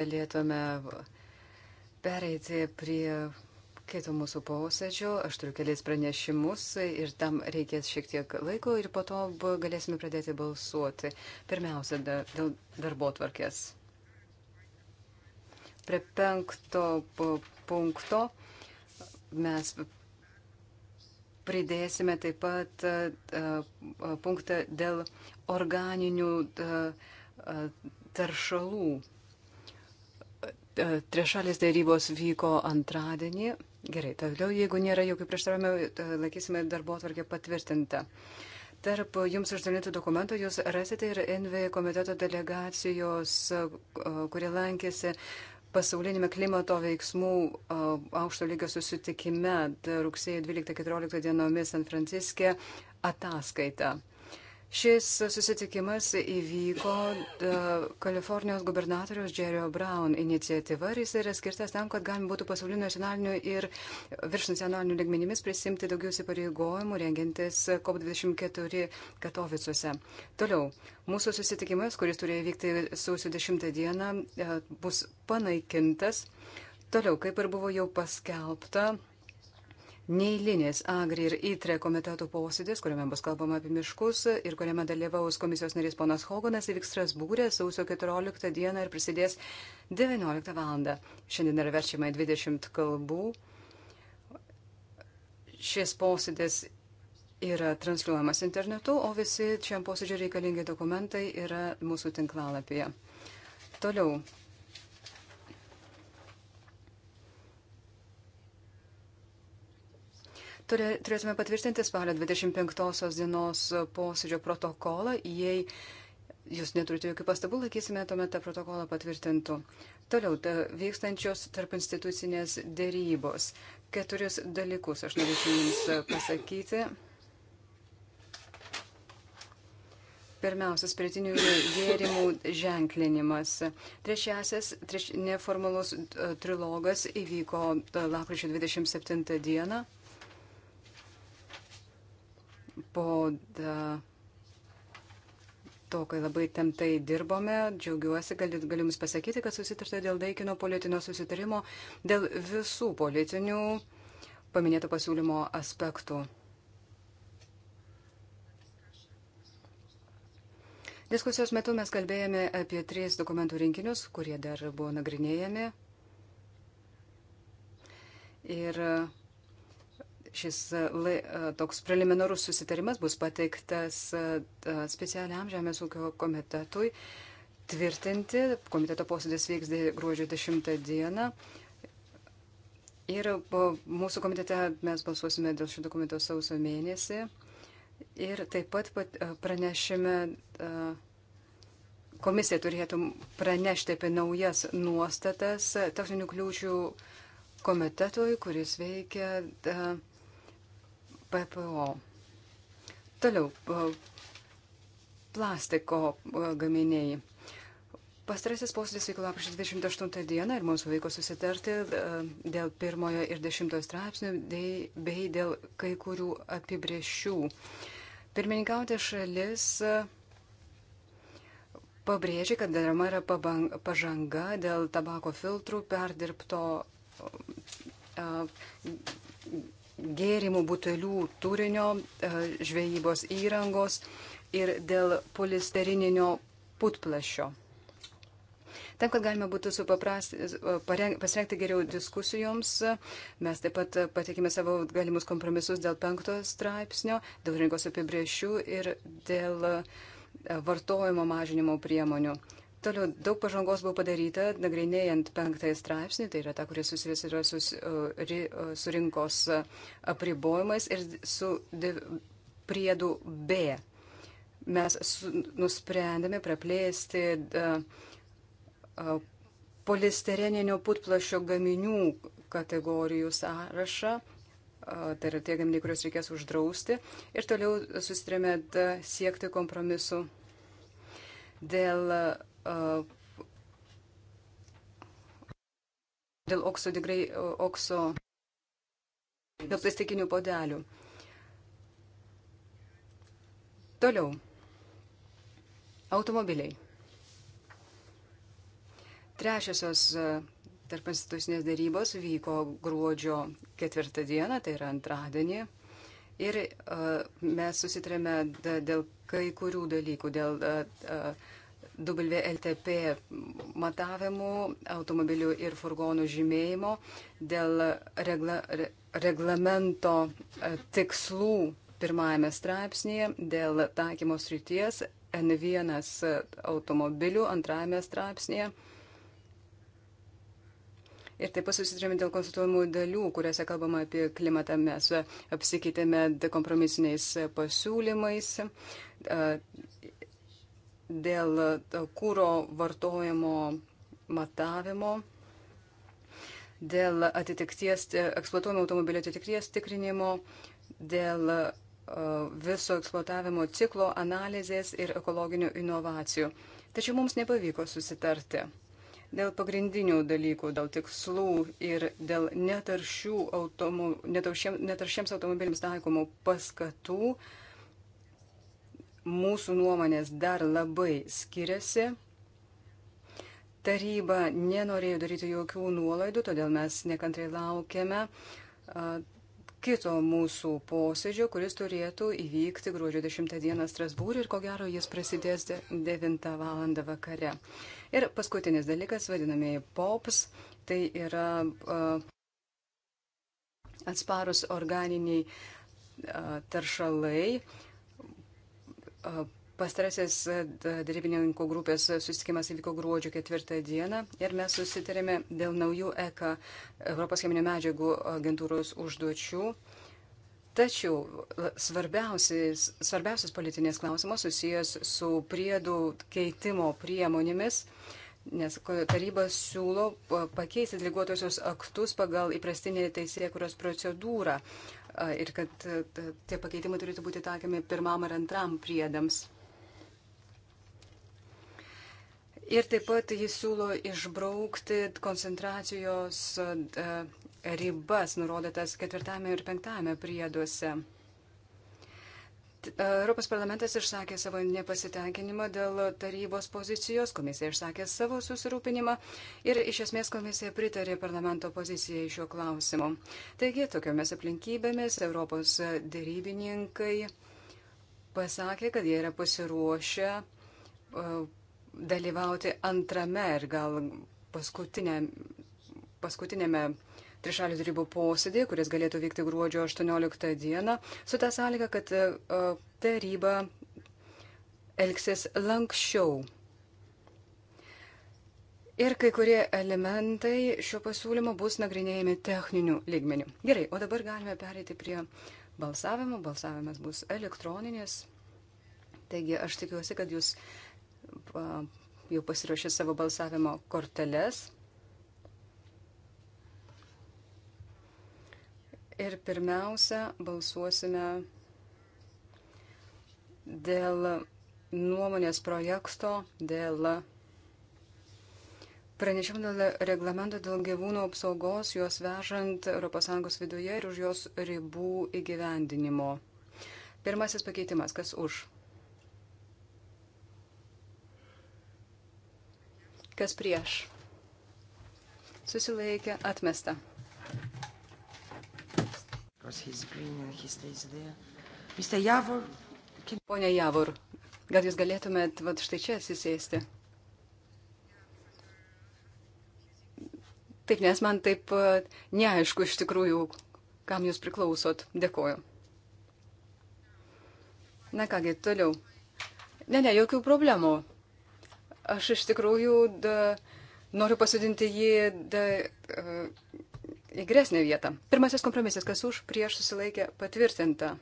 galėtume pereiti prie kito mūsų posėdžio. Aš turiu kelias pranešimus ir tam reikės šiek tiek laiko ir po to galėsime pradėti balsuoti. Pirmiausia, dėl darbo tvarkės. Prie penkto punkto mes pridėsime taip pat punktą dėl organinių taršalų. E, Triešalės dėrybos vyko antradienį. Gerai, toliau, jeigu nėra jokių prieštaravimų, e, laikysime darbo atvarkę patvirtintą. Tarp jums uždalintų dokumentų jūs rasite ir NV komiteto delegacijos, e, kurie lankėsi pasaulinėme klimato veiksmų aukšto lygio susitikime rugsėjo 12-14 dienomis San Franciske ataskaitą. Šis susitikimas įvyko e, Kalifornijos gubernatoriaus Jerry Brown iniciatyva ir jis yra skirtas tam, kad galima būtų pasaulinio nacionalinių ir virš nacionalinių ligmenimis prisimti daugiau įsipareigojimų rengintis COP24 Katovicuose. Toliau, mūsų susitikimas, kuris turėjo vykti sausio 10 dieną, e, bus panaikintas. Toliau, kaip ir buvo jau paskelbta, neįlinės Agri ir ITRE komitetų posėdis, kuriame bus kalbama apie miškus ir kuriame dalyvaus komisijos narys ponas Hoganas įvyks Strasbūrė sausio 14 dieną ir prisidės 19 val. Šiandien yra verčiama 20 kalbų. Šis posėdis yra transliuojamas internetu, o visi šiam posėdžiui reikalingi dokumentai yra mūsų tinklalapyje. Toliau. turėtume patvirtinti spalio 25 dienos posėdžio protokolą. Jei jūs neturite jokių pastabų, laikysime tuomet tą protokolą patvirtintų. Toliau, ta, vykstančios tarp institucinės dėrybos. Keturis dalykus aš norėčiau Jums pasakyti. Pirmiausia, spiritinių gėrimų ženklinimas. Trečiasis treš, neformalus e, trilogas įvyko e, lapkričio 27 dieną po to, kai labai temtai dirbome, džiaugiuosi, galiu, galiu Jums pasakyti, kad susitarta dėl laikino politinio susitarimo, dėl visų politinių paminėto pasiūlymo aspektų. Diskusijos metu mes kalbėjome apie tris dokumentų rinkinius, kurie dar buvo nagrinėjami. Ir šis e, lai, e, toks preliminarus susitarimas bus pateiktas e, specialiam Žemės ūkio komitetui tvirtinti. Komiteto posėdis vyks gruodžio 10 dieną. Ir mūsų komitete mes balsuosime dėl šio dokumento sausio mėnesį. Ir taip pat, pat pranešime, komisija turėtų pranešti apie naujas nuostatas techninių kliūčių komitetui, kuris veikia. Da, PPO. Toliau, plastiko gaminiai. Pastarasis posėdis vyko lapkričio 28 dieną ir mums pavyko susitarti e, dėl pirmojo ir dešimtojo straipsnių bei dėl kai kurių apibriešių. Pirmininkauti šalis e, pabrėžė, kad daroma yra pažanga dėl tabako filtrų perdirbto e, gėrimų butelių turinio, e, žvejybos įrangos ir dėl polisterininio putplašio. Tam, kad galime būtų e, pasirengti geriau diskusijoms, mes taip pat pateikime savo galimus kompromisus dėl penkto straipsnio, dėl rinkos apibriešių ir dėl e, vartojimo mažinimo priemonių. Toliau daug pažangos buvo padaryta, nagrinėjant penktąją straipsnį, tai yra ta, kuris susijęs yra su, su rinkos apribojimais ir su priedu B. Mes su, nusprendėme praplėsti polistereninio putplašio gaminių kategorijų sąrašą, tai yra tie gaminiai, kuriuos reikės uždrausti, ir toliau susitrėmė siekti kompromisu dėl dėl okso, digrai, okso, dėl plastikinių podelių. Toliau. Automobiliai. Trečiosios e, tarp institucinės darybos vyko gruodžio ketvirtą dieną, tai yra antradienį. Ir uh, mes susitarėme dėl kai kurių dalykų, dėl uh, uh, WLTP matavimų, automobilių ir furgonų žymėjimo, dėl regla, re, reglamento e, tikslų pirmajame straipsnėje, dėl taikymo srities N1 automobilių antrajame straipsnėje. Ir taip pat susitrėmė dėl konstatuojamų dalių, kuriuose kalbama apie klimatą. Mes apsikeitėme kompromisiniais pasiūlymais e, dėl e, kūro vartojimo matavimo, dėl atitikties, e, eksploatuojamo automobilio atitikties tikrinimo, dėl e, viso eksploatavimo ciklo analizės ir ekologinių inovacijų. Tačiau mums nepavyko susitarti dėl pagrindinių dalykų, dėl tikslų ir dėl netaršių automo, netaršiems, netaršiems automobiliams taikomų paskatų uh, mūsų nuomonės dar labai skiriasi. Taryba nenorėjo daryti jokių nuolaidų, todėl mes nekantrai laukiame kito mūsų posėdžio, kuris turėtų įvykti gruodžio 10 dieną Strasbūrį ir ko gero jis prasidės 9 val. vakare. Ir paskutinis dalykas, vadinamieji POPS, tai yra uh, atsparus organiniai uh, taršalai. Uh, Pastarasis darybininkų grupės susitikimas įvyko gruodžio ketvirtą dieną ir mes susitarėme dėl naujų ECA Europos cheminio medžiagų agentūros užduočių. Tačiau svarbiausias, svarbiausias politinės klausimas susijęs su priedų keitimo priemonėmis, nes taryba siūlo pakeisti deleguotosios aktus pagal įprastinį teisėkuros procedūrą ir kad tie pakeitimai turėtų būti taikomi pirmam ar antram priedams. Ir taip pat jis siūlo išbraukti koncentracijos ribas nurodytas ketvirtame ir penktame prieduose. Europos parlamentas išsakė savo nepasitenkinimą dėl tarybos pozicijos, komisija išsakė savo susirūpinimą ir iš esmės komisija pritarė parlamento pozicijai šiuo klausimu. Taigi, tokiomis aplinkybėmis Europos dėrybininkai pasakė, kad jie yra pasiruošę e, dalyvauti antrame ir gal paskutinė, paskutinėme trišalių darybų posėdį, kuris galėtų vykti gruodžio 18 dieną, su tą sąlyga, kad e, e, taryba elgsis lankščiau. Ir kai kurie elementai šio pasiūlymo bus nagrinėjami techniniu lygmeniu. Gerai, o dabar galime pereiti prie balsavimo. Balsavimas bus elektroninis. Taigi aš tikiuosi, kad jūs jau pasiruošė savo balsavimo korteles. ir pirmiausia balsuosime dėl nuomonės projekto, dėl pranešimų dėl reglamento dėl gyvūnų apsaugos, juos vežant ES viduje ir už jos ribų įgyvendinimo. Pirmasis pakeitimas, kas už? Kas prieš? Susilaikė atmesta. Javor... Pone Javor, gal jūs galėtumėt vat, štai čia atsisėsti? Taip, nes man taip e, neaišku iš tikrųjų, kam jūs priklausot. Dėkoju. Na kągi, toliau. Ne, ne, jokių problemų. Aš iš tikrųjų da, noriu pasodinti jį da, uh, e, į geresnę vietą. Pirmasis kompromisas, kas už, prieš susilaikė patvirtinta.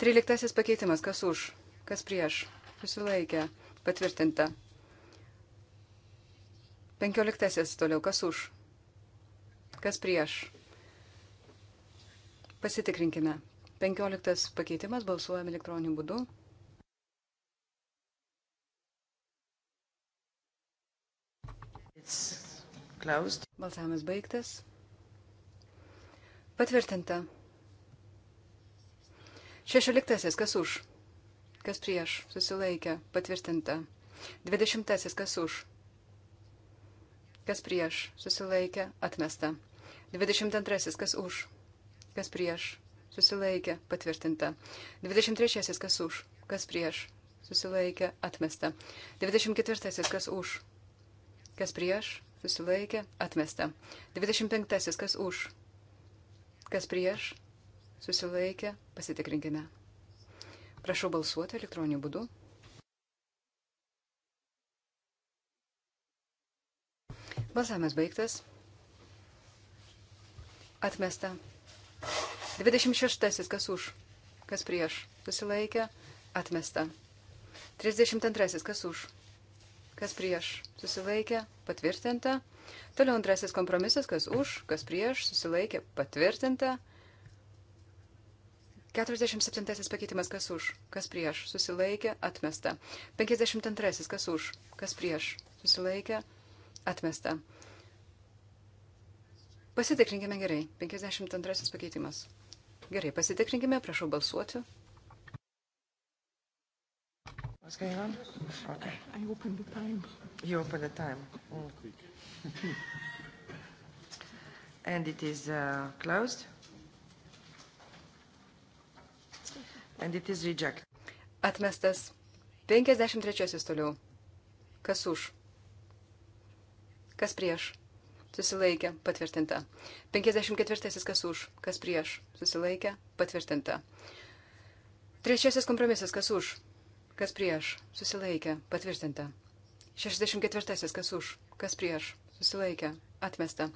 Tryliktasis pakeitimas, kas už, kas prieš susilaikė patvirtinta. Penkioliktasis toliau, kas už, kas prieš. Pasitikrinkime. Penkioliktas pakeitimas balsuojam elektroniniu būdu. Balsavimas baigtas. Patvirtinta. Šešioliktasis, kas už? Kas prieš? Susilaikė. Patvirtinta. Dvidešimtasis, kas už? Kas prieš? Susilaikė. Atmesta. Dvidešimt antrasis, kas už? Kas prieš? Susilaikė. Patvirtinta. Dvidešimt trečiasis, kas už? Kas prieš? Susilaikė. Atmesta. Dvidešimt ketvirtasis, kas už? Kas prieš? Susilaikė. Atmesta. Dvidešimt penktasis, kas už? Kas prieš? Susilaikė? Pasitikrinkime. Prašau balsuoti elektroniniu būdu. Balsavimas baigtas. Atmesta. 26. Kas už? Kas prieš? Susilaikė? Atmesta. 32. Kas už? Kas prieš? Susilaikė? Patvirtinta. Toliau antrasis kompromisas, kas už, kas prieš, susilaikė, patvirtinta. 47 pakeitimas, kas už, kas prieš, susilaikė, atmesta. 52 kas už, kas prieš, susilaikė, atmesta. Pasitikrinkime gerai. 52 pakeitimas. Gerai, pasitikrinkime, prašau balsuoti. What's going on? Okay. I opened the time. You opened the time. Mm. Quick. and it is uh, closed. And it is reject. Atmestas. 53 toliau. Kas už? Kas prieš? Susilaikė, patvirtinta. 54 kas už, kas prieš, susilaikė, patvirtinta. Trečiasis kompromisas, kas už, Kas prieš? Susilaikė. Patvirtinta. 64. Kas už? Kas prieš? Susilaikė. Atmesta.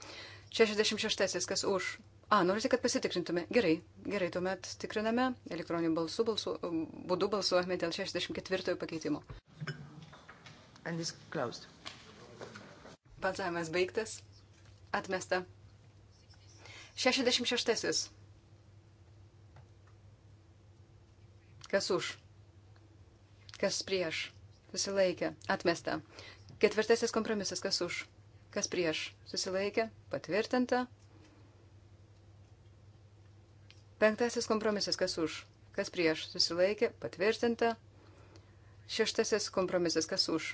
66. Kas už? A, norite, kad pasitikrintume. Gerai, gerai, tuomet tikriname elektroniniu balsu, balsu būdu balsuojame dėl 64 pakeitimo. Balsavimas baigtas. Atmesta. 66. Kas už? Kas prieš? Susilaikė. Atmesta. Ketvirtasis kompromisas. Kas už? Kas prieš? Susilaikė. Patvirtinta. Penktasis kompromisas. Kas už? Kas prieš? Susilaikė. Patvirtinta. Šeštasis kompromisas. Kas už?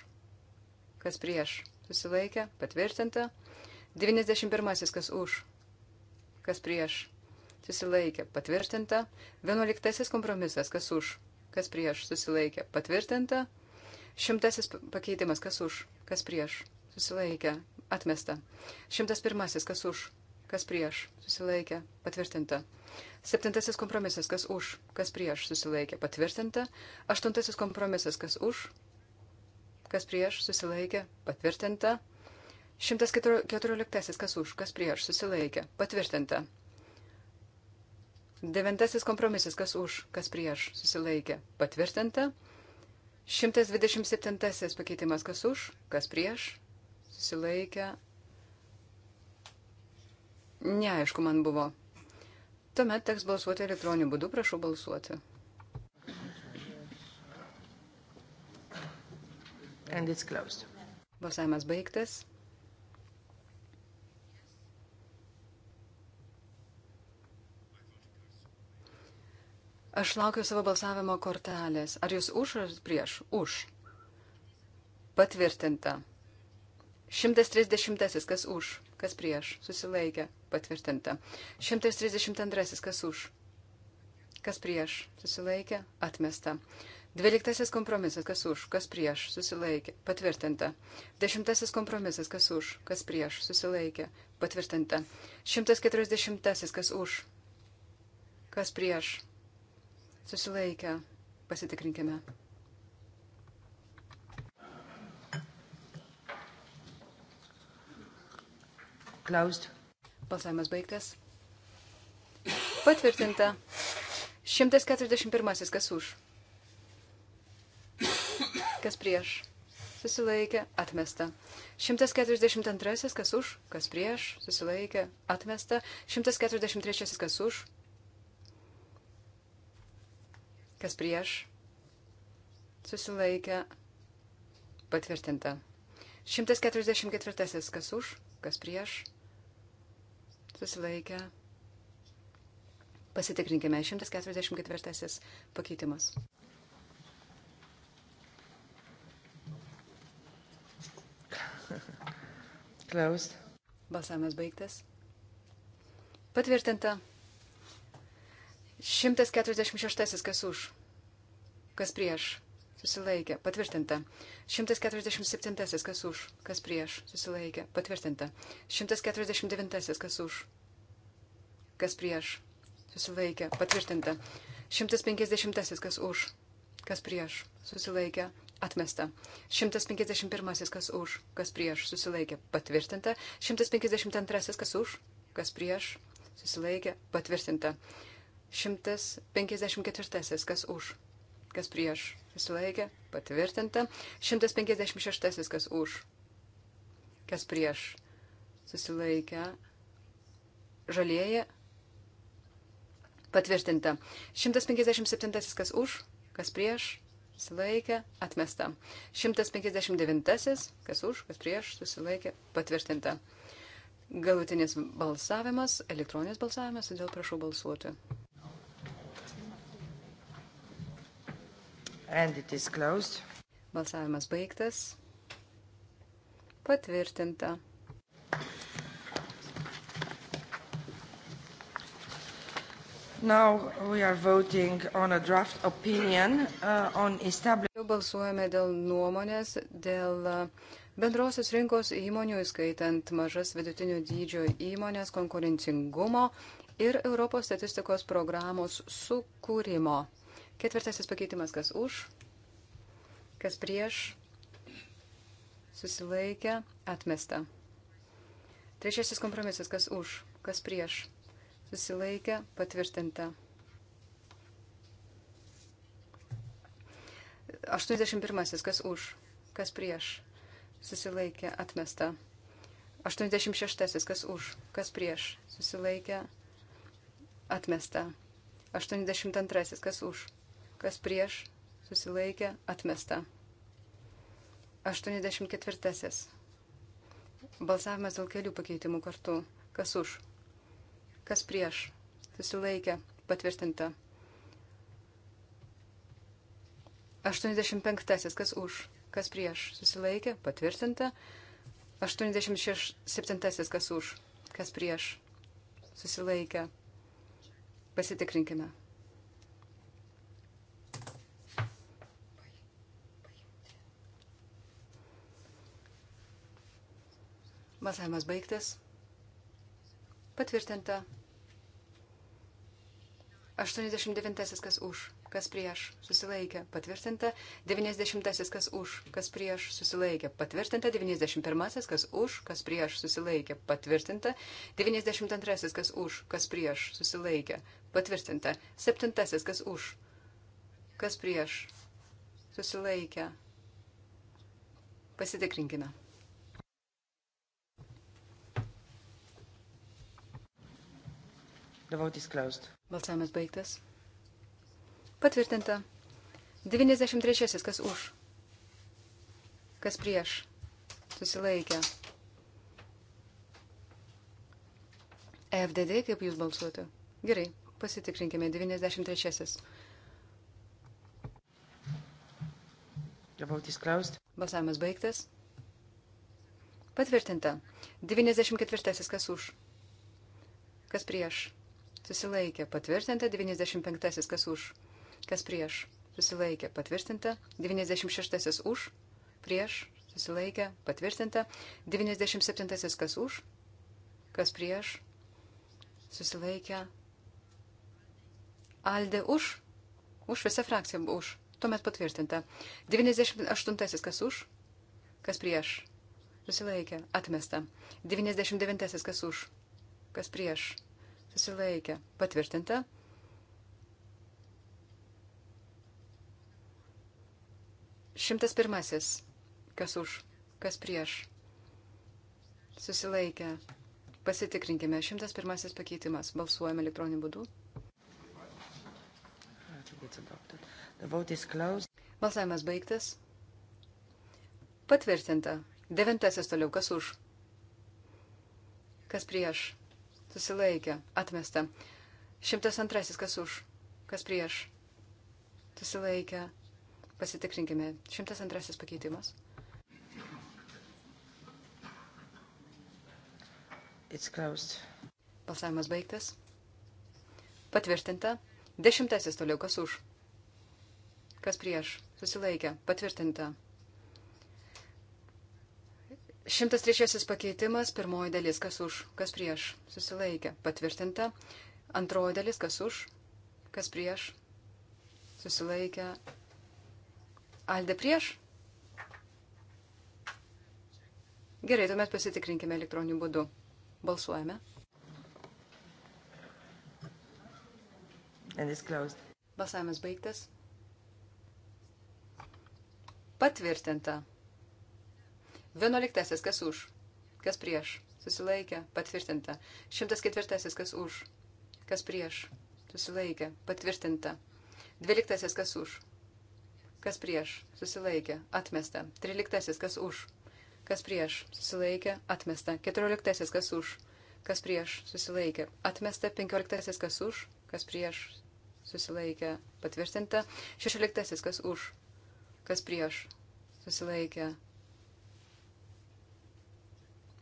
Kas prieš? Susilaikė. Patvirtinta. 91. Kas už? Kas prieš? Susilaikė. Patvirtinta. 11. Kompromisas. Kas už? kas prieš, susilaikė, patvirtinta. Šimtasis pakeitimas, kas už, kas prieš, susilaikė, atmesta. Šimtas pirmasis, kas už, kas prieš, susilaikė, patvirtinta. Septintasis kompromisas, kas už, kas prieš, susilaikė, patvirtinta. Aštuntasis kompromisas, kas už, kas prieš, susilaikė, patvirtinta. 114. Kas už, kas prieš, susilaikė. Patvirtinta. Devintasis kompromisas, kas už, kas prieš, susilaikė, patvirtinta. 127 pakeitimas, kas už, kas prieš, susilaikė. Neaišku man buvo. Tuomet teks balsuoti elektroniniu būdu, prašau balsuoti. Balsavimas baigtas. Aš laukiu savo balsavimo kortelės. Ar jūs už ar prieš? Už. Patvirtinta. 130. Kas už? Kas prieš? Susilaikė. Patvirtinta. 132. Kas už? Kas prieš? Susilaikė. Atmesta. Dvyliktasis kompromisas, kas už, kas prieš, susilaikė, patvirtinta. Dešimtasis kompromisas, kas už, kas prieš, susilaikė, patvirtinta. Šimtas keturiasdešimtasis, kas už, kas prieš, Susilaikę. Pasitikrinkime. Closed. Balsavimas baigtas. Patvirtinta. 141. Kas už? Kas prieš? Susilaikė. Atmesta. 142. Kas už? Kas prieš? Susilaikė. Atmesta. 143. Kas už? kas prieš, susilaikė, patvirtinta. 144 kas už, kas prieš, susilaikė. Pasitikrinkime 144 pakeitimas. Closed. Balsavimas baigtas. Patvirtinta. 146. Kas už? Kas prieš? Susilaikė. Patvirtinta. 147. Kas už? Kas prieš? Susilaikė. Patvirtinta. 149. Kas už? Kas prieš? Susilaikė. Patvirtinta. 150. Kas už? Kas prieš? Susilaikė. Atmesta. 151. Kas už? Kas prieš? Susilaikė. Patvirtinta. 152. Kas už? Kas prieš? Susilaikė. Patvirtinta. 154. Kas už? Kas prieš? Susilaikė? Patvirtinta. 156. Kas už? Kas prieš? Susilaikė? Žalėja? Patvirtinta. 157. Kas už? Kas prieš? susilaikė, atmesta. 159, kas už, kas prieš, susilaikė, patvirtinta. Galutinis balsavimas, elektroninis balsavimas, todėl prašau balsuoti. Balsavimas baigtas. Patvirtinta. Now we are voting on a draft opinion uh, on establishing. Jau balsuojame dėl nuomonės, dėl uh, bendrosios rinkos įmonių, įskaitant mažas vidutinio dydžio įmonės konkurencingumo ir Europos statistikos programos sukūrimo. Ketvirtasis pakeitimas, kas už, kas prieš, susilaikę, atmesta. Trečiasis kompromisas, kas už, kas prieš, susilaikę, patvirtinta. 81. Kas už, kas prieš, susilaikė, atmesta. 86. Kas už, kas prieš, susilaikė, atmesta. 82. Kas už, kas prieš, susilaikė, atmesta. 84. Balsavimas dėl kelių pakeitimų kartu. Kas už? Kas prieš? Susilaikė, patvirtinta. 85. Kas už? Kas prieš? Susilaikė, patvirtinta. 87. Kas už? Kas prieš? Susilaikė. Pasitikrinkime. Balsavimas baigtas. Patvirtinta. 89 kas už, kas prieš, susilaikė, patvirtinta. 90 kas už, kas prieš, susilaikė, patvirtinta. 91 kas už, kas prieš, susilaikė, patvirtinta. 92 kas už, kas prieš, susilaikė, patvirtinta. 7 kas už, kas prieš, susilaikė. Pasitikrinkime. Balsavimas baigtas. Patvirtinta. 93. Kas už? Kas prieš? Susilaikė. FDD, kaip jūs balsuote? Gerai, pasitikrinkime. 93. Balsavimas baigtas. Patvirtinta. 94. Kas už? Kas prieš? susilaikė, patvirtinta 95, kas už, kas prieš, susilaikė, patvirtinta 96 už, prieš, susilaikė, patvirtinta 97 kas už, kas prieš, susilaikė, Aldė už, už visą frakciją už, tuomet patvirtinta 98 kas už, kas prieš, susilaikė, atmesta 99 kas už, kas prieš, susilaikė. Patvirtinta. Šimtas pirmasis. Kas už, kas prieš. Susilaikė. Pasitikrinkime. Šimtas pirmasis pakeitimas. Balsuojame elektroniniu būdu. Balsavimas baigtas. Patvirtinta. Devintasis toliau. Kas už? Kas prieš? susilaikė, atmesta. 102. Kas už, kas prieš, susilaikė. Pasitikrinkime. 102. pakeitimas. Balsavimas baigtas. Patvirtinta. Dešimtasis toliau, kas už? Kas prieš? Susilaikė. Patvirtinta. 103 pakeitimas, pirmoji dalis, kas už, kas prieš, susilaikė, patvirtinta. Antroji dalis, kas už, kas prieš, susilaikė. Alde prieš? Gerai, tuomet pasitikrinkime elektroniniu būdu. Balsuojame. Balsavimas baigtas. Patvirtinta. Vienuoliktasis, kas už, kas prieš, susilaikė, patvirtinta. Šimtas ketvirtasis, kas už, kas prieš, susilaikė, patvirtinta. Dvyliktasis, kas už, kas prieš, susilaikė, atmesta. Tryliktasis, kas už, kas prieš, susilaikė, atmesta. Keturioliktasis, kas už, kas prieš, susilaikė, atmesta. Penkioliktasis, kas už, kas prieš, susilaikė, patvirtinta. Šešioliktasis, kas už, kas prieš, susilaikė,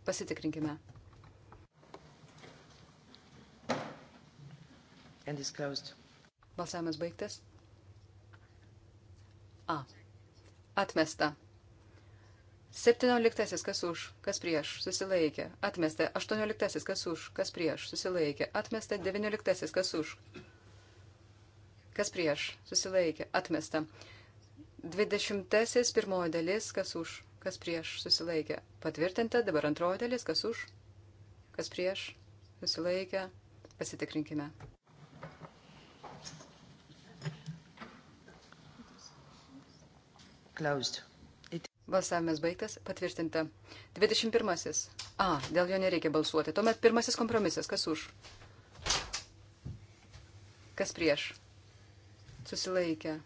Pasitikrinkime. Balsavimas baigtas. A. Atmesta. 17. Kas už, kas prieš, susilaikė. Atmesta. 18. Kas už, kas prieš, susilaikė. Atmesta. 19. Kas už, kas prieš, susilaikė. Atmesta. 20. Pirmoji dalis, kas už, kas prieš susilaikė. Patvirtinta, dabar antroji dalis, kas už, kas prieš susilaikė. Pasitikrinkime. Closed. It... Balsavimas baigtas, patvirtinta. 21. A, dėl jo nereikia balsuoti. Tuomet pirmasis kompromisas, kas už, kas prieš susilaikė.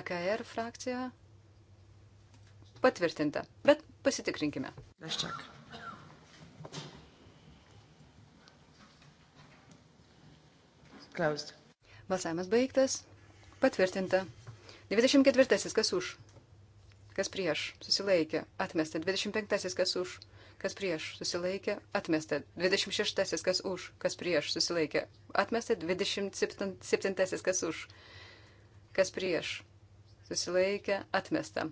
AKR frakcija patvirtinta. Bet pasitikrinkime. Leščiak. Klaust. Balsavimas baigtas. Patvirtinta. 24. Kas už? Kas prieš? Susilaikė. Atmesta. 25. Kas už? Kas prieš? Susilaikė. Atmesta. 26. Kas už? Kas prieš? Susilaikė. Atmesta. 27. Kas už? Kas prieš? Susilaikė. Atmesta.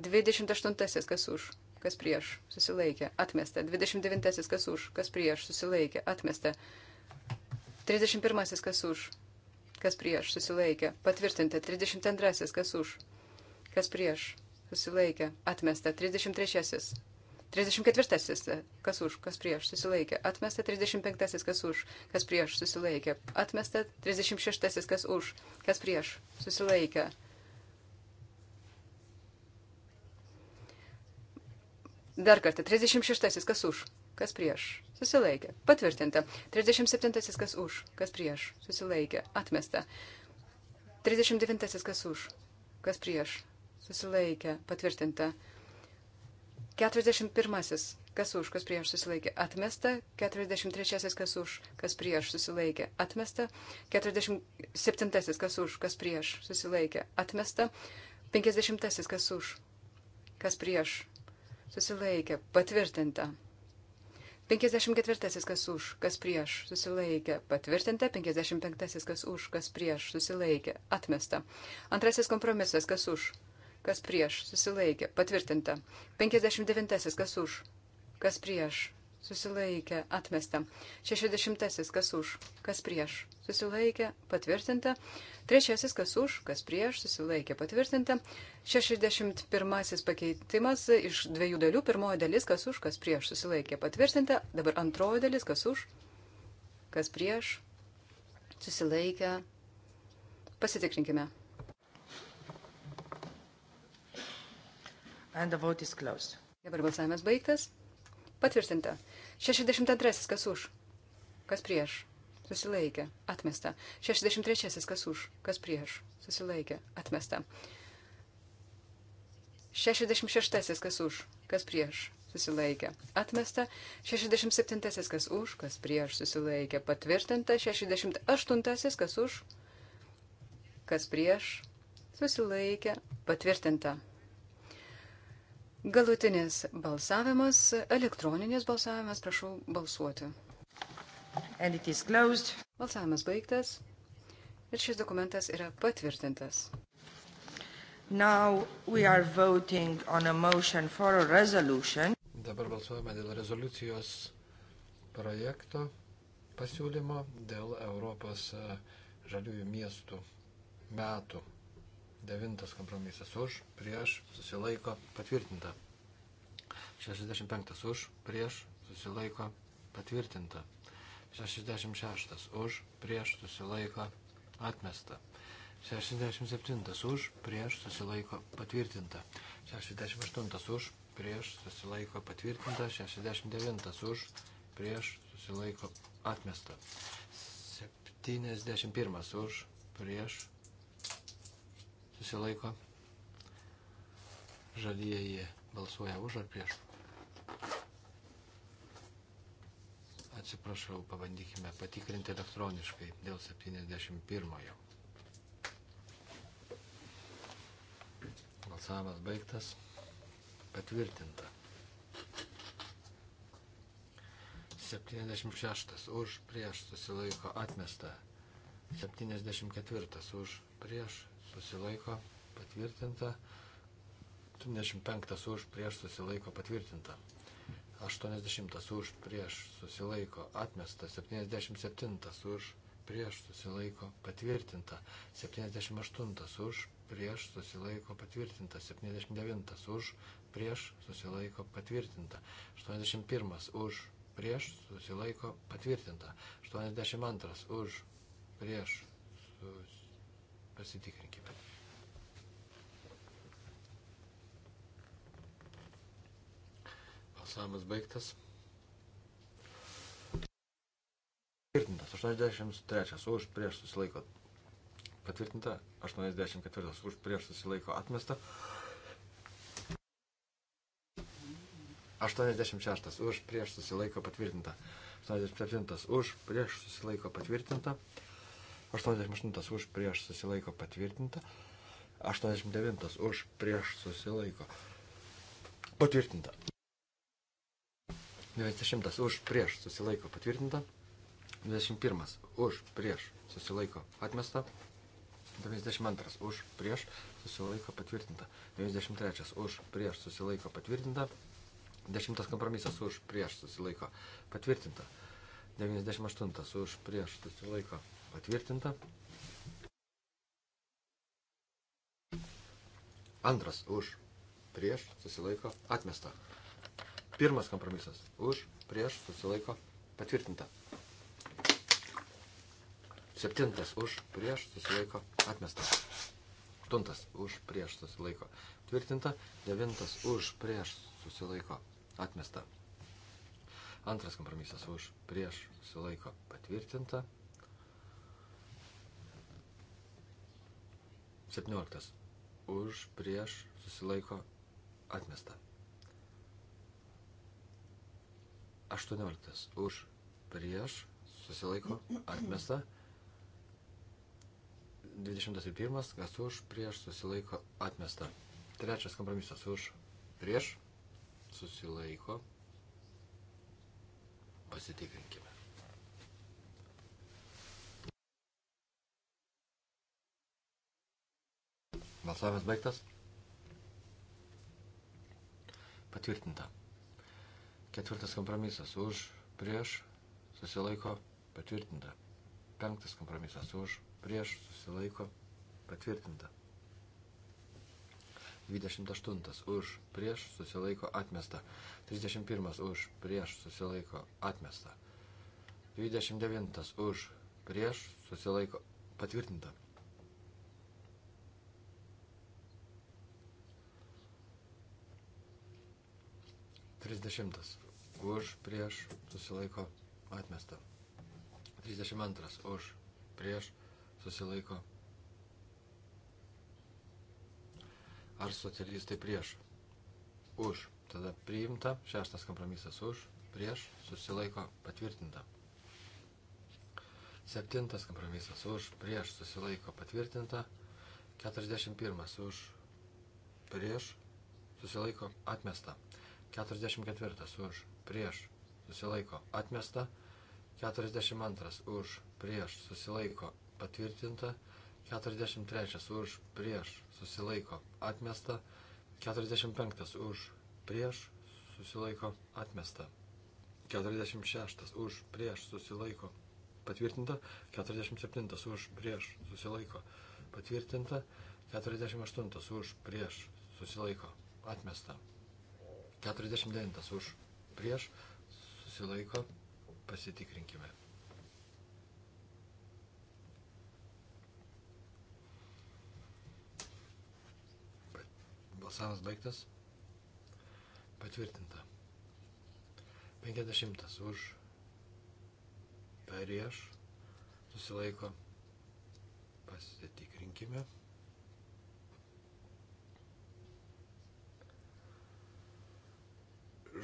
28. Kas už? Kas prieš? Susilaikė. Atmesta. 29. Kas už? Kas prieš? Susilaikė. Atmesta. 31. Kas už? Kas prieš? Susilaikė. Patvirtinta. 32. Kas už? Kas prieš? Susilaikė. Atmesta. 33. 34. Kas už, kas prieš, susilaikė. Atmesta 35. Kas už, kas prieš, susilaikė. Atmesta 36. Kas už, kas prieš, susilaikė. Dar kartą, 36. Kas už? Kas prieš? Susilaikė. Patvirtinta. 37. Kas už? Kas prieš? Susilaikė. Atmesta. 39. Kas už? Kas prieš? Susilaikė. Patvirtinta. 41. Kas už, kas prieš susilaikė? Atmesta. 43. Kas už, kas prieš susilaikė? Atmesta. 47. Kas už, kas prieš susilaikė? Atmesta. 50. Kas už, kas prieš susilaikė, patvirtinta. 54 kas už, kas prieš, susilaikė, patvirtinta. 55 kas už, kas prieš, susilaikė, atmesta. Antrasis kompromisas kas už, kas prieš, susilaikė, patvirtinta. 59 kas už, kas prieš, susilaikė, atmesta. 60. Kas už, kas prieš, susilaikė, patvirtinta. Trečiasis, kas už, kas prieš, susilaikė, patvirtinta. 61. pakeitimas iš dviejų dalių. Pirmoji dalis, kas už, kas prieš, susilaikė, patvirtinta. Dabar antroji dalis, kas už, kas prieš, susilaikė. Pasitikrinkime. Dabar balsavimas baigtas. Patvirtinta. 62. Kas už? Kas prieš? Susilaikė. Atmesta. 63. Kas už? Kas prieš? Susilaikė. Atmesta. 66. Kas už? Kas prieš? Susilaikė. Atmesta. 67. Kas už? Kas prieš? Susilaikė. Patvirtinta. 68. Kas už? Kas prieš? Susilaikė. Patvirtinta. Galutinis balsavimas, elektroninis balsavimas, prašau balsuoti. Balsavimas baigtas ir šis dokumentas yra patvirtintas. Dabar balsuojame dėl rezoliucijos projekto pasiūlymo dėl Europos e, žaliųjų miestų metų Devintas kompromisas už, prieš, susilaiko, patvirtinta. 65 už, prieš, susilaiko, patvirtinta. 66 už, prieš, susilaiko, atmesta. 67 už, prieš, susilaiko, patvirtinta. 68 už, prieš, susilaiko, patvirtinta. 69 už, prieš, susilaiko, atmesta. 71 už, prieš, susilaiko. Žalieji balsuoja už ar prieš. Atsiprašau, pabandykime patikrinti elektroniškai dėl 71-ojo. Balsavimas baigtas. Patvirtinta. 76 už prieš susilaiko atmesta. 74 už prieš susilaiko patvirtinta. 75 už prieš susilaiko patvirtinta. 80 už prieš susilaiko atmesta. 77 už prieš susilaiko patvirtinta. 78 už prieš susilaiko patvirtinta. 79 už prieš susilaiko patvirtinta. 81 už prieš susilaiko patvirtinta. 82 už prieš susilaiko Pasitikrinkime. Balsavimas baigtas. Patvirtintas 83 už prieš susilaiko. Patvirtinta 84 už prieš susilaiko atmesta. 86 už prieš susilaiko patvirtinta. 87 už prieš susilaiko patvirtinta. 88 už prieš susilaiko patvirtinta. 89 už prieš susilaiko patvirtinta. 90 už prieš susilaiko patvirtinta. 21 už prieš susilaiko atmesta. 92 už prieš susilaiko patvirtinta. 93 už prieš susilaiko patvirtinta. 10 kompromisas už prieš susilaiko patvirtinta. 98 už prieš susilaiko patvirtinta. Patvirtinta. Antras už, prieš, susilaiko, atmesta. Pirmas kompromisas už, prieš, susilaiko, patvirtinta. Septintas už, prieš, susilaiko, atmesta. Aštuntas už, prieš, susilaiko, tvirtinta. Devintas už, prieš, susilaiko, atmesta. Antras kompromisas už, prieš, susilaiko, patvirtinta. 17. Už, prieš, susilaiko, atmesta. 18. Už, prieš, susilaiko, atmesta. 21. Kas už, prieš, susilaiko, atmesta. Trečias kompromisas už, prieš, susilaiko, pasitikrinkime. Balsavimas baigtas. Patvirtinta. Ketvirtas kompromisas už, prieš, susilaiko, patvirtinta. Penktas kompromisas už, prieš, susilaiko, patvirtinta. 28 už, prieš, susilaiko, atmesta. 31 už, prieš, susilaiko, atmesta. 29 už, prieš, susilaiko, patvirtinta. 30. Už, prieš, susilaiko, atmesta. 32. Už, prieš, susilaiko. Ar socialistai prieš? Už. Tada priimta. Šeštas kompromisas už, prieš, susilaiko, patvirtinta. Septintas kompromisas už, prieš, susilaiko, patvirtinta. 41. Už, prieš, susilaiko, atmesta. 44 už, prieš, susilaiko, atmesta. 42 už, prieš, susilaiko, patvirtinta. 43 už, prieš, susilaiko, atmesta. 45 už, prieš, susilaiko, atmesta. 46 už, prieš, susilaiko, patvirtinta. 47 už, prieš, susilaiko, patvirtinta. 48 už, prieš, susilaiko, atmesta. 49 už prieš susilaiko pasitikrinkime. Balsavimas baigtas. Patvirtinta. 50 už prieš susilaiko pasitikrinkime.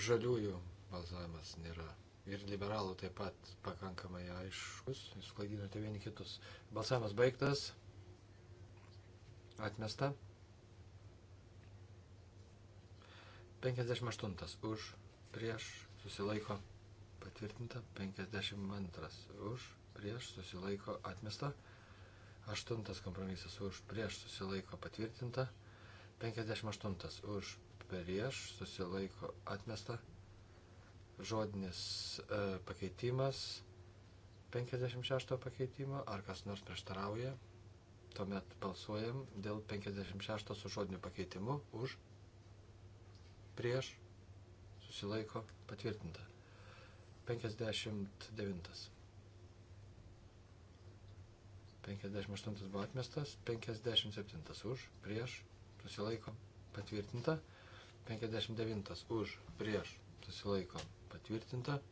žaliųjų balsavimas nėra. Ir liberalų taip pat pakankamai aiškus. Jūs klaidinote vieni kitus. Balsavimas baigtas. Atmesta. 58 už, prieš, susilaiko, patvirtinta. 52 už, prieš, susilaiko, atmesta. 8 kompromisas už, prieš, susilaiko, patvirtinta. 58 už, prieš, susilaiko atmesta. Žodinis e, pakeitimas 56 pakeitimo, ar kas nors prieštarauja. Tuomet balsuojam dėl 56 su žodiniu pakeitimu už, prieš, susilaiko patvirtinta. 59. 58 buvo atmestas, 57 už, prieš, susilaiko, patvirtinta, 59 už, prieš, susilaiko, patvirtinta.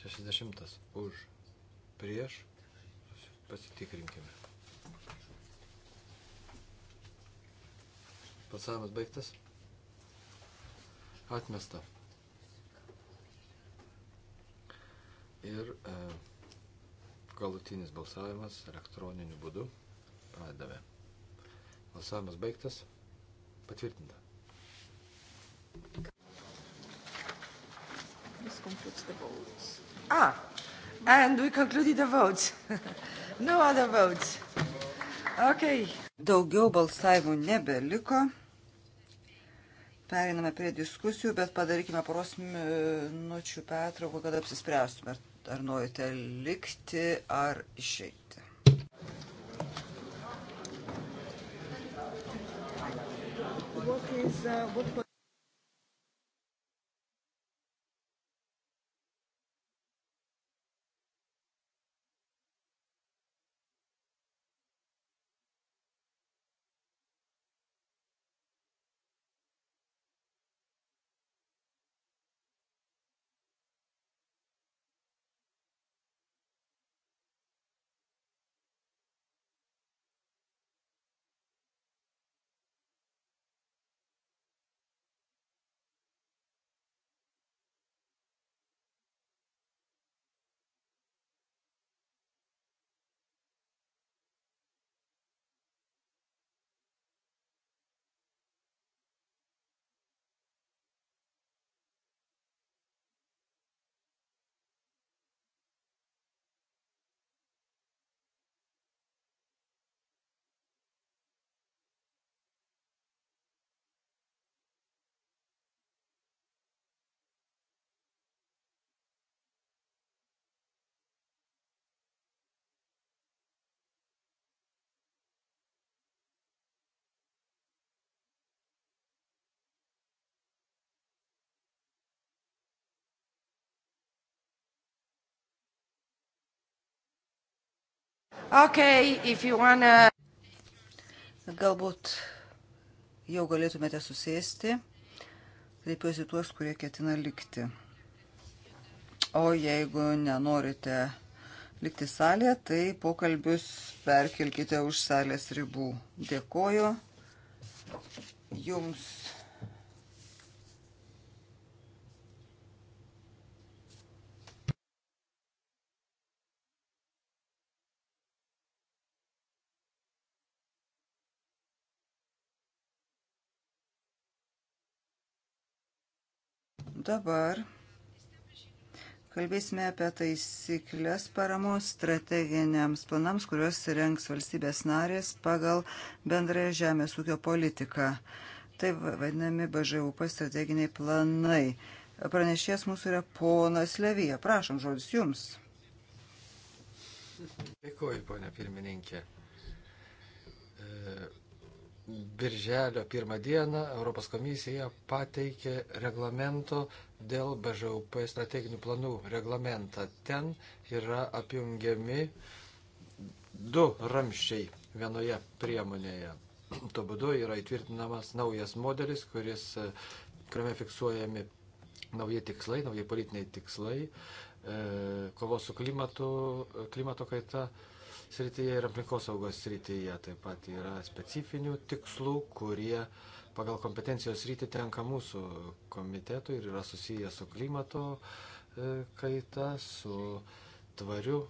60 už, prieš, pasitikrinkime. Pasavimas baigtas. Atmesta. Ir e, galutinis balsavimas elektroniniu būdu pradedame. Balsavimas baigtas. Patvirtinta. This concludes the votes. Ah, and we concluded the votes. no other votes. Okay. Daugiau balsavimų nebeliko. Periname prie diskusijų, bet padarykime poros minučių pertrauką, kad apsispręstume, ar norite likti ar išeiti. What is, uh, what... Okay, if you wanna... Galbūt jau galėtumėte susėsti. Kreipiuosi tuos, kurie ketina likti. O jeigu nenorite likti salėje, tai pokalbius perkelkite už salės ribų. Dėkoju jums Dabar kalbėsime apie taisyklės paramos strateginiams planams, kuriuos renks valstybės narės pagal bendrąją žemės ūkio politiką. Tai vadinami BŽUP strateginiai planai. Pranešės mūsų yra ponas Levija. Prašom, žodis jums. Dėkuoju, ponia pirmininkė. E Birželio pirmą dieną Europos komisija pateikė reglamento dėl BŽUP strateginių planų reglamentą. Ten yra apjungiami du ramščiai vienoje priemonėje. Tuo būdu yra įtvirtinamas naujas modelis, kuris, e, kuriame fiksuojami nauji tikslai, nauji politiniai tikslai, e, kovos su klimatu, klimato kaita, srityje ir aplinkosaugos srityje. Taip pat yra specifinių tikslų, kurie pagal kompetencijos rytį tenka mūsų komitetui ir yra susiję su klimato e, kaita, su tvariu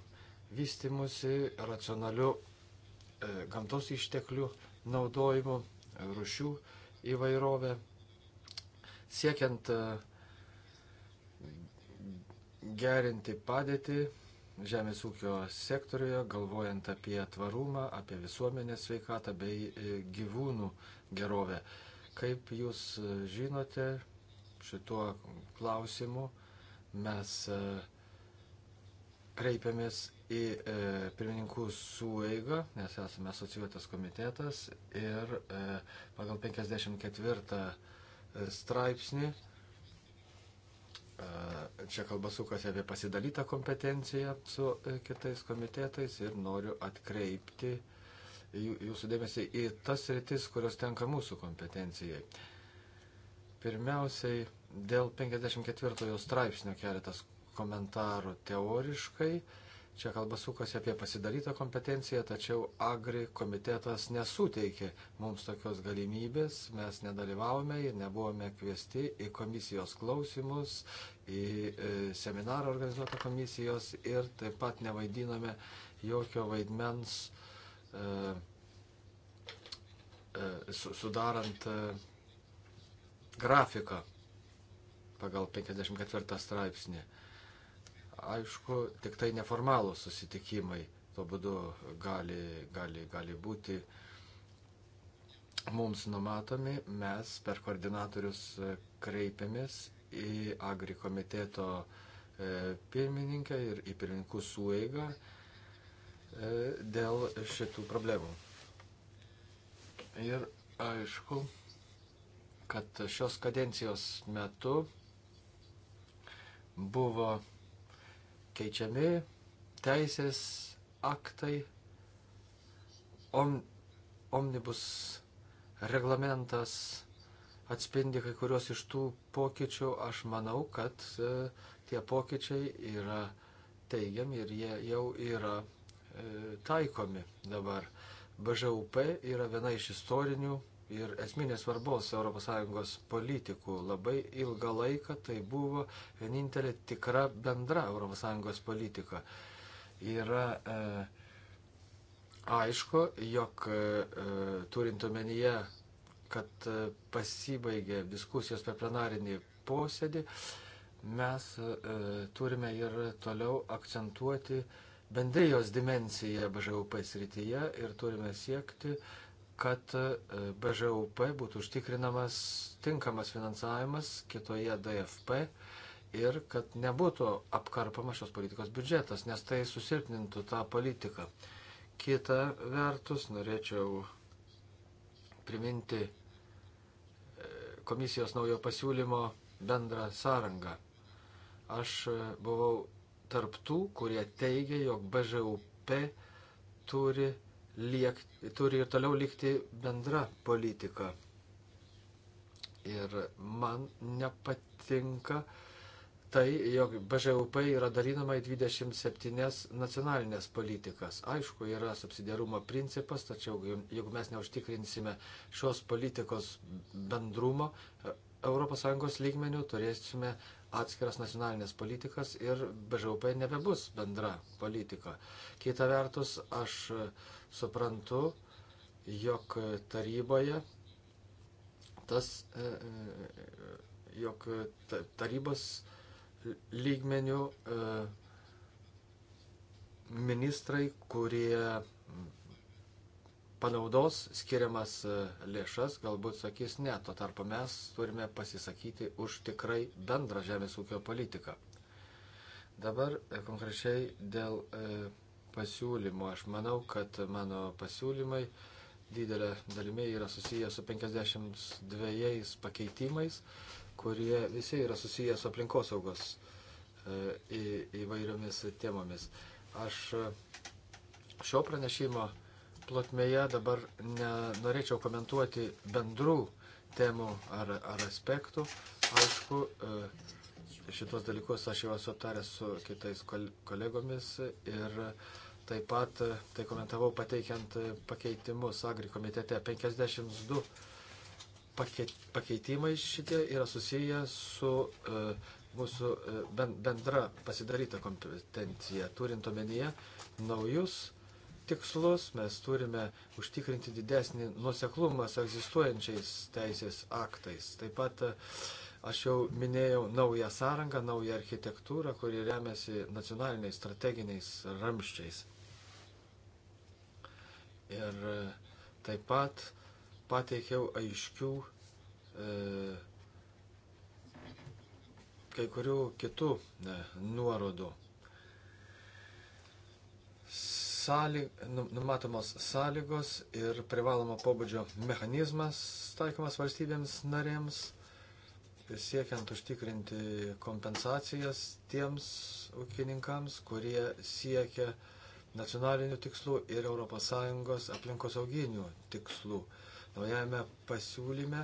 vystimusi, racionaliu e, gamtos išteklių naudojimu, rušių įvairovę. Siekiant e, gerinti padėtį žemės ūkio sektoriuje, galvojant apie tvarumą, apie visuomenės sveikatą bei e, gyvūnų gerovę. Kaip jūs e, žinote, šituo klausimu mes e, kreipiamės į pirmininkų sueigą, nes esame asociuotas komitetas ir pagal 54 straipsnį E, čia kalba sukasi apie pasidalytą kompetenciją su e, kitais komitetais ir noriu atkreipti jūsų dėmesį į tas rytis, kurios tenka mūsų kompetencijai. Pirmiausiai, dėl 54 straipsnio keletas komentarų teoriškai Čia kalba sukasi apie pasidarytą kompetenciją, tačiau Agri komitetas nesuteikė mums tokios galimybės, mes nedalyvavome ir nebuvome kviesti į komisijos klausimus, į e, seminarą organizuotą komisijos ir taip pat nevaidinome jokio vaidmens e, e, sudarant e, grafiką pagal 54 straipsnį. E, aišku, tik tai neformalūs susitikimai tuo būdu gali, gali, gali būti mums numatomi. Mes per koordinatorius kreipiamės į agri komiteto e, pirmininką ir į pirmininkų sueigą e, dėl šitų problemų. Ir aišku, kad šios kadencijos metu buvo keičiami teisės aktai, om, omnibus reglamentas atspindi kai kurios iš tų pokyčių. Aš manau, kad e, tie pokyčiai yra teigiami ir jie jau yra e, taikomi dabar. BŽUP yra viena iš istorinių ir esminės svarbos ES politikų. Labai ilgą laiką tai buvo vienintelė tikra bendra ES politika. Yra e, aišku, jog e, e, turint omenyje, kad e, pasibaigė diskusijos per plenarinį posėdį, mes e, turime ir toliau akcentuoti bendrijos dimenciją BŽUP srityje ir turime siekti e, kad e, BŽUP būtų užtikrinamas tinkamas finansavimas kitoje DFP ir kad nebūtų apkarpama šios politikos biudžetas, nes tai susilpnintų tą politiką. Kita vertus, norėčiau priminti e, komisijos naujo pasiūlymo bendrą sąrangą. Aš e, buvau tarptų, kurie teigia, jog BŽUP turi liek, turi ir toliau likti bendra politika. Ir man nepatinka tai, jog BŽUP yra dalinama į 27 nacionalinės politikas. Aišku, yra subsidiarumo principas, tačiau jeigu mes neužtikrinsime šios politikos bendrumo ES lygmenių, turėsime atskiras nacionalinės politikas ir BŽUP nebebus bendra politika. Kita vertus, aš suprantu, jog taryboje tas, e, e, jog tarybos lygmenių e, ministrai, kurie panaudos skiriamas lėšas, galbūt sakys ne, tuo tarpu mes turime pasisakyti už tikrai bendrą žemės ūkio politiką. Dabar konkrečiai dėl e, pasiūlymų. Aš manau, kad mano pasiūlymai didelė dalimi yra susiję su 52 pakeitimais, kurie visi yra susiję su aplinkosaugos e, į, įvairiomis temomis. Aš e, šio pranešimo plotmėje dabar nenorėčiau komentuoti bendrų temų ar, ar aspektų. Aišku, e, šitos dalykus aš jau esu taręs su kitais kolegomis ir taip pat e, tai komentavau pateikiant e, pakeitimus Agri komitete. 52 pakeitimai šitie yra susiję su e, mūsų bendra pasidaryta kompetencija. Turint omenyje naujus tikslus, mes turime užtikrinti didesnį nuseklumą su egzistuojančiais teisės aktais. Taip pat uh, Aš jau minėjau naują sąrangą, naują architektūrą, kuri remiasi nacionaliniais strateginiais ramščiais. Ir e, taip pat pateikiau aiškių e, kai kurių kitų ne, nuorodų. Sąlyg, nu, numatomos sąlygos ir privalomo pobūdžio mechanizmas taikomas valstybėms narėms siekiant užtikrinti kompensacijas tiems ūkininkams, kurie siekia nacionalinių tikslų ir ES aplinkosauginių tikslų. Naujame pasiūlyme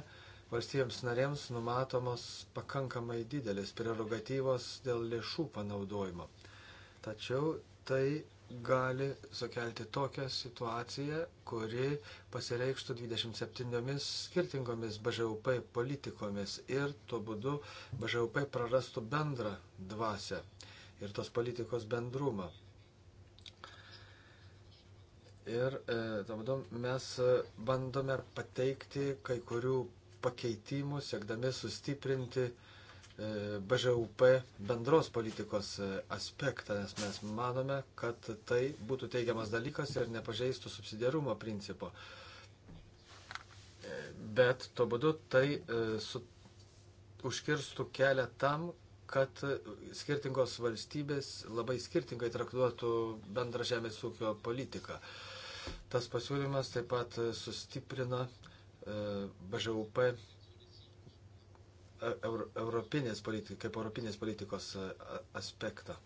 valstybėms narėms numatomos pakankamai didelės prerogatyvos dėl lėšų panaudojimo. Tačiau tai gali sukelti tokią situaciją, kuri pasireikštų 27 skirtingomis BŽUP politikomis ir tuo būdu BŽUP prarastų bendrą dvasę ir tos politikos bendrumą. Ir e, būdu mes bandome pateikti kai kurių pakeitimų, siekdami sustiprinti e, BŽUP bendros politikos e, aspektą, nes mes manome, kad tai būtų teigiamas dalykas ir nepažeistų subsidiarumo principo. E, bet tuo būdu tai e, su, užkirstų kelią tam, kad skirtingos valstybės labai skirtingai traktuotų bendrą žemės ūkio politiką. Tas pasiūlymas taip pat sustiprina BŽUP E, europinės politikos, kaip europinės politikos e, aspektą.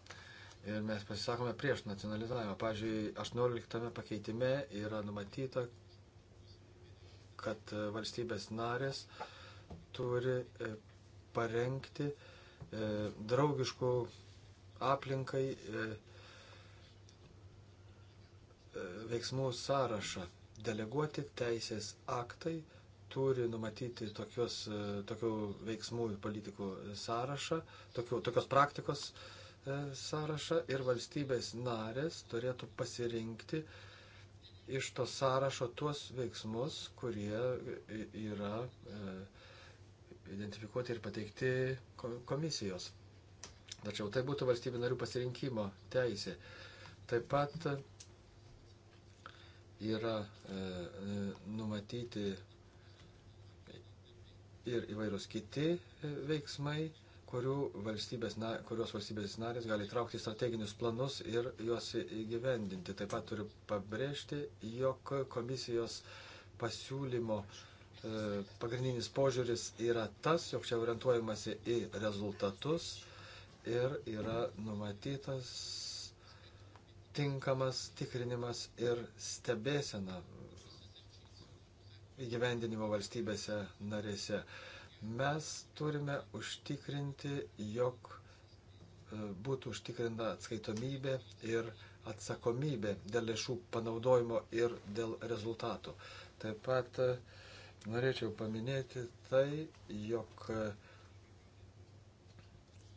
Ir mes pasisakome prieš nacionalizavimą. Pavyzdžiui, 18 pakeitime yra numatyta, kad e, valstybės narės turi parengti draugiškų aplinkai veiksmų sąrašą, deleguoti teisės aktai, turi numatyti tokios, e, tokių veiksmų ir politikų sąrašą, tokių, tokios praktikos e, sąrašą ir valstybės narės turėtų pasirinkti iš to sąrašo tuos veiksmus, kurie yra e, identifikuoti ir pateikti komisijos. Tačiau tai būtų valstybių narių pasirinkimo teisė. Taip pat yra e, numatyti ir įvairūs kiti e, veiksmai, valstybės, kurios valstybės narės gali traukti strateginius planus ir juos įgyvendinti. Taip pat turiu pabrėžti, jog komisijos pasiūlymo e, pagrindinis požiūris yra tas, jog čia orientuojamasi į rezultatus ir yra numatytas tinkamas tikrinimas ir stebėsena įgyvendinimo valstybėse narėse. Mes turime užtikrinti, jog e, būtų užtikrinta atskaitomybė ir atsakomybė dėl lėšų panaudojimo ir dėl rezultatų. Taip pat e, norėčiau paminėti tai, jog e,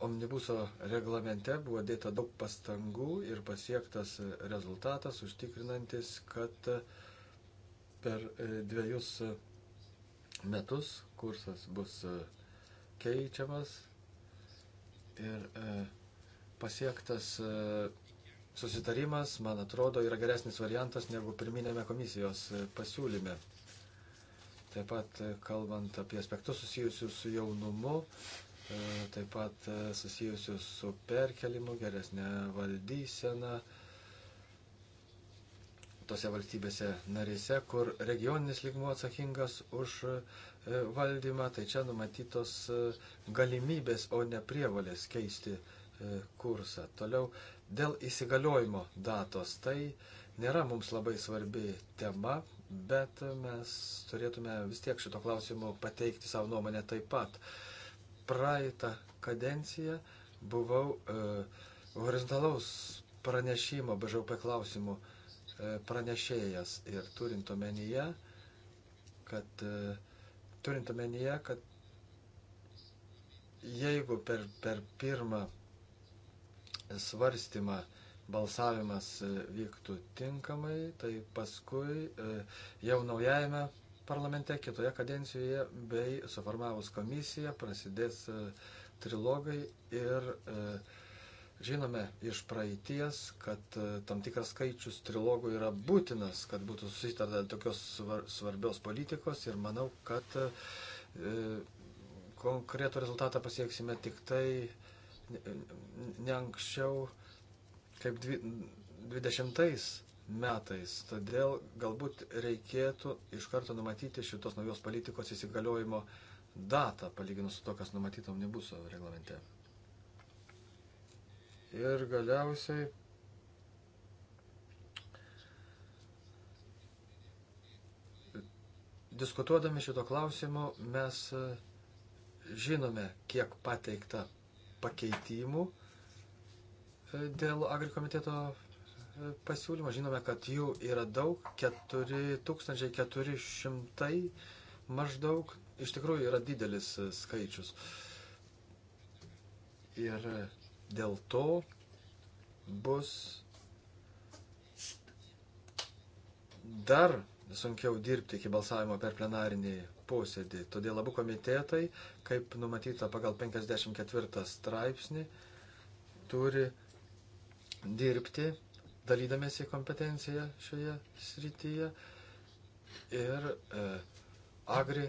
omnibuso reglamente buvo dėta daug pastangų ir pasiektas rezultatas užtikrinantis, kad uh, Per e, dviejus e, metus kursas bus e, keičiamas ir pasiektas susitarimas, man atrodo, yra geresnis variantas negu pirminėme komisijos pasiūlyme. Taip pat kalbant apie aspektus susijusius su jaunumu, taip pat susijusius su perkelimu, geresnė valdysena, tose valstybėse narėse, kur regioninis lygmuo atsakingas už e, valdymą, tai čia numatytos e, galimybės, o ne prievalės keisti e, kursą. Toliau dėl įsigaliojimo datos. Tai nėra mums labai svarbi tema, bet mes turėtume vis tiek šito klausimu pateikti savo nuomonę taip pat. Praeitą kadenciją buvau e, horizontalaus pranešimo BŽP klausimų e, E, pranešėjas ir turint omenyje, kad, e, turint omenyje, kad jeigu per, per pirmą svarstymą balsavimas e, vyktų tinkamai, tai paskui jau naujajame parlamente, kitoje kadencijoje bei suformavus komisiją prasidės trilogai ir e, Žinome iš praeities, kad e, tam tikras skaičius trilogų yra būtinas, kad būtų susitarta tokios svarbios politikos ir manau, kad e, konkretų rezultatą pasieksime tik tai ne anksčiau kaip 20 metais. Todėl galbūt reikėtų iš karto numatyti šitos naujos politikos įsigaliojimo datą, palyginus su to, kas numatyta omnibuso reglamente. Ir galiausiai diskutuodami šito klausimu mes e, žinome, kiek pateikta pakeitimų e, dėl agrikomiteto e, pasiūlymo. Žinome, kad jų yra daug, 4400 maždaug. Iš tikrųjų yra didelis skaičius. Ir dėl to bus dar sunkiau dirbti iki balsavimo per plenarinį posėdį. Todėl abu komitetai, kaip numatyta pagal 54 straipsnį, turi dirbti dalydamėsi kompetenciją šioje srityje. Ir e, agri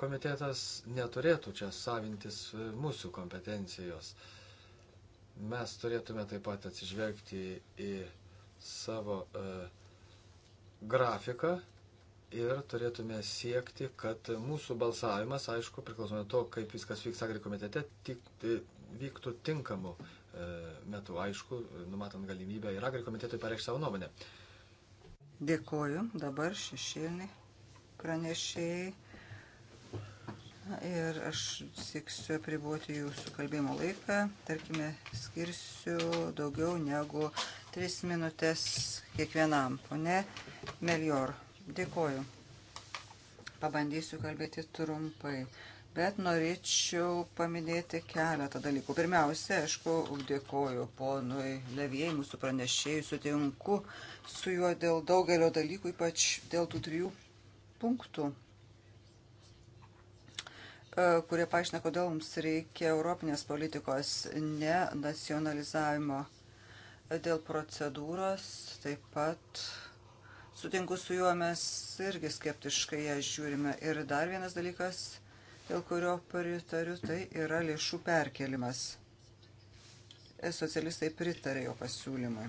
komitetas neturėtų čia savintis e, mūsų kompetencijos. E, Mes turėtume taip pat atsižvelgti į savo e, grafiką ir turėtume siekti, kad mūsų balsavimas, aišku, priklausomai to, kaip viskas vyks agri komitete, tik, e, vyktų tinkamu e, metu, aišku, numatant galimybę ir agri komitetui pareikšti savo nuomonę. Dėkoju. Dabar šešėlį pranešėjai ir aš sėksiu apriboti jūsų kalbėjimo laiką. Tarkime, skirsiu daugiau negu 3 minutės kiekvienam. Pone Melior, dėkoju. Pabandysiu kalbėti trumpai bet norėčiau paminėti keletą dalykų. Pirmiausia, aišku, dėkoju ponui Levijai, mūsų pranešėjai, sutinku su juo dėl daugelio dalykų, ypač dėl tų trijų punktų. E, kurie paaiškina, kodėl mums reikia europinės politikos, ne nacionalizavimo. Dėl procedūros taip pat sutinku su juo, mes irgi skeptiškai ją žiūrime. Ir dar vienas dalykas, dėl kurio pritariu, tai yra lėšų perkelimas. E, socialistai pritarė jo pasiūlymui.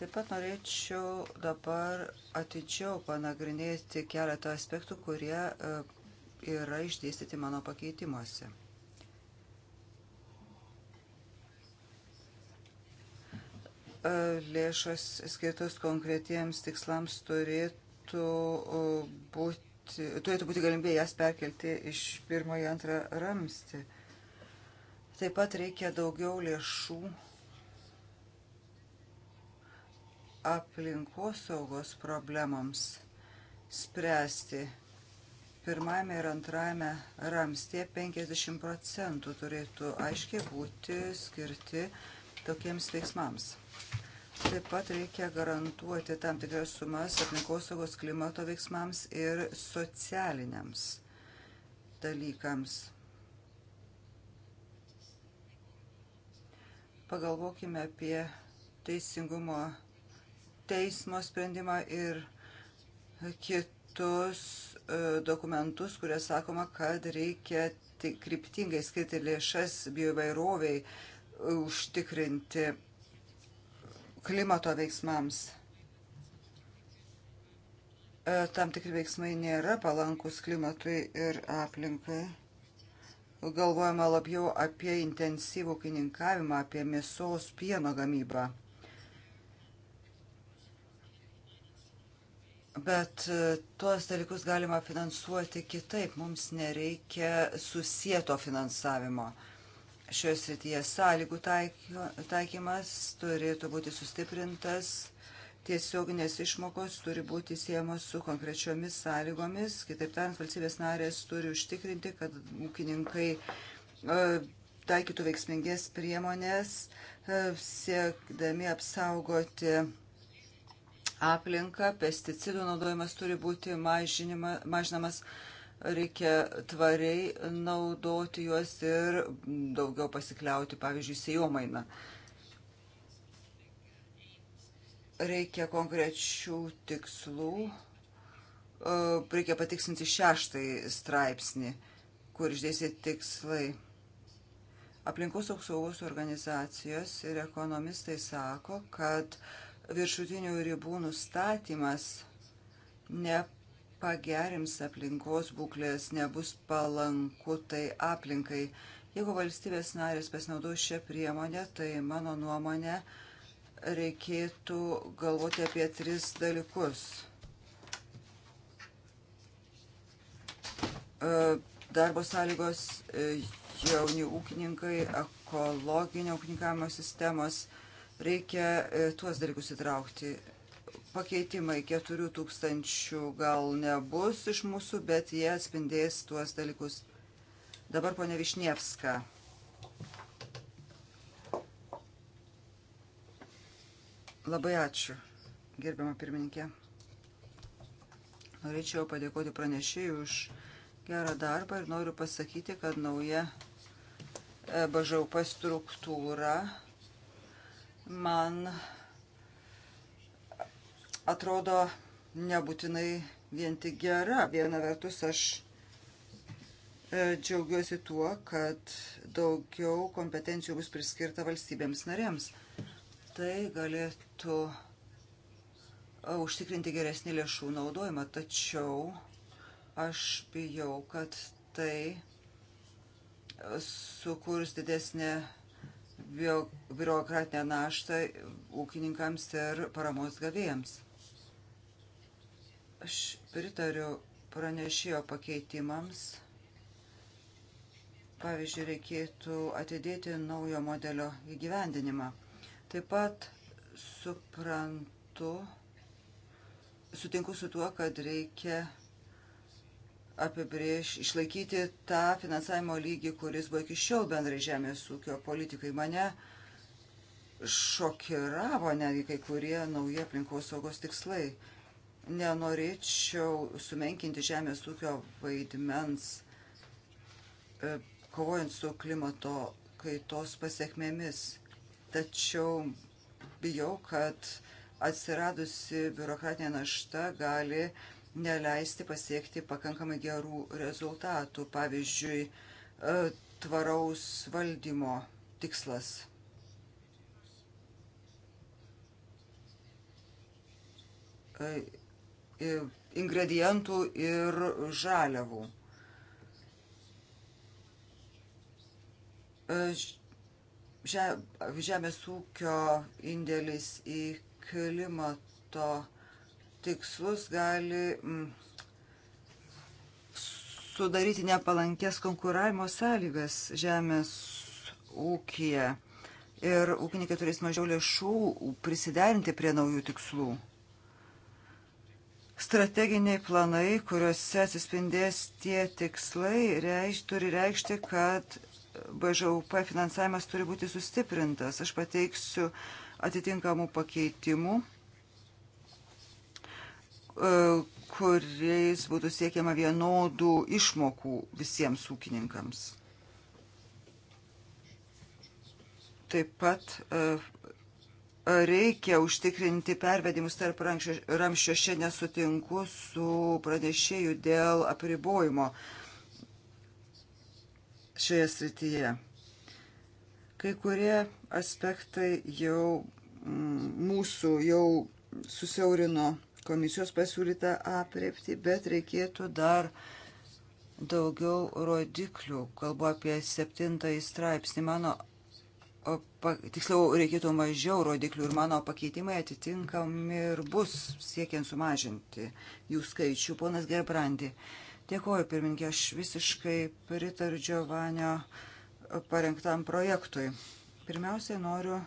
Taip pat norėčiau dabar atidžiau panagrinėti keletą aspektų, kurie e, yra išdėstyti mano pakeitimuose. Lėšos skirtos konkretiems tikslams turėtų būti, turėtų būti galimybė jas perkelti iš pirmo į antrą ramstį. Taip pat reikia daugiau lėšų aplinkosaugos problemams spręsti pirmame ir antrame ramstie 50 procentų turėtų aiškiai būti skirti tokiems veiksmams. Taip pat reikia garantuoti tam tikras sumas aplinkosaugos klimato veiksmams ir socialiniams dalykams. Pagalvokime apie teisingumo teismo sprendimą ir kitus E, dokumentus, kurie sakoma, kad reikia kryptingai skirti lėšas bioįvairoviai, e, užtikrinti klimato veiksmams. E, tam tikri veiksmai nėra palankus klimatui ir aplinkai. Galvojama labiau apie intensyvų kininkavimą, apie mėsos pieno gamybą. Bet e, tuos dalykus galima finansuoti kitaip, mums nereikia susieto finansavimo. Šioje srityje sąlygų taikymas turėtų būti sustiprintas, tiesioginės išmokos turi būti siejamos su konkrečiomis sąlygomis, kitaip tariant, valstybės narės turi užtikrinti, kad ūkininkai e, taikytų veiksmingės priemonės, e, siekdami apsaugoti aplinką, pesticidų naudojimas turi būti mažinima, mažinamas, reikia tvariai naudoti juos ir daugiau pasikliauti, pavyzdžiui, sėjomainą. Reikia konkrečių tikslų, e, reikia patiksinti šeštąjį straipsnį, kur išdėsi tikslai. Aplinkos apsaugos organizacijos ir ekonomistai sako, kad uh, viršutinių ribų nustatymas nepagerins aplinkos būklės, nebus palanku tai aplinkai. Jeigu valstybės narės pasinaudos šią priemonę, tai mano nuomonė reikėtų galvoti apie tris dalykus. E, darbo sąlygos e, jauni ūkininkai, ekologinio ūkininkavimo sistemos, Reikia e, tuos dalykus įtraukti. Pakeitimai 4000 gal nebus iš mūsų, bet jie atspindės tuos dalykus. Dabar ponia Višnievska. Labai ačiū, gerbiama pirmininkė. Norėčiau padėkoti pranešėjui už gerą darbą ir noriu pasakyti, kad nauja e, BŽUP struktūra man atrodo nebūtinai vien tik gera. Viena vertus aš e, džiaugiuosi tuo, kad daugiau kompetencijų bus priskirta valstybėms narėms. Tai galėtų e, užtikrinti geresnį lėšų naudojimą, tačiau aš bijau, kad tai e, sukurs didesnę biurokratinę naštą ūkininkams ir paramos gavėjams. Aš pritariu pranešėjo pakeitimams. Pavyzdžiui, reikėtų atidėti naujo modelio įgyvendinimą. Taip pat suprantu, sutinku su tuo, kad reikia apibrėž, išlaikyti tą finansavimo lygį, kuris buvo iki šiol bendrai žemės ūkio politikai. Mane šokiravo netgi kai kurie nauji aplinkos saugos tikslai. Nenorėčiau sumenkinti žemės ūkio vaidmens e, kovojant su klimato kaitos pasiekmėmis. Tačiau bijau, kad atsiradusi biurokratinė našta gali uh, neleisti pasiekti pakankamai gerų rezultatų, pavyzdžiui, e, tvaraus valdymo tikslas. E, e, ingredientų ir žaliavų. Žemės ūkio indėlis į klimato tikslus gali mm, sudaryti nepalankės konkuravimo sąlygas žemės ūkija ir ūkininkai turės mažiau lėšų prisiderinti prie naujų tikslų. Strateginiai planai, kuriuose atsispindės tie tikslai, reiš, turi reikšti, kad BŽUP finansavimas turi būti sustiprintas. Aš pateiksiu atitinkamų pakeitimų E, kuriais būtų siekiama vienodų išmokų visiems ūkininkams. Taip pat e, reikia užtikrinti pervedimus tarp ramščio. Šiandien nesutinku su pranešėju dėl apribojimo šioje srityje. Kai kurie aspektai jau mūsų jau susiaurino komisijos pasiūlytą apriepti, bet reikėtų dar daugiau rodiklių. Kalbu apie septintąjį straipsnį. Mano, o, pa, tiksliau, reikėtų mažiau rodiklių ir mano pakeitimai atitinkami ir bus siekiant sumažinti jų skaičių. Ponas Gerbrandi, dėkoju pirminkė, aš visiškai pritariu Giovanio parengtam projektui. Pirmiausiai noriu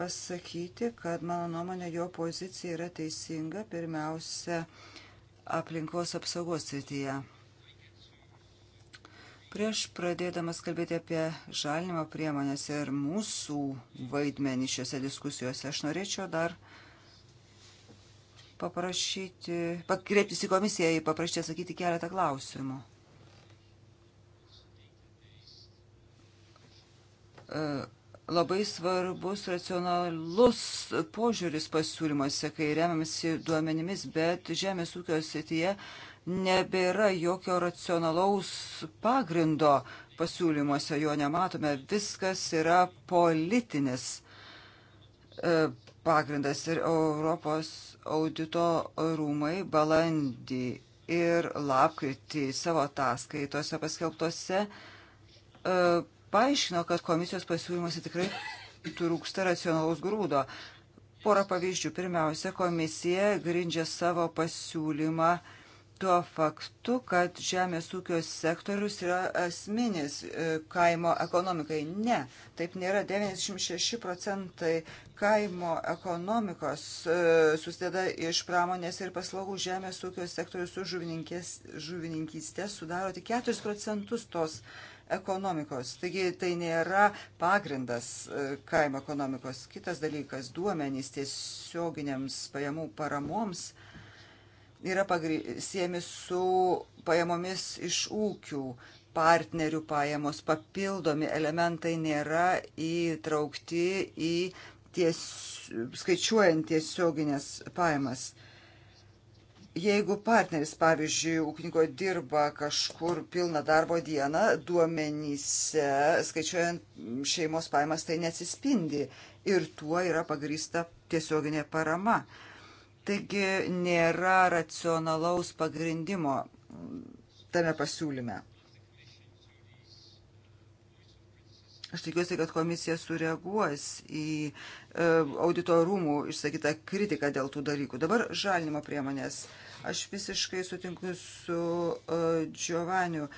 pasakyti, kad mano nuomonė jo pozicija yra teisinga pirmiausia aplinkos apsaugos srityje. Prieš pradėdamas kalbėti apie žalinimo priemonės ir mūsų vaidmenį šiuose diskusijose, aš norėčiau dar paprašyti, pakreiptis į komisiją ir paprašyti atsakyti keletą klausimų. Uh, labai svarbus racionalus požiūris pasiūlymuose, kai remiamasi duomenimis, bet žemės ūkio srityje nebėra jokio racionalaus pagrindo pasiūlymuose, jo nematome, viskas yra politinis e, pagrindas ir Europos audito rūmai balandį ir lapkritį savo ataskaitose paskelbtose e, paaiškino, kad komisijos pasiūlymuose tikrai trūksta racionalaus grūdo. Porą pavyzdžių. Pirmiausia, komisija grindžia savo pasiūlymą tuo faktu, kad žemės ūkio sektorius yra asminis e, kaimo ekonomikai. Ne, taip nėra. 96 procentai kaimo ekonomikos e, susideda iš pramonės ir paslaugų žemės ūkio sektorius su žuvininkystė sudaro tik 4 procentus tos ekonomikos ekonomikos. Taigi tai nėra pagrindas e, kaimo ekonomikos. Kitas dalykas - duomenys tiesioginiams pajamų paramoms yra siemi su pajamomis iš ūkių. Partnerių pajamos, papildomi elementai nėra įtraukti į ties, skaičiuojant tiesioginės pajamas. Jeigu partneris, pavyzdžiui, ūkininko dirba kažkur pilną darbo dieną, duomenyse, skaičiuojant šeimos paimas, tai neatsispindi ir tuo yra pagrįsta tiesioginė parama. Taigi nėra racionalaus pagrindimo tame pasiūlyme. Aš tikiuosi, kad komisija sureaguos į e, audito rūmų išsakytą kritiką dėl tų dalykų. Dabar žalinimo priemonės. Uh, Aš visiškai sutinku su uh, Giovanniu.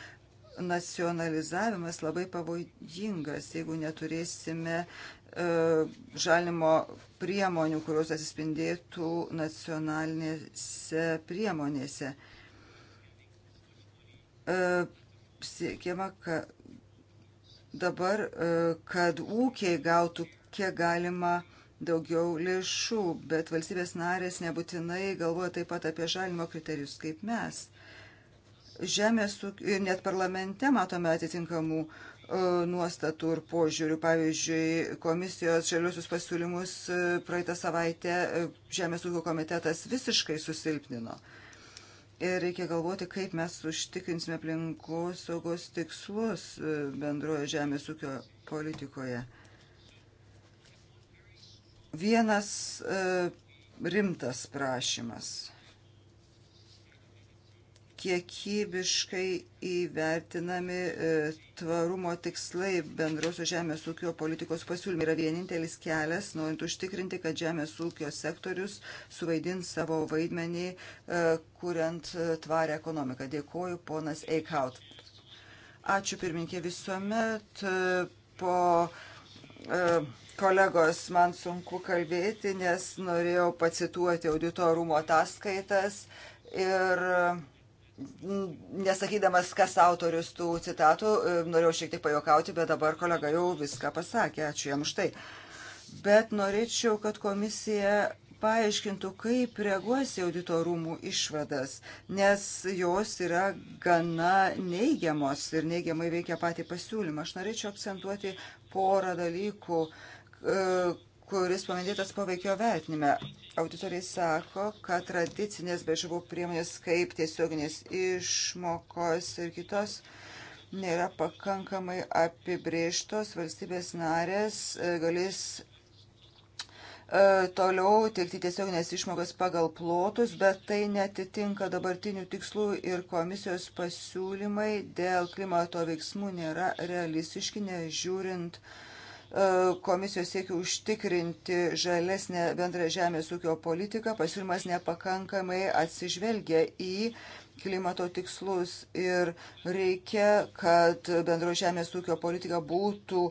Nacionalizavimas labai pavojingas, jeigu neturėsime uh, žalimo priemonių, kurios atsispindėtų nacionalinėse priemonėse. Uh, siekiama, kad dabar, kad ūkiai gautų kiek galima uh, daugiau lėšų, bet valstybės narės nebūtinai galvoja taip pat apie žalimo kriterijus kaip mes. Žemės ir net parlamente matome atitinkamų e, nuostatų ir požiūrių. Pavyzdžiui, komisijos žaliosius pasiūlymus e, praeitą savaitę e, Žemės ūkio komitetas visiškai susilpnino. Ir reikia galvoti, kaip mes užtikrinsime aplinkos saugos tikslus bendrojo žemės ūkio politikoje. Vienas e, rimtas prašymas kiekybiškai įvertinami e, tvarumo tikslai bendrosios žemės ūkio politikos pasiūlymai yra vienintelis kelias, norint užtikrinti, kad žemės ūkio sektorius suvaidins savo vaidmenį, e, kuriant tvarę ekonomiką. Dėkuoju, ponas Eikaut. Ačiū pirminkė visuomet po. Uh, Kolegos, man sunku kalbėti, nes norėjau pacituoti auditorumo ataskaitas ir nesakydamas, kas autorius tų citatų, norėjau šiek tiek pajokauti, bet dabar kolega jau viską pasakė, ačiū jam už tai. Bet norėčiau, kad komisija paaiškintų, kaip reaguos į auditorumų išvadas, nes jos yra gana neigiamos ir neigiamai veikia patį pasiūlymą. Aš norėčiau akcentuoti porą dalykų. Uh, E, kuris pamėdėtas poveikio vertinime. Auditoriai sako, kad tradicinės bežuvų priemonės kaip tiesioginės išmokos ir kitos nėra pakankamai apibrėžtos. Valstybės narės e, galės e, toliau teikti tiesioginės išmokas pagal plotus, bet tai netitinka dabartinių tikslų ir komisijos pasiūlymai dėl klimato veiksmų nėra realistiški, nežiūrint uh, E, komisijos siekia užtikrinti žalesnę bendrą žemės ūkio politiką, pasiūlymas nepakankamai atsižvelgia į klimato tikslus ir reikia, kad bendro žemės ūkio politika būtų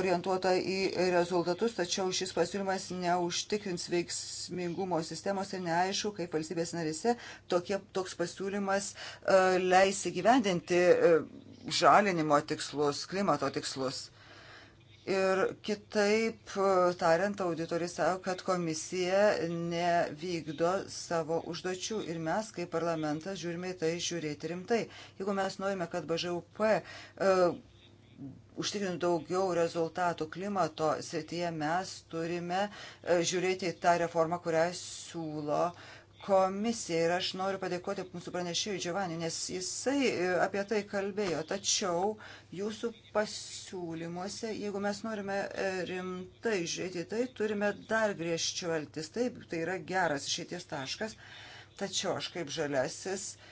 orientuota į rezultatus, tačiau šis pasiūlymas neužtikrins veiksmingumo sistemos ir neaišku, kaip valstybės narise tokie, toks pasiūlymas e, leis įgyvendinti e, žalinimo tikslus, klimato tikslus. Ir kitaip e, tariant, auditoriai sako, kad komisija nevykdo savo užduočių ir mes kaip parlamentas žiūrime į tai žiūrėti rimtai. Jeigu mes norime, kad BŽUP uh, e, užtikrinti daugiau rezultatų klimato srityje, mes turime e, žiūrėti į tą reformą, kurią siūlo uh, komisija ir aš noriu padėkoti mūsų pranešėjui Giovanni, nes jisai e, apie tai kalbėjo. Tačiau jūsų pasiūlymuose, jeigu mes norime e, rimtai žiūrėti, tai turime dar griežčiau elgtis. Taip, tai yra geras išėties taškas. Tačiau aš kaip žaliasis. Uh,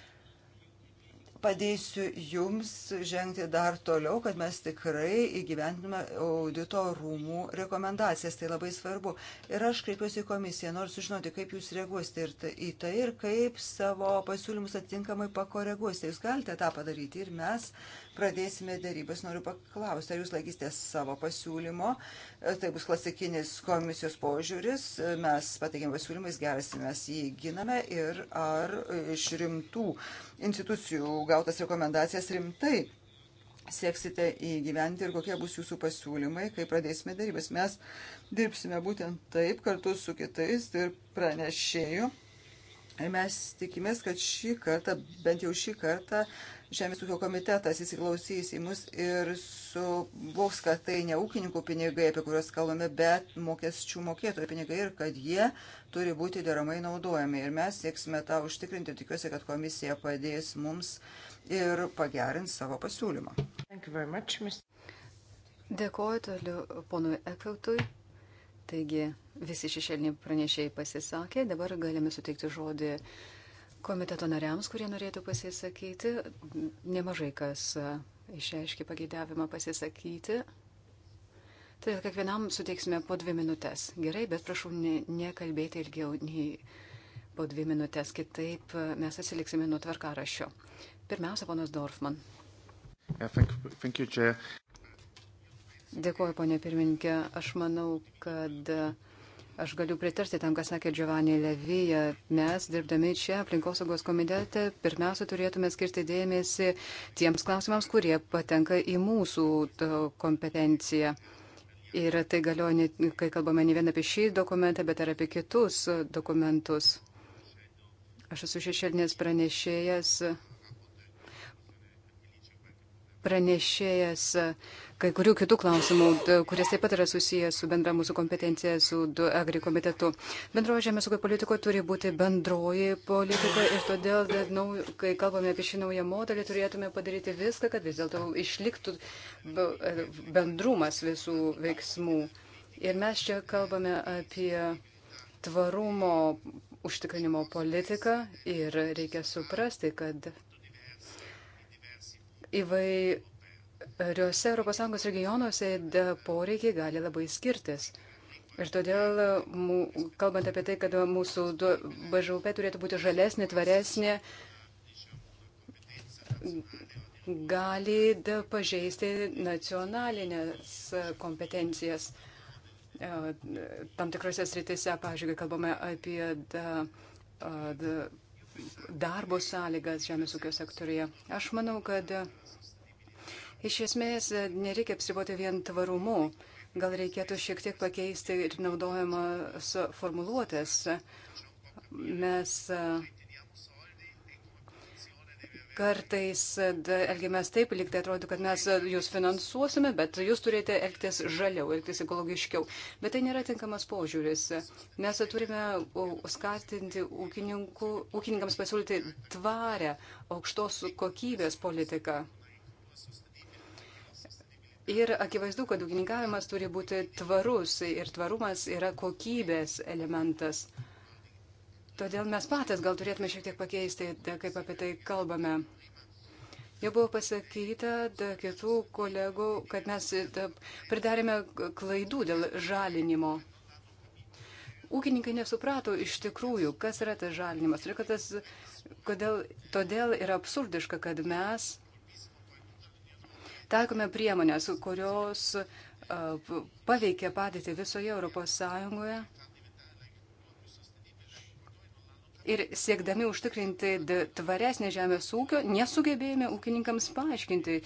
padėsiu jums žengti dar toliau, kad mes tikrai įgyventume audito rūmų rekomendacijas. Tai labai svarbu. Ir aš kreipiuosi į komisiją, noriu sužinoti, kaip jūs reaguosite ir į tai ir kaip savo pasiūlymus atitinkamai pakoreguosite. Jūs galite tą padaryti ir mes pradėsime darybas. Noriu paklausti, ar jūs laikysitės savo pasiūlymo. Tai bus klasikinis komisijos požiūris. Mes pateikėm pasiūlymais, geras mes jį giname ir ar iš rimtų institucijų gautas rekomendacijas rimtai sieksite įgyventi ir kokie bus jūsų pasiūlymai, kai pradėsime darybas. Mes dirbsime būtent taip kartu su kitais ir pranešėju. Ir mes tikimės, kad šį kartą, bent jau šį kartą, Žemės ūkio komitetas įsiklausys į mus ir suvoks, kad tai ne ūkininkų pinigai, apie kuriuos kalbame, bet mokesčių mokėtojų pinigai ir kad jie turi būti deramai naudojami. Ir mes sieksime tą užtikrinti ir tikiuosi, kad komisija padės mums ir pagerins savo pasiūlymą. Dėkoju toliau ponui Ekautui. Taigi visi šešėliniai pranešėjai pasisakė, dabar galime suteikti žodį uh, Komiteto nariams, kurie norėtų pasisakyti, nemažai kas e, išreiškė pageidavimą pasisakyti. Tai kiekvienam suteiksime po dvi minutės. Gerai, bet prašau ne, nekalbėti ilgiau nei po dvi minutės, kitaip e, mes atsiliksime nuo tvarkarašio. Pirmiausia, ponas Dorfman. Yeah, thank, thank you, Dėkuoju, ponė pirmininkė. Aš manau, kad uh, Aš galiu pritarti tam, kas sakė Giovanni Levija. Mes, dirbdami čia aplinkosaugos komitete, pirmiausia turėtume skirti dėmesį tiems klausimams, kurie patenka į mūsų kompetenciją. Ir tai galioja, kai kalbame ne vien apie šį dokumentą, bet ir apie kitus dokumentus. Aš esu šešėlinės pranešėjas pranešėjas e, kai kurių kitų klausimų, kuris taip pat yra susijęs su bendra mūsų kompetencija, su agri komitetu. Bendroji žemės ūkio politika turi būti bendroji politika ir todėl, nau, kai kalbame apie šį naują modelį, turėtume padaryti viską, kad vis dėlto išliktų e, bendrumas visų veiksmų. Ir mes čia kalbame apie tvarumo užtikrinimo politiką ir reikia suprasti, kad įvairiose ES regionuose poreikiai gali labai skirtis. Ir todėl, kalbant apie tai, kad mūsų BŽUP turėtų būti žalesnė, tvaresnė, gali pažeisti nacionalinės kompetencijas e, tam tikrose sritise, pavyzdžiui, kalbame apie da, da, darbo sąlygas žemės ūkio sektorija. Aš manau, kad e, iš esmės e, nereikia apsiriboti vien tvarumu. Gal reikėtų šiek tiek pakeisti ir naudojamas formuluotės. Mes uh, Kartais elgiamės taip, lyg tai atrodo, kad mes jūs finansuosime, bet jūs turite elgtis žaliau, elgtis ekologiškiau. Bet tai nėra tinkamas požiūris. Mes turime skatinti ūkininkams pasiūlyti tvarę, aukštos kokybės politiką. Ir akivaizdu, kad ūkininkavimas turi būti tvarus ir tvarumas yra kokybės elementas. Todėl mes patys gal turėtume šiek tiek pakeisti, tai kaip apie tai kalbame. Jau buvo pasakyta da, kitų kolegų, kad mes da, pridarėme klaidų dėl žalinimo. Ūkininkai nesuprato iš tikrųjų, kas yra tas žalinimas. Ir tas, kodėl, todėl yra absurdiška, kad mes taikome priemonės, kurios uh, paveikia padėtį visoje Europos Sąjungoje ir siekdami užtikrinti tvaresnį žemės ūkio, nesugebėjome ūkininkams paaiškinti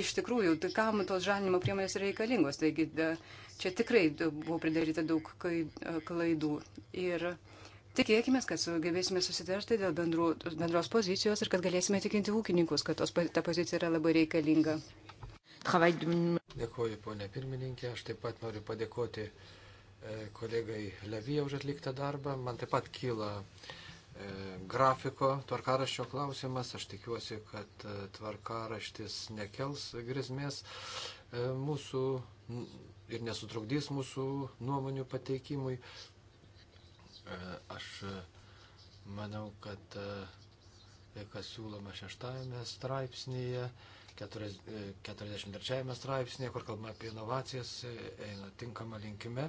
iš tikrųjų, tai kam tos žalinimo priemonės reikalingos. Taigi da, čia tikrai buvo pridaryta daug klaidų. Ir tikėkime, kad sugebėsime susitarti dėl bendru, bendros pozicijos ir kad galėsime tikinti ūkininkus, kad tos, ta pozicija yra labai reikalinga. Dėkuoju, ponė pirmininkė. Aš taip pat noriu padėkoti e, kolegai Levyje už atliktą darbą. Man taip pat kyla uh, E, grafiko tvarkaraščio klausimas. Aš tikiuosi, kad e, tvarkaraštis nekels grėsmės e, mūsų ir nesutrukdys mūsų nuomonių pateikimui. Aš manau, kad tai, kas siūloma šeštajame straipsnėje, 43 straipsnėje, kur kalbama apie inovacijas, eina tinkama linkime.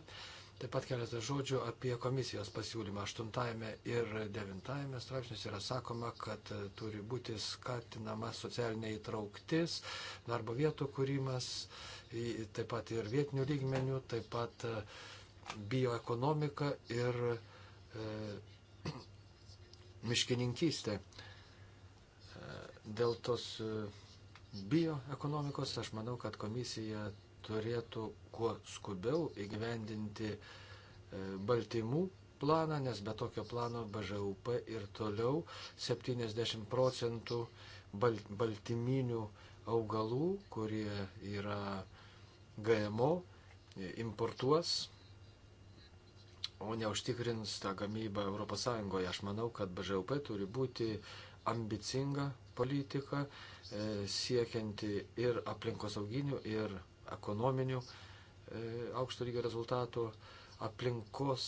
Taip pat keletą žodžių apie komisijos pasiūlymą. Aštuntajame ir devintajame straipsnius yra sakoma, kad e, turi būti skatinama socialinė įtrauktis, darbo vietų kūrimas, taip pat ir vietinių lygmenių, taip pat e, bioekonomika ir e, miškininkystė. E, dėl tos bioekonomikos aš manau, kad komisija turėtų kuo skubiau įgyvendinti e, baltymų planą, nes be tokio plano BŽUP ir toliau 70 procentų baltyminių augalų, kurie yra GMO, e, importuos o neužtikrins tą gamybą ES. Aš manau, kad BŽUP turi būti ambicinga politika, e, siekianti ir aplinkosauginių, ir ekonominių e, aukšto lygio rezultatų. Aplinkos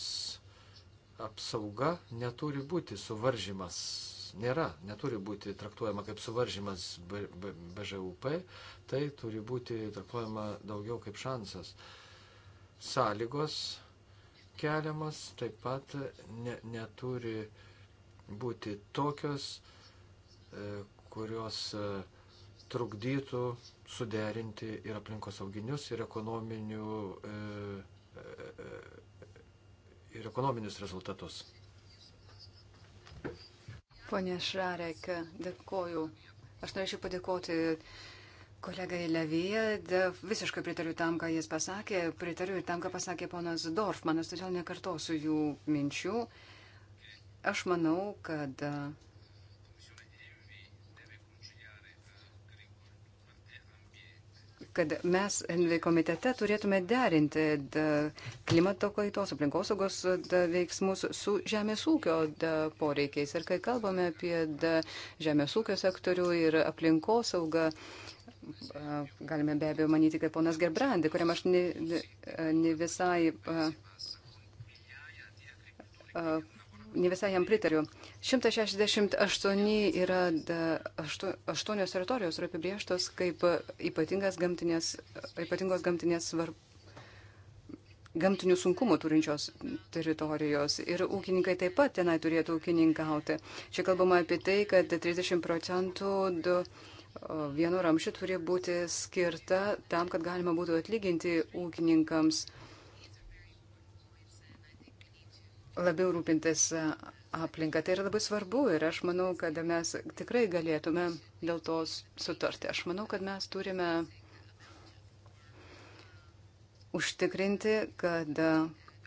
apsauga neturi būti suvaržymas. Nėra, neturi būti traktuojama kaip suvaržymas BŽUP, tai turi būti traktuojama daugiau kaip šansas. Sąlygos keliamas taip pat ne, neturi būti tokios, e, kurios uh, trukdytų suderinti ir aplinkosauginius, ir, e, e, e, ir ekonominius rezultatus. Pone Šarek, dėkoju. Aš norėčiau padėkoti kolegai Levyje. Visiškai pritariu tam, ką jis pasakė. Pritariu ir tam, ką pasakė ponas Dorfmanas, todėl nekartosiu jų minčių. Aš manau, kad uh, kad mes NV komitete turėtume derinti klimato kaitos, aplinkosaugos veiksmus su žemės ūkio poreikiais. Ir kai kalbame apie žemės ūkio sektorių ir aplinkosaugą, galime be abejo manyti, kad ponas Gerbrandi, kuriam aš ne, ne visai. A, a, ne visai jam pritariu. 168 yra 8 teritorijos yra apibrieštos kaip ypatingas gamtinės, ypatingos gamtinės svarb, gamtinių sunkumų turinčios teritorijos ir ūkininkai taip pat tenai turėtų ūkininkauti. Čia kalbama apie tai, kad 30 procentų vieno ramščio turi būti skirta tam, kad galima būtų atlyginti ūkininkams labiau rūpintis aplinką. Tai yra labai svarbu ir aš manau, kad mes tikrai galėtume dėl to sutarti. Aš manau, kad mes turime užtikrinti, kad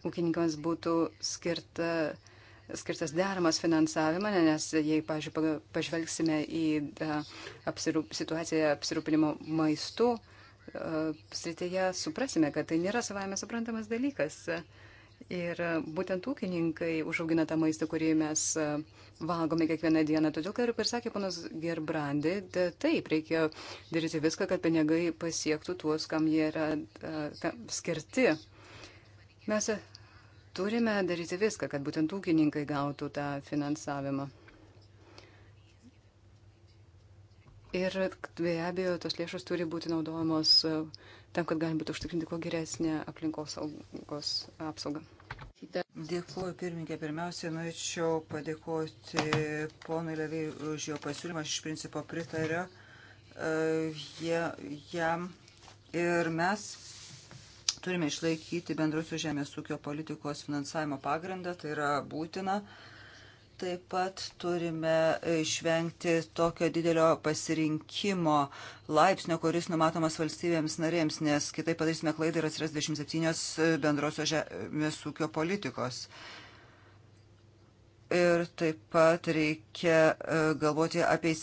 ūkininkams būtų skirta, skirtas deramas finansavimą, nes jei, pažiūrėjau, pažvelgsime į e, apsirūp, situaciją apsirūpinimo maistu, e, srityje suprasime, kad tai nėra savame suprantamas dalykas. Uh, Ir būtent ūkininkai užaugina tą maistą, kurį mes e, valgome kiekvieną dieną. Todėl, kaip ir sakė panas Gerbrandi, taip, reikia daryti viską, kad pinigai pasiektų tuos, kam jie yra e, kam skirti. Mes turime daryti viską, kad būtent ūkininkai gautų tą finansavimą. Ir be abejo, tos lėšos turi būti naudojamos uh, tam, kad galim būtų užtikrinti kuo geresnę aplinkos saugos apsaugą. Dėkuoju, pirmininkė. Pirmiausia, norėčiau padėkoti ponui Levijai už jo pasiūlymą. Aš iš principo pritariu e, jie, jam ir mes turime išlaikyti bendrusios žemės ūkio politikos finansavimo pagrindą, tai yra būtina. Uh, Taip pat turime išvengti tokio didelio pasirinkimo laipsnio, kuris numatomas valstybėms narėms, nes kitaip padarysime klaidą ir atsiras 27 bendrosios žemės ūkio politikos. Ir taip pat reikia e, galvoti apie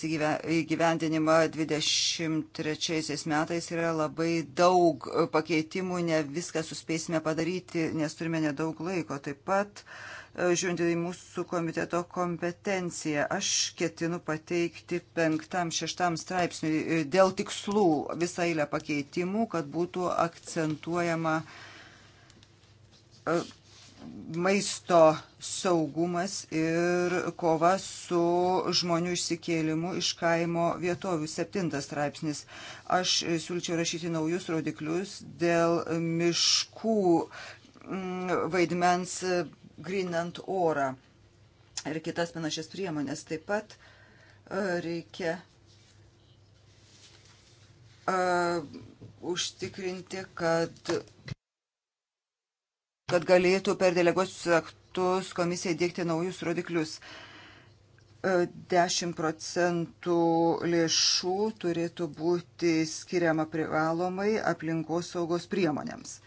įgyvendinimą 23 metais. Yra labai daug e, pakeitimų, ne viską suspėsime padaryti, nes turime nedaug laiko. Taip pat uh, E, žiūrint į mūsų komiteto kompetenciją. Aš ketinu pateikti penktam, šeštam straipsniui e, dėl tikslų visą eilę pakeitimų, kad būtų akcentuojama e, maisto saugumas ir kova su žmonių išsikėlimu iš kaimo vietovių. Septintas straipsnis. Aš siūlyčiau rašyti naujus rodiklius dėl miškų mm, vaidmens grinant orą ir kitas panašias priemonės. Taip pat e, reikia uh, užtikrinti, kad, kad galėtų per deleguosius aktus komisija dėkti naujus rodiklius. 10 e, procentų lėšų turėtų būti skiriama privalomai aplinkosaugos priemonėms.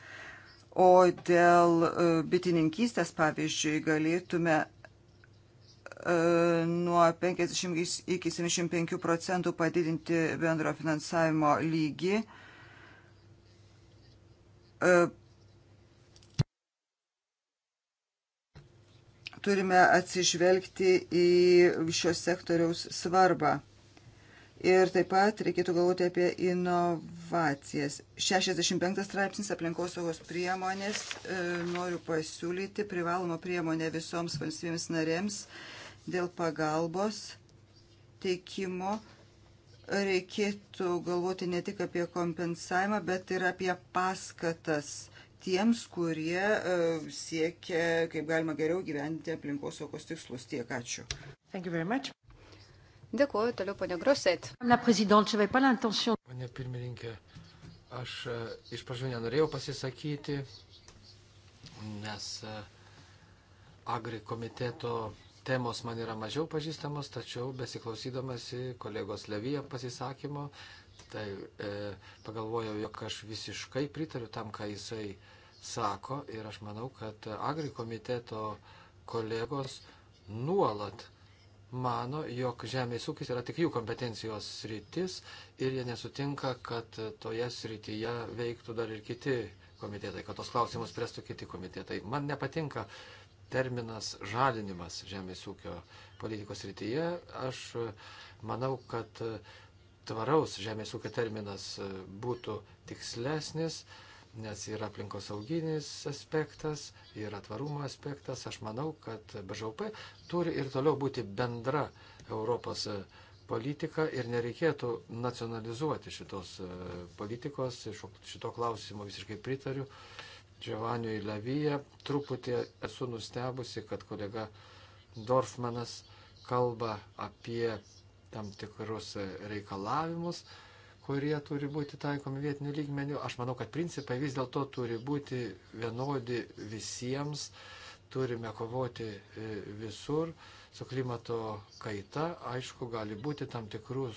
O dėl e, bitininkystės, pavyzdžiui, galėtume e, nuo 50 iki 75 procentų padidinti bendro finansavimo lygį. E, turime atsižvelgti į šios sektoriaus svarbą. Ir taip pat reikėtų galvoti apie inovacijas. 65 straipsnis aplinkosaugos priemonės e, noriu pasiūlyti privalomą priemonę visoms valstybėms narėms dėl pagalbos teikimo. Reikėtų galvoti ne tik apie kompensavimą, bet ir apie paskatas tiems, kurie e, siekia, kaip galima geriau gyventi aplinkosaugos tikslus. Tiek ačiū. Thank you very much. Dėkuoju toliau, ponia Groset. Pane pirmininkė, aš e, iš pradžių nenorėjau pasisakyti, nes e, agri komiteto temos man yra mažiau pažįstamos, tačiau besiklausydamasi kolegos Levyje pasisakymo, tai e, pagalvojau, jog aš visiškai pritariu tam, ką jisai sako ir aš manau, kad agri komiteto kolegos nuolat mano, jog žemės ūkis yra tik jų kompetencijos sritis ir jie nesutinka, kad toje srityje veiktų dar ir kiti komitetai, kad tos klausimus prestų kiti komitetai. Man nepatinka terminas žalinimas žemės ūkio politikos srityje. Aš manau, kad tvaraus žemės ūkio terminas būtų tikslesnis. Uh, nes yra aplinkosauginis aspektas, yra tvarumo aspektas. Aš manau, kad BŽP turi ir toliau būti bendra Europos e, politika ir nereikėtų nacionalizuoti šitos e, politikos. Šito klausimo visiškai pritariu. Giovanniui Levyje truputį esu nustebusi, kad kolega Dorfmanas kalba apie tam tikrus e, reikalavimus, kurie turi būti taikomi vietinių lygmenių. Aš manau, kad principai vis dėlto turi būti vienodi visiems, turime kovoti e, visur su klimato kaita. Aišku, gali būti tam tikrų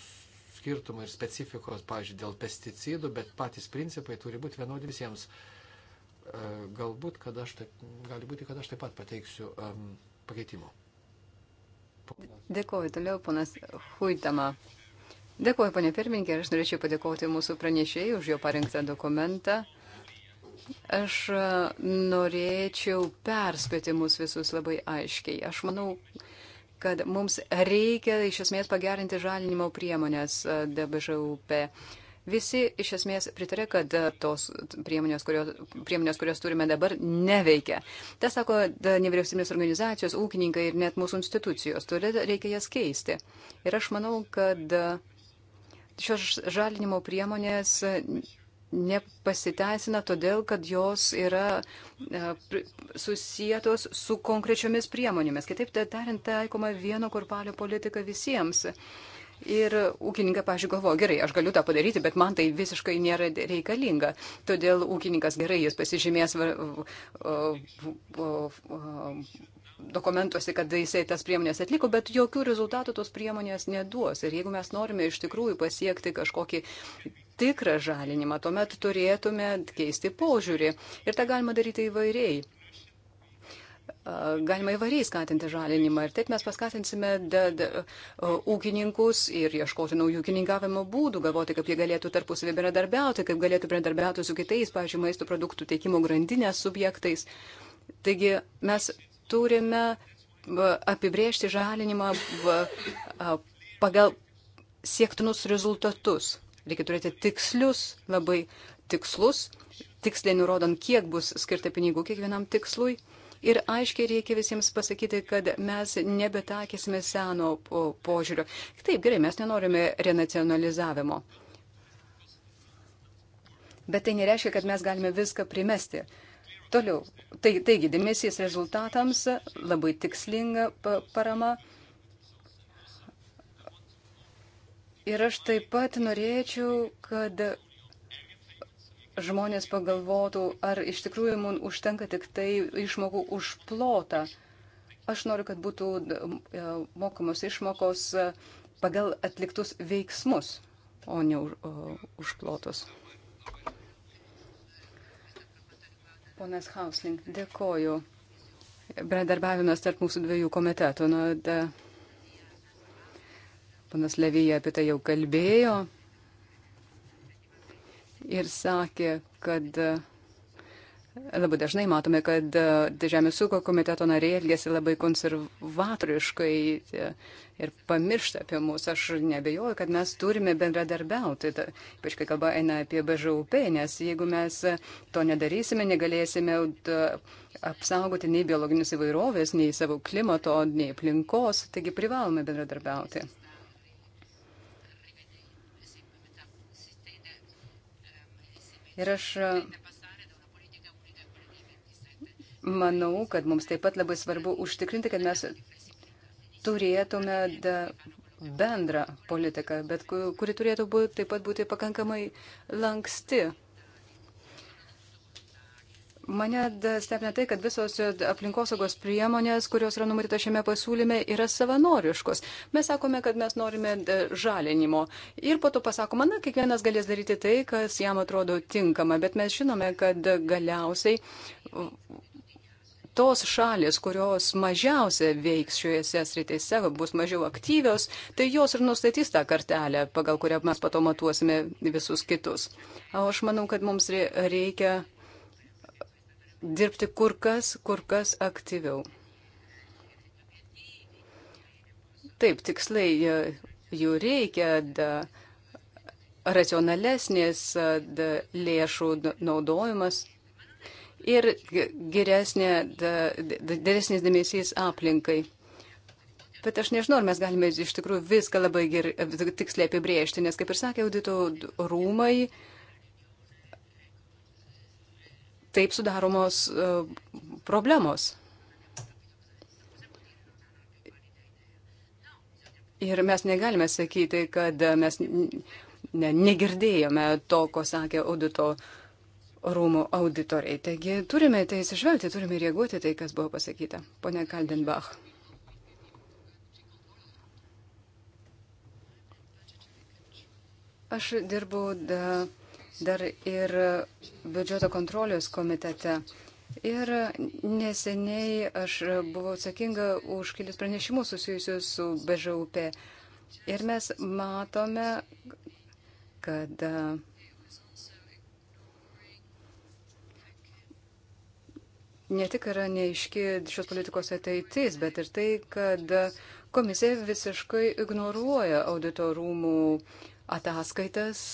skirtumų ir specifikos, pavyzdžiui, dėl pesticidų, bet patys principai turi būti vienodi visiems. E, galbūt, kad aš taip, gali būti, kad aš taip pat pateiksiu um, pakeitimų. Dėkuoju, toliau ponas Huitama. Dėkuoju, ponė pirmininkė, aš norėčiau padėkoti mūsų pranešėjai už jo parinktą dokumentą. Aš e, norėčiau perspėti mus visus labai aiškiai. Aš manau, kad mums reikia iš esmės pagerinti žalinimo priemonės e, DBŽUP. Visi iš esmės pritarė, kad e, tos priemonės, kurios, priemonės, kurios turime dabar, neveikia. Tai sako nevyriausybinės organizacijos, ūkininkai ir net mūsų institucijos. Todėl reikia jas keisti. Ir aš manau, kad šios žalinimo priemonės nepasiteisina todėl, kad jos yra e, susijėtos su konkrečiomis priemonėmis. Kitaip tariant, taikoma vieno kurpalio politika visiems. Ir ūkininkai, pažiūrėjau, galvoja, gerai, aš galiu tą padaryti, bet man tai visiškai nėra reikalinga. Todėl ūkininkas gerai, jis pasižymės dokumentuose, kad jisai tas priemonės atliko, bet jokių rezultatų tos priemonės neduos. Ir jeigu mes norime iš tikrųjų pasiekti kažkokį tikrą žalinimą, tuomet turėtume keisti požiūrį. Ir tą galima daryti įvairiai galima įvariai skatinti žalinimą. Ir taip mes paskatinsime da, da, ūkininkus ir ieškoti naujų ūkininkavimo būdų, galvoti, kaip jie galėtų tarpusavį bendradarbiauti, kaip galėtų bendradarbiauti su kitais, pažiūrėjau, maisto produktų tiekimo grandinės subjektais. Taigi mes turime apibriežti žalinimą pagal siektinus rezultatus. Reikia turėti tikslius, labai tikslus, tiksliai nurodant, kiek bus skirta pinigų kiekvienam tikslui. Uh, Ir aiškiai reikia visiems pasakyti, kad mes nebetakėsime seno požiūrio. Taip, gerai, mes nenorime renacionalizavimo. Bet tai nereiškia, kad mes galime viską primesti. Toliau, tai, taigi, dėmesys rezultatams, labai tikslinga parama. Ir aš taip pat norėčiau, kad žmonės pagalvotų, ar iš tikrųjų mums užtenka tik tai išmokų už plotą. Aš noriu, kad būtų e, mokamos išmokos e, pagal atliktus veiksmus, o ne e, už plotus. Ponas Hausling, dėkoju. Bendarbiavimas tarp mūsų dviejų komitetų. Nu, da, ponas Levyje apie tai jau kalbėjo ir sakė, kad e, labai dažnai matome, kad e, Žemės ūkio komiteto nariai elgesi labai konservatoriškai e, ir pamiršta apie mus. Aš nebejoju, kad mes turime bendradarbiauti, ypač kai kalba eina apie BŽUP, nes jeigu mes to nedarysime, negalėsime apsaugoti nei biologinės įvairovės, nei savo klimato, nei aplinkos, taigi privalome bendradarbiauti. Ir aš e, manau, kad mums taip pat labai svarbu užtikrinti, kad mes turėtume bendrą politiką, bet kuri turėtų būt, taip pat būti pakankamai lanksti. Mane stebina tai, kad visos e, aplinkosaugos priemonės, kurios yra numatytos šiame pasiūlyme, yra savanoriškos. Mes sakome, kad mes norime e, žalinimo. Ir po to pasakoma, na, kiekvienas galės daryti tai, kas jam atrodo tinkama. Bet mes žinome, kad galiausiai tos šalis, kurios mažiausia veiks šioje sritėse, bus mažiau aktyvios, tai jos ir nustatys tą kartelę, pagal kurią mes pato matuosime visus kitus. O aš manau, kad mums reikia dirbti kur kas, kur kas aktyviau. Taip, tikslai e, jų reikia, da, racionalesnės e, da, lėšų naudojimas ir geresnė, da, didesnis dėmesys aplinkai. Bet aš nežinau, ar mes galime iš tikrųjų viską labai ger, tiksliai apibriežti, nes, kaip ir sakė audito rūmai, uh, taip sudaromos e, problemos. Ir mes negalime sakyti, kad mes ne, negirdėjome to, ko sakė audito rūmų auditoriai. Taigi turime tai atsižvelgti, turime reaguoti tai, kas buvo pasakyta. Pone Kaldenbach. Aš dirbu da, de dar ir biudžeto kontrolės komitete. Ir neseniai aš buvau atsakinga už kelius pranešimus susijusius su BŽUP. Ir mes matome, kad uh, ne tik yra neiški šios politikos ateitis, bet ir tai, kad komisija visiškai ignoruoja auditorumų ataskaitas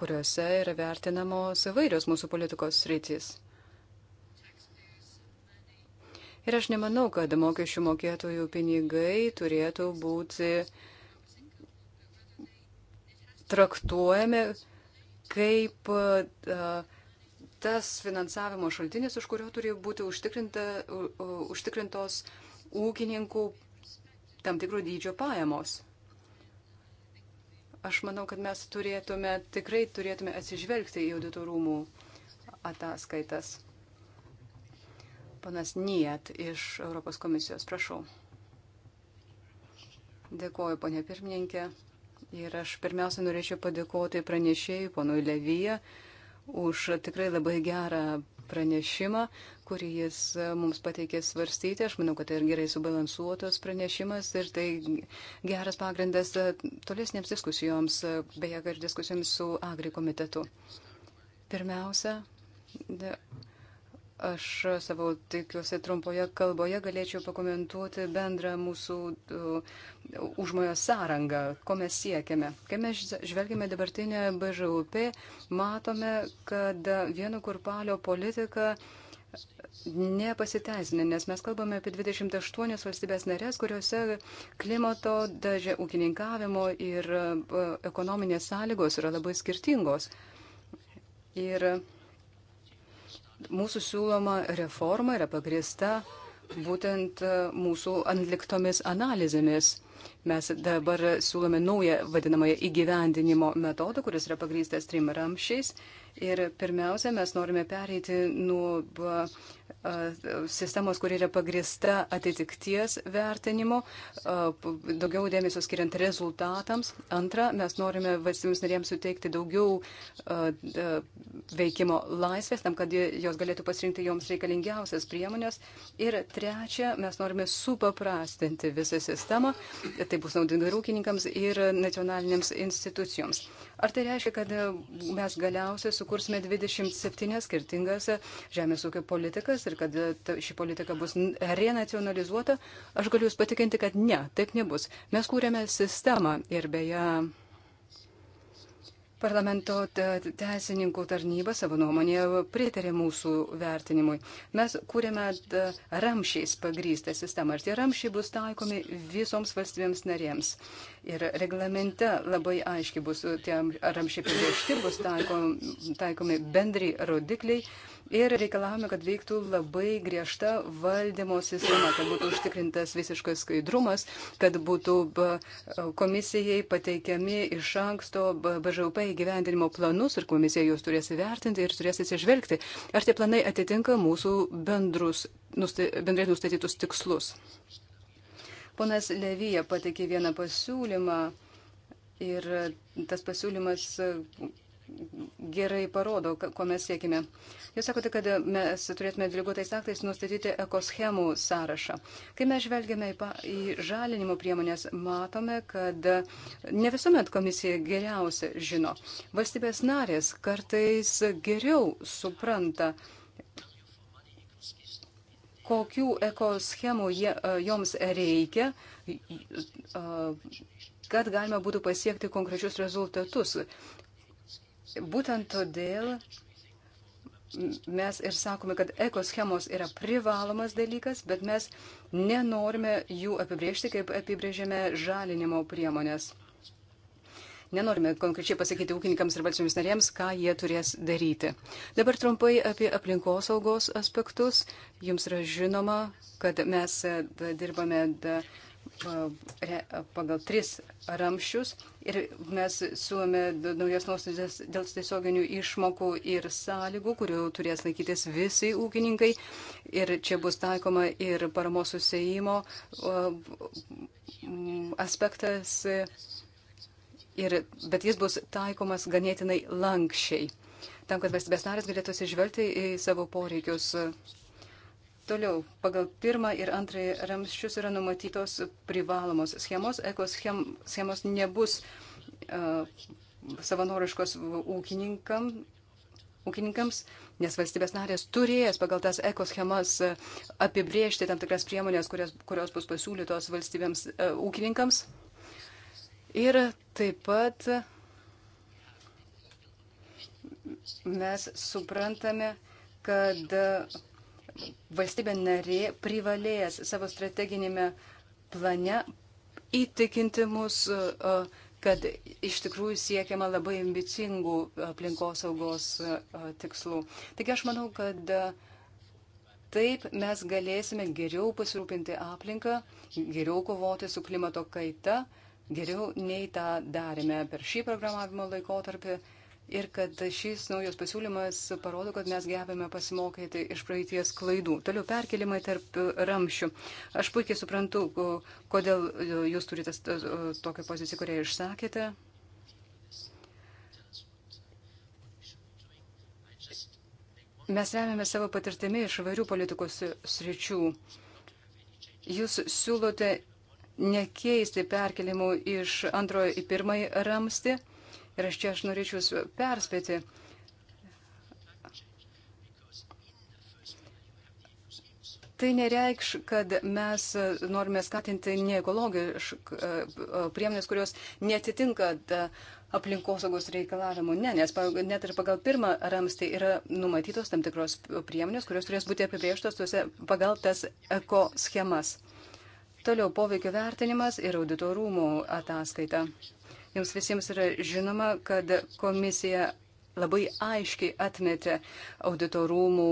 kuriuose yra vertinamos įvairios mūsų politikos sritys. Ir aš nemanau, kad mokesčių mokėtojų pinigai turėtų būti traktuojami kaip uh, tas finansavimo šaltinis, už kurio turi būti užtikrinta, uh, užtikrintos ūkininkų tam tikrų dydžio pajamos. Aš manau, kad mes turėtume, tikrai turėtume atsižvelgti į audito rūmų ataskaitas. Panas Niet iš Europos komisijos, prašau. Dėkuoju, ponė pirmininkė. Ir aš pirmiausia norėčiau padėkoti pranešėjai, ponui Levyje, už tikrai labai gerą pranešimą, kurį jis e, mums pateikė svarstyti. Aš manau, kad tai ir gerai subalansuotas pranešimas ir tai geras pagrindas e, tolesnėms diskusijoms, e, beje, ir diskusijoms su Agri komitetu. Pirmiausia, Aš savo, tikiuosi, trumpoje kalboje galėčiau pakomentuoti bendrą mūsų uh, užmojo sąrangą, ko mes siekiame. Kai mes žvelgime dabartinę BŽUP, matome, kad vieno kurpalio politika nepasiteisinę, nes mes kalbame apie 28 valstybės narės, kuriuose klimato, dažia, ūkininkavimo ir uh, ekonominės sąlygos yra labai skirtingos. Ir uh, Mūsų siūloma reforma yra pagrįsta būtent e, mūsų atliktomis analizėmis. Mes dabar siūlome naują vadinamąją įgyvendinimo metodą, kuris yra pagrystas trim ramšiais. Ir pirmiausia, mes norime pereiti nuo e, sistemos, kur yra pagrista atitikties vertinimu, daugiau dėmesio skiriant rezultatams. Antra, mes norime valstybėms narėms suteikti daugiau veikimo laisvės, tam, kad jos galėtų pasirinkti joms reikalingiausias priemonės. Ir trečia, mes norime supaprastinti visą sistemą, tai bus naudinga ir ūkininkams, ir nacionalinėms institucijoms. Ar tai reiškia, kad e, mes galiausiai sukursime 27 skirtingas e, žemės ūkio politikas ir kad e, ši politika bus renacionalizuota? Aš galiu Jūs patikinti, kad ne, taip nebus. Mes kūrėme sistemą ir beje. Parlamento teisininkų tarnyba savo nuomonėje pritarė mūsų vertinimui. Mes kūrėme ramšiais pagrystą sistemą ir tie ramšiai bus taikomi visoms valstybėms narėms. Ir reglamente labai aiškiai bus tie ramšiai apibriežti, bus taikom, taikomi bendri rodikliai. Ir reikalavome, kad veiktų labai griežta valdymo sistema, kad būtų užtikrintas visiškas skaidrumas, kad būtų komisijai pateikiami iš anksto BŽUP įgyvendinimo planus ir komisija juos turės įvertinti ir turės atsižvelgti, ar tie planai atitinka mūsų bendrus, nusta, bendrai nustatytus tikslus. Ponas Levyje pateikė vieną pasiūlymą ir tas pasiūlymas gerai parodo, ko mes siekime. Jūs sakote, kad mes turėtume dviguotais aktais nustatyti ekoschemų sąrašą. Kai mes žvelgiame į, pa, į žalinimo priemonės, matome, kad ne visuomet komisija geriausia žino. Valstybės narės kartais geriau supranta, uh, kokių ekoschemų jie, e, joms reikia, e, kad galima būtų pasiekti konkrečius rezultatus. Būtent todėl mes ir sakome, kad ekoschemos yra privalomas dalykas, bet mes nenorime jų apibriežti, kaip apibrėžėme žalinimo priemonės. Nenorime konkrečiai pasakyti ūkininkams ir valstybėms narėms, ką jie turės daryti. Dabar trumpai apie aplinkosaugos aspektus. Jums yra žinoma, kad mes e, dirbame e, pagal tris ramščius ir mes siūlome naujas nuostatas dėl tiesioginių išmokų ir sąlygų, kurių turės laikytis visi ūkininkai. Ir čia bus taikoma ir paramos susijimo aspektas ir, bet jis bus taikomas ganėtinai lankščiai, tam, kad valstybės narės galėtų atsižvelgti į savo poreikius. Toliau, pagal pirmą ir antrąjį ramščius yra numatytos privalomos schemos, ekoschem, schemos nebus uh, savanoriškos ūkininkam, ūkininkams, nes valstybės narės turės pagal tas ekoschemas apibriežti tam tikras priemonės, kurios, kurios bus pasiūlytos valstybėms uh, ūkininkams. Uh, Ir taip pat mes suprantame, kad valstybė narė privalės savo strateginėme plane įtikinti mus, kad iš tikrųjų siekiama labai ambicingų aplinkosaugos tikslų. Taigi aš manau, kad taip mes galėsime geriau pasirūpinti aplinką, geriau kovoti su klimato kaita geriau nei tą darėme per šį programavimo laikotarpį ir kad šis naujas pasiūlymas parodo, kad mes gebėme pasimokyti iš praeities klaidų. Toliau perkelimai tarp ramščių. Aš puikiai suprantu, kodėl e, jūs turite e, tokią poziciją, kurią išsakėte. Mes remiame savo patirtimi iš vairių politikos sričių. Jūs siūlote nekeisti perkelimų iš antrojo į pirmąjį ramstį. Ir aš čia aš norėčiau jūs perspėti. Tai nereikš, kad mes norime skatinti neekologiškas e, e, priemonės, kurios netitinka aplinkosaugos reikalavimų. Ne, nes net ir pagal pirmą ramstį yra numatytos tam tikros priemonės, kurios turės būti apibrieštos tuose, pagal tas eko schemas. Toliau poveikio vertinimas ir auditorumų ataskaita. Jums visiems yra žinoma, kad komisija labai aiškiai atmetė auditorumų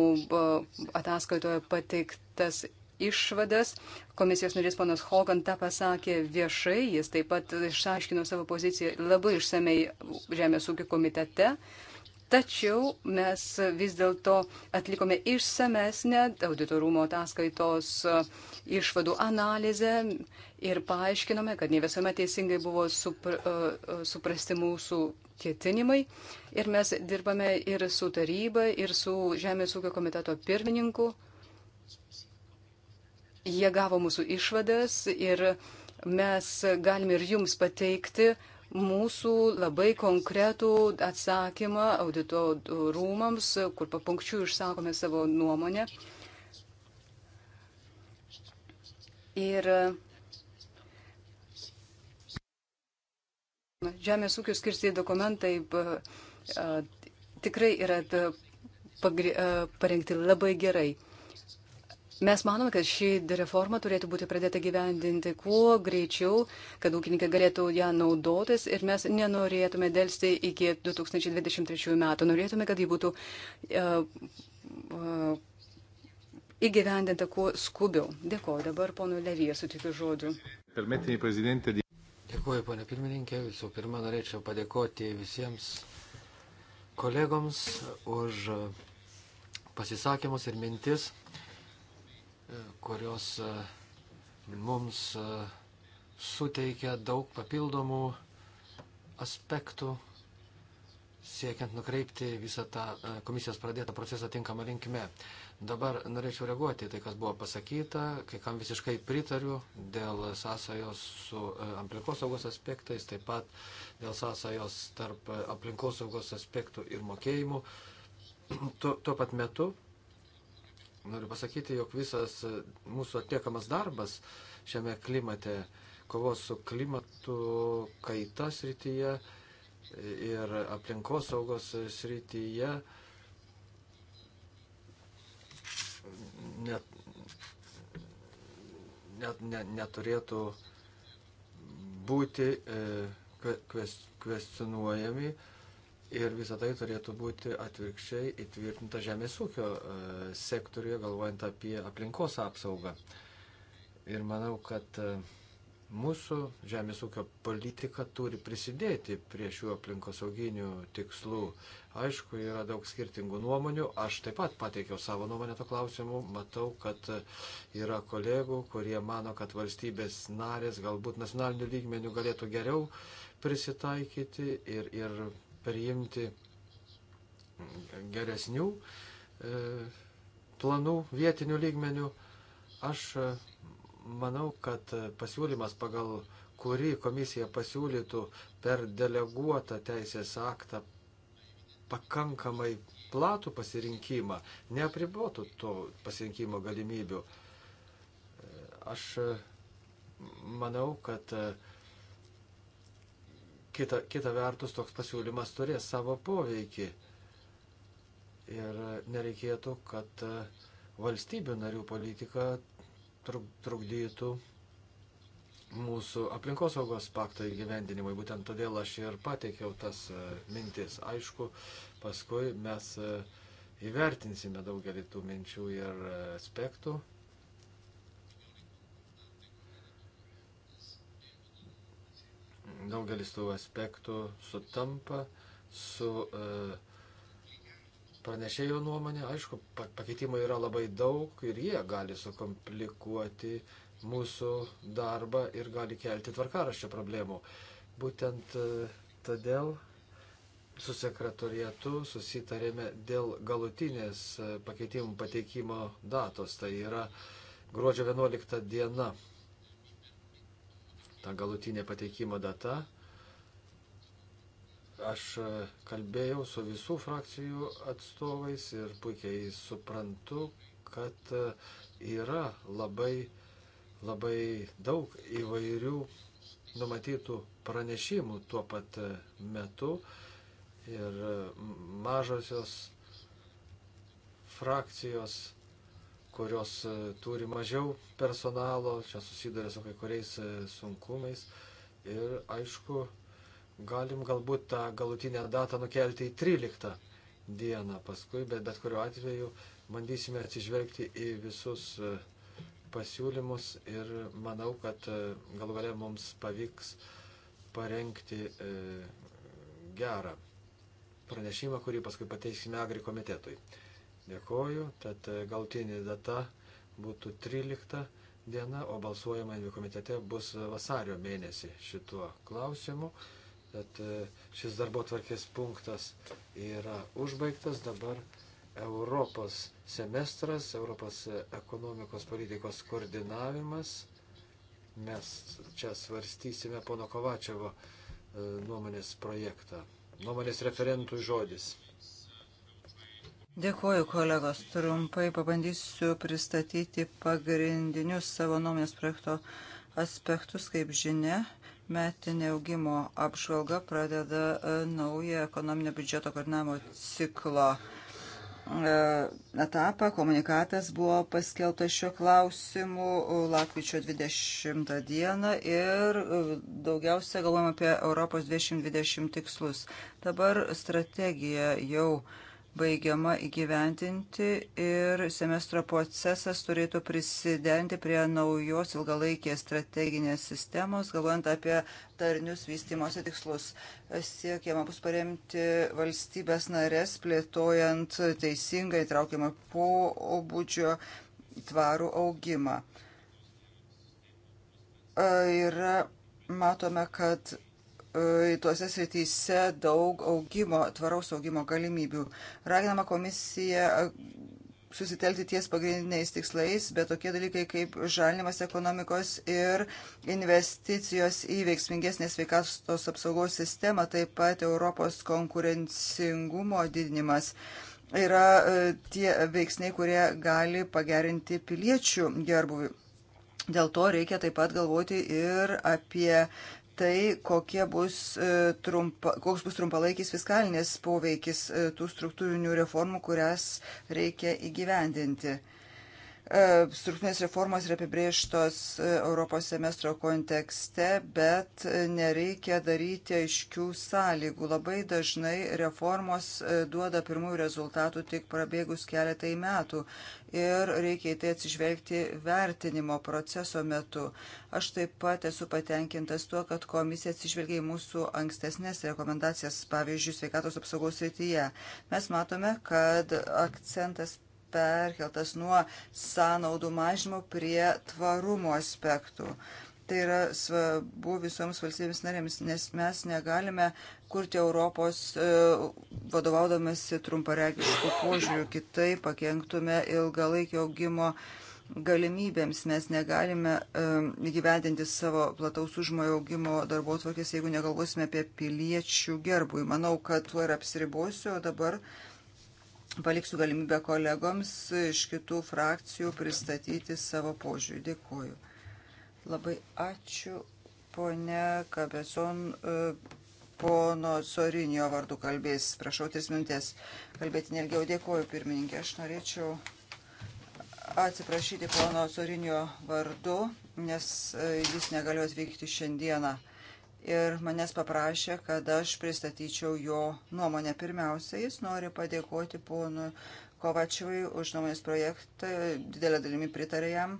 ataskaitoje pateiktas išvadas. Komisijos narys ponas Hogan tą pasakė viešai, jis taip pat išaiškino savo poziciją labai išsamei Žemės ūkio komitete. Uh, Tačiau mes vis dėlto atlikome išsamesnę auditorumo ataskaitos e, išvadų analizę ir paaiškinome, kad ne visuomet teisingai buvo supr, e, e, suprasti mūsų ketinimai. Ir mes dirbame ir su taryba, ir su Žemės ūkio komiteto pirmininku. Jie gavo mūsų išvadas ir mes galime ir jums pateikti mūsų labai konkretų atsakymą audito rūmams, kur papunkčių išsakome savo nuomonę. Ir žemės ūkio skirsti dokumentai tikrai yra pagri, parengti labai gerai. Mes manome, kad ši reforma turėtų būti pradėta gyvendinti kuo greičiau, kad ūkininkai galėtų ją naudotis ir mes nenorėtume dėlsti iki 2023 metų. Norėtume, kad ji būtų uh, uh, įgyvendinta kuo skubiau. Dėkuoju dabar ponui Levyje, sutikiu žodžiu. Dėkuoju, ponė pirmininkė. Visų pirma, norėčiau padėkoti visiems kolegoms už pasisakymus ir mintis. Uh, kurios e, mums e, suteikia daug papildomų aspektų, siekiant nukreipti visą tą e, komisijos pradėtą procesą tinkamą linkme. Dabar norėčiau reaguoti tai, kas buvo pasakyta, kai kam visiškai pritariu dėl sąsajos su aplinkosaugos aspektais, taip pat dėl sąsajos tarp aplinkosaugos aspektų ir mokėjimų. Tuo, tuo pat metu Noriu pasakyti, jog visas e, mūsų atliekamas darbas šiame klimate, kovos su klimatu kaita srityje ir aplinkos saugos srityje, net, net, net, neturėtų būti e, kvestionuojami. Kves, Ir visą tai turėtų būti atvirkščiai įtvirtinta žemės ūkio e, sektoriuje, galvojant apie aplinkos apsaugą. Ir manau, kad e, mūsų žemės ūkio politika turi prisidėti prie šių aplinkosauginių tikslų. Aišku, yra daug skirtingų nuomonių. Aš taip pat pateikiau savo nuomonę to klausimu. Matau, kad e, yra kolegų, kurie mano, kad valstybės narės galbūt nacionaliniu lygmeniu galėtų geriau prisitaikyti ir, ir priimti geresnių e, planų vietinių lygmenių. Aš e, manau, kad pasiūlymas, pagal kurį komisija pasiūlytų per deleguotą teisės aktą pakankamai platų pasirinkimą, neapribotų to pasirinkimo galimybių. E, aš manau, kad uh, kita, kita vertus toks pasiūlymas turės savo poveikį. Ir nereikėtų, kad e, valstybių narių politika trukdytų mūsų aplinkosaugos pakto įgyvendinimui. Būtent todėl aš ir pateikiau tas e, mintis. Aišku, paskui mes e, įvertinsime daugelį tų minčių ir aspektų daugelis tų aspektų sutampa su e, pranešėjo nuomonė. Aišku, pakeitimų yra labai daug ir jie gali sukomplikuoti mūsų darbą ir gali kelti tvarkaraščio problemų. Būtent e, todėl su sekretorietu susitarėme dėl galutinės e, pakeitimų pateikimo datos, tai yra gruodžio 11 diena ta galutinė pateikimo data. Aš e, kalbėjau su visų frakcijų atstovais ir puikiai suprantu, kad e, yra labai, labai daug įvairių numatytų pranešimų tuo pat e, metu ir mažosios frakcijos kurios e, turi mažiau personalo, čia susiduria su kai kuriais e, sunkumais. Ir aišku, galim galbūt tą galutinę datą nukelti į 13 dieną paskui, bet bet kuriuo atveju bandysime atsižvelgti į visus e, pasiūlymus ir manau, kad galų galia mums pavyks parengti gerą pranešimą, kurį paskui pateiksime Agri komitetui. Dėkoju. Tad e, galtinė data būtų 13 diena, o balsuojama į komitete bus vasario mėnesį šituo klausimu. Tad e, šis darbo tvarkės punktas yra užbaigtas. Dabar Europos semestras, Europos ekonomikos politikos koordinavimas. Mes čia svarstysime pono Kovačiovo e, nuomonės projektą. Nuomonės referentui žodis. Dėkuoju, kolegos. Trumpai pabandysiu pristatyti pagrindinius savo nuomonės projekto aspektus, kaip žinia. Metinė augimo apžvalga pradeda e, naują ekonominio biudžeto koordinavimo ciklo e, etapą. Komunikatas buvo paskelbtas šiuo klausimu e, lakryčio 20 dieną ir daugiausia galvojame apie Europos 2020 tikslus. Dabar strategija jau baigiama įgyventinti ir semestro procesas turėtų prisidengti prie naujos ilgalaikės strateginės sistemos, galvojant apie tarnius vystimosi tikslus. Siekiama bus paremti valstybės narės, plėtojant teisingą įtraukiamą pobūdžio tvarų augimą. Yra, matome, kad E, tuose srityse daug augimo, tvaraus augimo galimybių. Raginama komisija e, susitelkti ties pagrindiniais tikslais, bet tokie dalykai kaip žalinimas ekonomikos ir investicijos į veiksmingesnę sveikatos apsaugos sistemą, taip pat Europos konkurencingumo didinimas yra e, tie veiksniai, kurie gali pagerinti piliečių gerbuvių. Dėl to reikia taip pat galvoti ir apie tai, bus e, trumpa, koks bus trumpalaikis fiskalinės poveikis e, tų struktūrinių reformų, kurias reikia įgyvendinti. E, struktūrinės reformos yra apibrėžtos e, Europos semestro kontekste, bet e, nereikia daryti aiškių sąlygų. Labai dažnai reformos duoda pirmųjų rezultatų tik prabėgus keletai metų ir reikia į tai atsižvelgti vertinimo proceso metu. Aš taip pat esu patenkintas tuo, kad komisija atsižvelgia į mūsų ankstesnės rekomendacijas, pavyzdžiui, sveikatos apsaugos srityje. Mes matome, kad akcentas perkeltas nuo sąnaudų mažimo prie tvarumo aspektų. Tai yra svarbu visoms valstybėms narėms, nes mes negalime kurti Europos e, vadovaudomasi trumparegiškų požiūrių, kitaip pakenktume ilgalaikio augimo galimybėms mes negalime e, įgyvendinti savo plataus užmojo augimo darbo tvarkės, jeigu negalvosime apie piliečių gerbui. Manau, kad tuo ir apsiribosiu, o dabar paliksiu galimybę kolegoms iš kitų frakcijų pristatyti savo požiūrį. Dėkuoju. Labai ačiū, ponė Kabeson. E, pono Sorinio vardu kalbės. Prašau, tris minutės. Kalbėti nelgiau. Dėkuoju, pirmininkė. Aš norėčiau atsiprašyti pono Sorinio vardu, nes e, jis negaliu atvykti šiandieną ir manęs paprašė, kad aš pristatyčiau jo nuomonę. Pirmiausia, jis nori padėkoti ponui Kovačiui už nuomonės projektą, didelę dalimi pritarė jam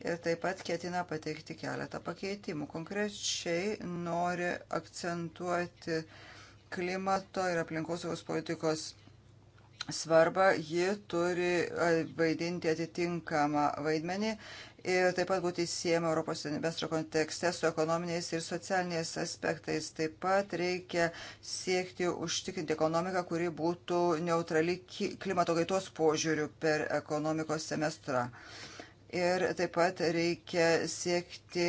ir taip pat ketina pateikti keletą pakeitimų. Konkrečiai nori akcentuoti klimato ir aplinkosaugos politikos svarbą, ji turi vaidinti atitinkamą vaidmenį ir taip pat būti siejama Europos semestro kontekste su ekonominiais ir socialiniais aspektais. Taip pat reikia siekti užtikrinti ekonomiką, kuri būtų neutrali klimato kaitos požiūrių per ekonomikos semestrą. Ir taip pat reikia siekti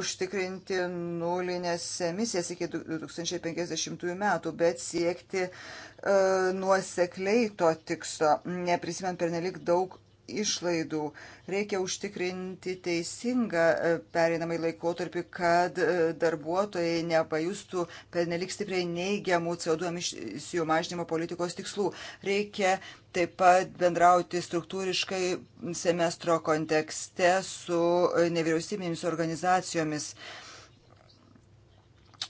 užtikrinti nulinės emisijas iki 2050 metų, bet siekti uh, nuosekliai to tikslo, neprisimant per nelik daug išlaidų. Reikia užtikrinti teisingą e, pereinamąjį laikotarpį, kad e, darbuotojai nepajustų pernelik stipriai neigiamų CO2 emisijų mažinimo politikos tikslų. Reikia taip pat bendrauti struktūriškai semestro kontekste su e, nevyriausybinėmis organizacijomis.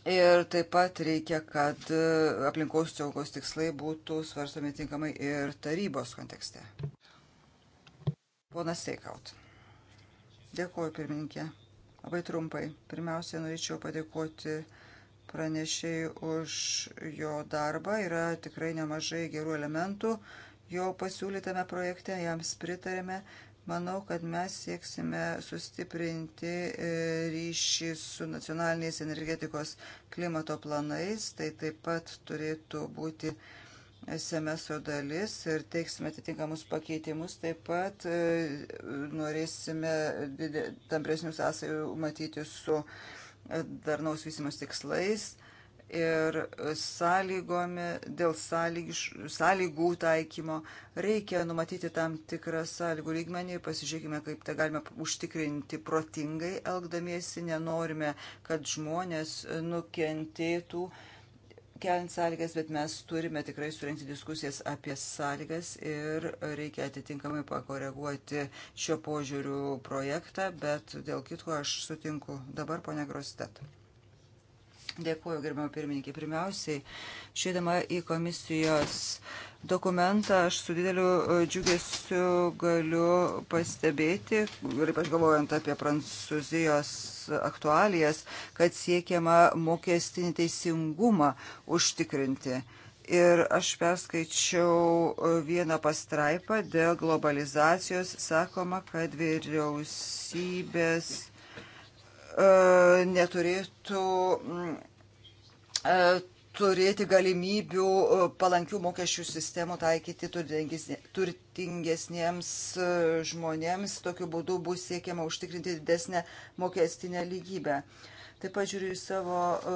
Ir taip pat reikia, kad aplinkos saugos tikslai būtų svarstomi tinkamai ir tarybos kontekste. Ponas Teikaut. Dėkuoju, pirmininkė. Labai trumpai. Pirmiausia, norėčiau padėkoti pranešėjai už jo darbą. Yra tikrai nemažai gerų elementų jo pasiūlytame projekte, jams pritarėme. Manau, kad mes sieksime sustiprinti e, ryšį su nacionaliniais energetikos klimato planais. Tai taip pat turėtų būti uh, SMS dalis ir teiksime atitinkamus pakeitimus. Taip pat e, norėsime tampresnių sąsajų matyti su e, darnaus vysimos tikslais ir sąlygomi, dėl sąlygiš, sąlygų taikymo reikia numatyti tam tikrą sąlygų lygmenį ir pasižiūrėkime, kaip tą galime užtikrinti protingai elgdamiesi. Nenorime, kad žmonės nukentėtų uh, keliant sąlygas, bet mes turime tikrai surinkti diskusijas apie sąlygas ir reikia atitinkamai pakoreguoti šio požiūrių projektą, bet dėl kitko aš sutinku dabar, ponia Grostet. Dėkuoju, gerbiamo pirmininkė. Pirmiausiai, šėdama į komisijos dokumentą, aš su dideliu e, džiugesiu galiu pastebėti, ir ypač galvojant apie Prancūzijos aktualijas, kad siekiama mokestinį teisingumą užtikrinti. Ir aš perskaičiau e, vieną pastraipą dėl globalizacijos. Sakoma, kad vyriausybės E, neturėtų mm, e, turėti galimybių e, palankių mokesčių sistemų taikyti turtingesniems žmonėms. Tokiu būdu bus siekiama užtikrinti didesnę mokestinę lygybę. Taip pat žiūriu į savo e,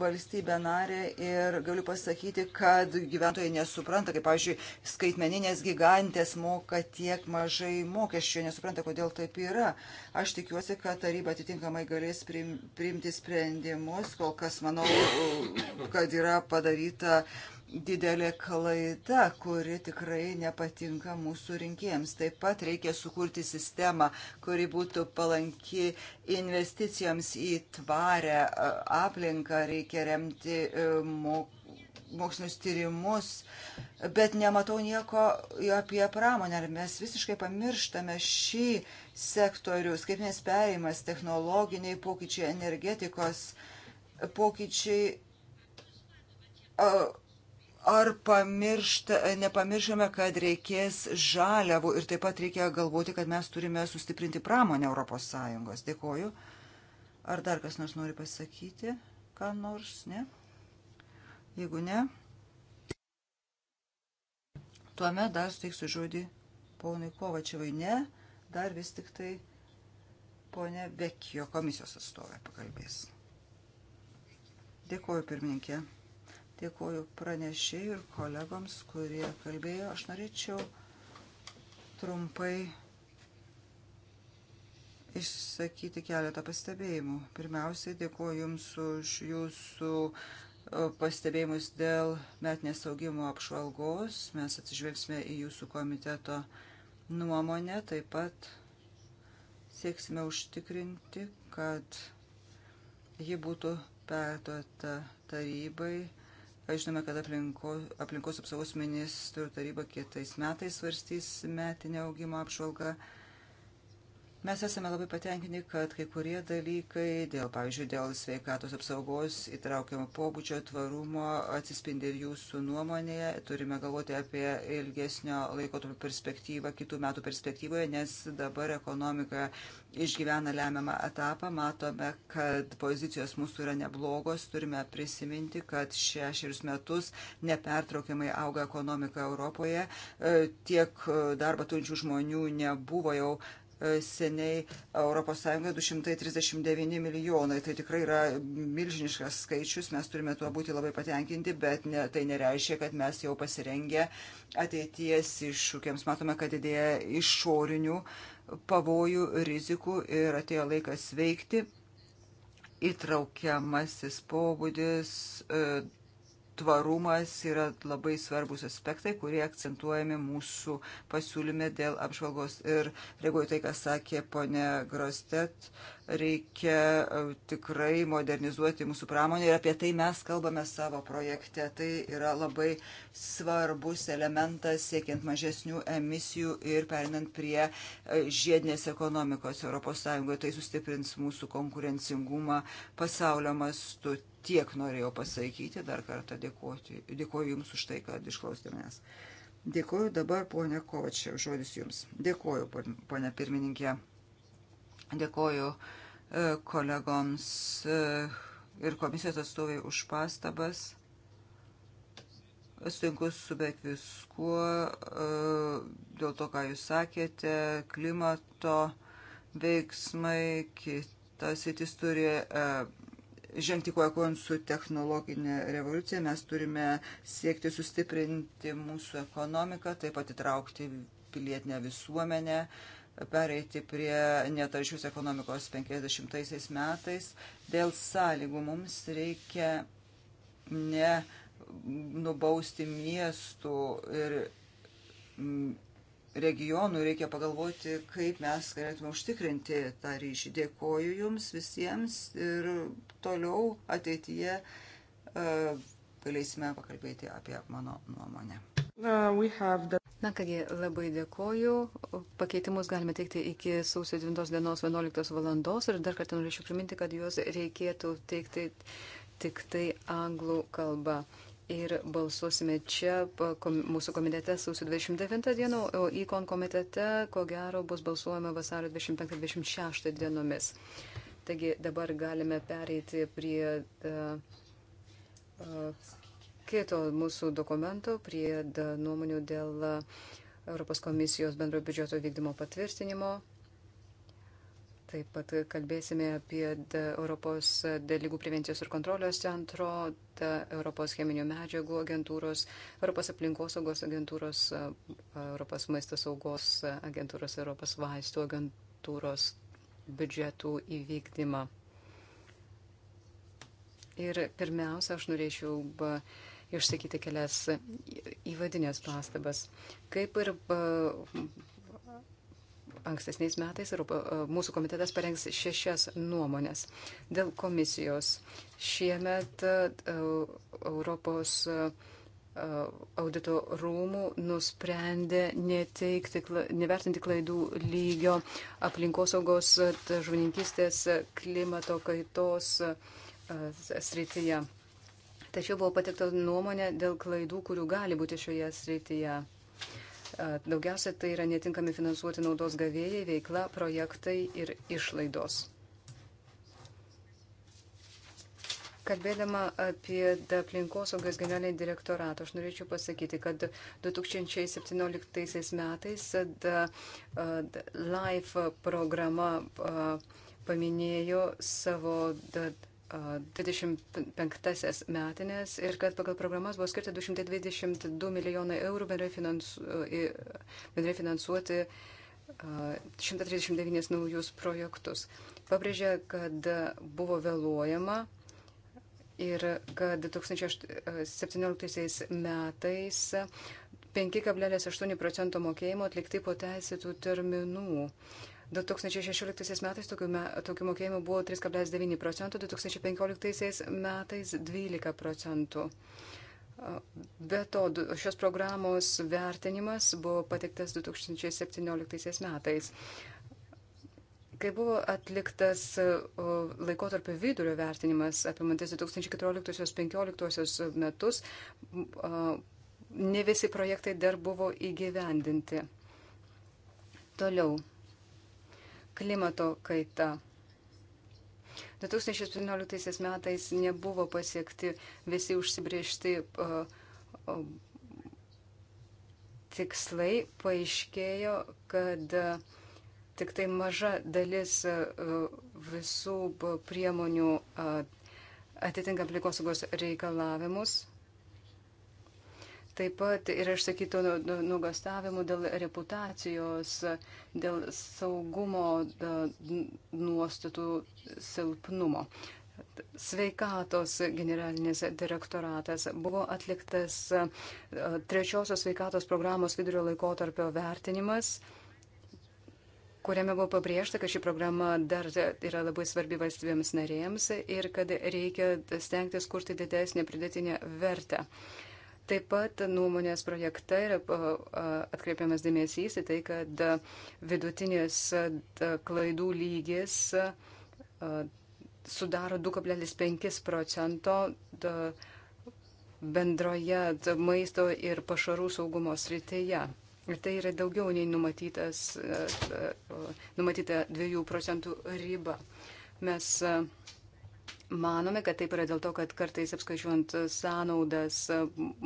valstybę narę ir galiu pasakyti, kad gyventojai nesupranta, kaip, pavyzdžiui, skaitmeninės gigantės moka tiek mažai mokesčių, nesupranta, kodėl taip yra. Aš tikiuosi, kad taryba atitinkamai galės priimti sprendimus, kol kas manau, kad yra padaryta didelė klaida, kuri tikrai nepatinka mūsų rinkėjams. Taip pat reikia sukurti sistemą, kuri būtų palanki investicijoms į tvarę aplinką, reikia remti e, mokymą mokslinius tyrimus, bet nematau nieko apie pramonę. Ar mes visiškai pamirštame šį sektorių, skaitmės perėjimas, technologiniai pokyčiai, energetikos pokyčiai. Ar pamiršta, nepamiršame, kad reikės žaliavų ir taip pat reikia galvoti, kad mes turime sustiprinti pramonę Europos Sąjungos. Dėkoju. Ar dar kas nors nori pasakyti, ką nors, ne? Jeigu ne, tuomet dar steiksiu žodį ponui Kovačiavai. Ne, dar vis tik tai ponė Bekijo komisijos atstovė pakalbės. Dėkoju, pirmininkė. Dėkuoju pranešėjai ir kolegoms, kurie kalbėjo. Aš norėčiau trumpai išsakyti keletą pastebėjimų. Pirmiausiai dėkuoju Jums už Jūsų e, pastebėjimus dėl metinės augimo apžvalgos. Mes atsižvelgsime į Jūsų komiteto nuomonę. Taip pat sieksime užtikrinti, kad ji būtų perduota tarybai Žinome, kad aplinko, aplinkos apsaugos ministrų taryba kitais metais svarstys metinę augimo apžvalgą. Mes esame labai patenkinti, kad kai kurie dalykai, dėl, pavyzdžiui, dėl sveikatos apsaugos įtraukiamo pobūdžio tvarumo atsispindi ir jūsų nuomonėje. Turime galvoti apie ilgesnio laiko perspektyvą, kitų metų perspektyvoje, nes dabar ekonomika išgyvena lemiamą etapą. Matome, kad pozicijos mūsų yra neblogos. Turime prisiminti, kad šešerius metus nepertraukiamai auga ekonomika Europoje. E, tiek darbą turinčių žmonių nebuvo jau seniai ES 239 milijonai. Tai tikrai yra milžiniškas skaičius, mes turime tuo būti labai patenkinti, bet ne, tai nereiškia, kad mes jau pasirengę ateities iššūkiams. Matome, kad didėja išorinių pavojų, rizikų ir atėjo laikas veikti. Įtraukiamasis pobūdis, e, tvarumas yra labai svarbus aspektai, kurie akcentuojami mūsų pasiūlyme dėl apžvalgos. Ir reaguoju tai, ką sakė ponė Grostet, reikia e, tikrai modernizuoti mūsų pramonę ir apie tai mes kalbame savo projekte. Tai yra labai svarbus elementas siekiant mažesnių emisijų ir perinant prie e, žiedinės ekonomikos ES. Tai sustiprins mūsų konkurencingumą pasaulio mastu. Tiek norėjau pasakyti, dar kartą dėkoti. dėkoju Jums už tai, kad išklausėte manęs. Dėkoju dabar, ponia Kovačia, žodis Jums. Dėkoju, ponia pirmininkė. Dėkoju E, kolegoms e, ir komisijos atstovai už pastabas. Sutinku su beveik viskuo e, dėl to, ką jūs sakėte, klimato veiksmai, kitas įtis turi žengti kojon su technologinė revoliucija. Mes turime siekti sustiprinti mūsų ekonomiką, taip pat įtraukti pilietinę visuomenę. Uh, pereiti prie netaršius ekonomikos 50 metais. Dėl sąlygų mums reikia ne nubausti miestų ir mm, regionų, reikia pagalvoti, kaip mes galėtume užtikrinti tą ryšį. Dėkoju Jums visiems ir toliau ateityje e, galėsime pakalbėti apie mano nuomonę. Uh, Na kągi, labai dėkoju. Pakeitimus galime teikti iki sausio 9 dienos 11 valandos ir dar kartą norėčiau priminti, kad juos reikėtų teikti tik tai anglų kalba. Ir balsuosime čia mūsų komitete sausio 29 dieną, o įkon komitete, ko gero, bus balsuojama vasario 25-26 dienomis. Taigi dabar galime pereiti prie. Uh, uh, kito mūsų dokumento prie nuomonių dėl e, Europos komisijos bendro biudžeto vykdymo patvirtinimo. Taip pat kalbėsime apie Europos lygų prevencijos ir kontrolės centro, Europos cheminių medžiagų agentūros, Europos aplinkosaugos agentūros, e, Europos maisto saugos agentūros, Europos vaistų agentūros biudžetų įvykdymą. Ir pirmiausia, aš norėčiau išsakyti kelias įvadinės pastabas. Kaip ir e, ankstesniais metais e, mūsų komitetas parengs šešias nuomonės dėl komisijos. Šiemet e, Europos audito rūmų nusprendė neteikti, nevertinti klaidų lygio aplinkosaugos, žuvininkistės, klimato kaitos srityje. Tačiau buvo patikta nuomonė dėl klaidų, kurių gali būti šioje srityje. Daugiausia tai yra netinkami finansuoti naudos gavėjai, veikla, projektai ir išlaidos. Kalbėdama apie aplinkosaugos generalinį direktoratą, aš norėčiau pasakyti, kad 2017 metais da, da, LIFE programa a, paminėjo savo da, 25-asias metinės ir kad pagal programas buvo skirta 222 milijonai eurų bendrai, finansu, bendrai finansuoti 139 naujus projektus. Pabrėžė, kad buvo vėluojama ir kad 2017 metais 5,8 procento mokėjimo atlikti po teisėtų terminų. Uh, 2016 metais tokių, me, tokių mokėjimų buvo 3,9 procentų, 2015 metais 12 procentų. Be to, šios programos vertinimas buvo pateiktas 2017 metais. Kai buvo atliktas laikotarpio vidurio vertinimas apimantis 2014-2015 metus, ne visi projektai dar buvo įgyvendinti. Toliau klimato kaita. 2017 metais nebuvo pasiekti visi užsibriežti tikslai, paaiškėjo, kad tik tai maža dalis visų priemonių atitinka aplikosaugos reikalavimus. Taip pat yra išsakytų nugastavimų nu, dėl reputacijos, dėl saugumo nuostatų silpnumo. Sveikatos generalinis direktoratas buvo atliktas e, trečiosios sveikatos programos vidurio laikotarpio vertinimas kuriame buvo pabrėžta, kad ši programa dar yra labai svarbi valstybėms narėms ir kad reikia stengtis kurti didesnę pridėtinę vertę. Uh, Taip pat nuomonės projekte yra atkreipiamas dėmesys į tai, kad vidutinės klaidų lygis sudaro 2,5 procento bendroje maisto ir pašarų saugumo srityje. Ir tai yra daugiau nei numatytas, numatyta 2 procentų riba. Mes Manome, kad taip yra dėl to, kad kartais apskaičiuojant sąnaudas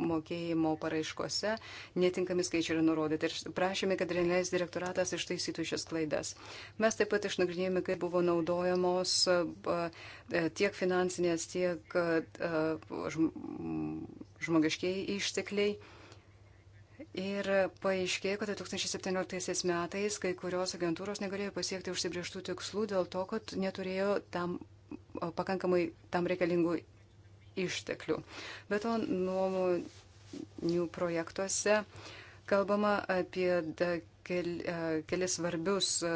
mokėjimo paraiškose netinkami skaičiai yra nurodyti. Ir prašėme, kad Renės direktoratas ištaisytų šias klaidas. Mes taip pat išnagrinėjome, kaip buvo naudojamos tiek finansinės, tiek žmogiškiai ištekliai. Ir paaiškėjo, kad 2017 metais kai kurios agentūros negalėjo pasiekti užsibrieštų tikslų dėl to, kad neturėjo tam pakankamai tam reikalingų išteklių. Be to, nuomonių projektuose kalbama apie e, kelis svarbius e,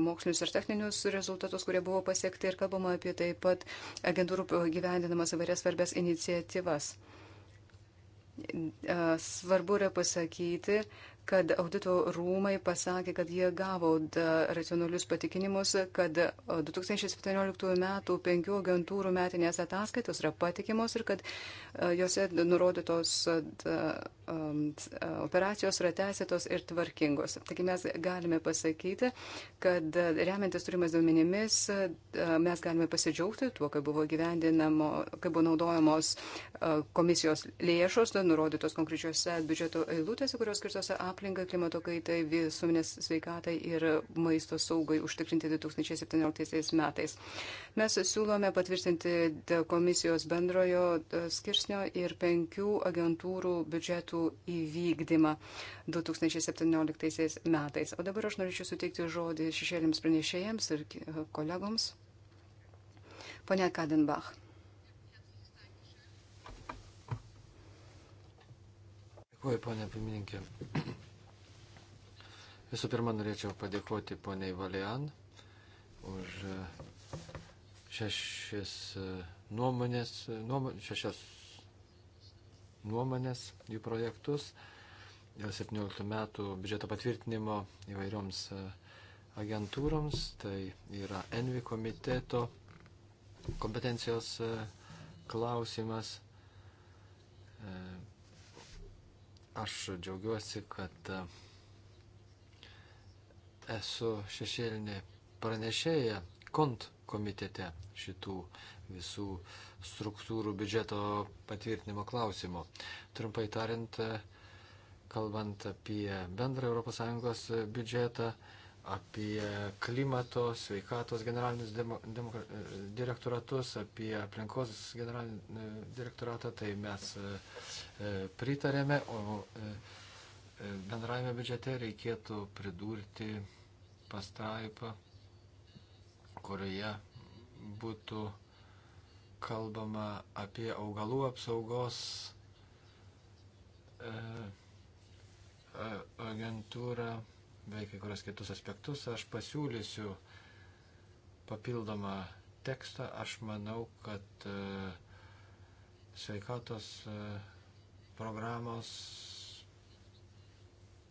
mokslinius ir techninius rezultatus, kurie buvo pasiekti ir kalbama apie taip pat agentūrų gyvendinamas įvairias svarbias iniciatyvas. E, svarbu yra pasakyti, kad audito rūmai pasakė, kad jie gavo racionalius patikinimus, kad 2017 m. penkių agentūrų metinės ataskaitos yra patikimos ir kad e, jose nurodytos um, operacijos yra teisėtos ir tvarkingos. Taigi mes galime pasakyti, kad remiantis turimas duomenimis mes galime pasidžiaugti tuo, kaip buvo gyvendinamo, kaip buvo naudojamos e, komisijos lėšos, nurodytos konkrečiose biudžeto eilutėse, kurios skirtose apsaugos aplinkai, klimato kaitai, visuomenės sveikatai ir maisto saugai užtikrinti 2017 metais. Mes siūlome patvirtinti komisijos bendrojo skirsnio ir penkių agentūrų biudžetų įvykdymą 2017 metais. O dabar aš norėčiau suteikti žodį šešėlėms pranešėjams ir e, kolegoms. Pone Kadenbach. Dėkuoju, ponė pirmininkė. Visų pirma, norėčiau padėkoti poniai Valian už e, šešis e, nuomonės, e, nuomonės, šešias nuomonės jų projektus dėl 17 metų biudžeto patvirtinimo įvairioms agentūroms. Tai yra Envi komiteto kompetencijos klausimas. Aš džiaugiuosi, kad esu šešėlinė pranešėja kont komitete šitų visų struktūrų biudžeto patvirtinimo klausimų. Trumpai tariant, kalbant apie bendrą ES biudžetą, apie klimato, sveikatos generalinius direktoratus, apie aplinkos generalinį e, direktoratą, tai mes e, e, pritarėme, o Bendraime biudžete reikėtų pridurti pastraipą, kurioje būtų kalbama apie augalų apsaugos e, agentūrą, bei kai kurias kitus aspektus. Aš pasiūlysiu papildomą tekstą. Aš manau, kad e, sveikatos e, programos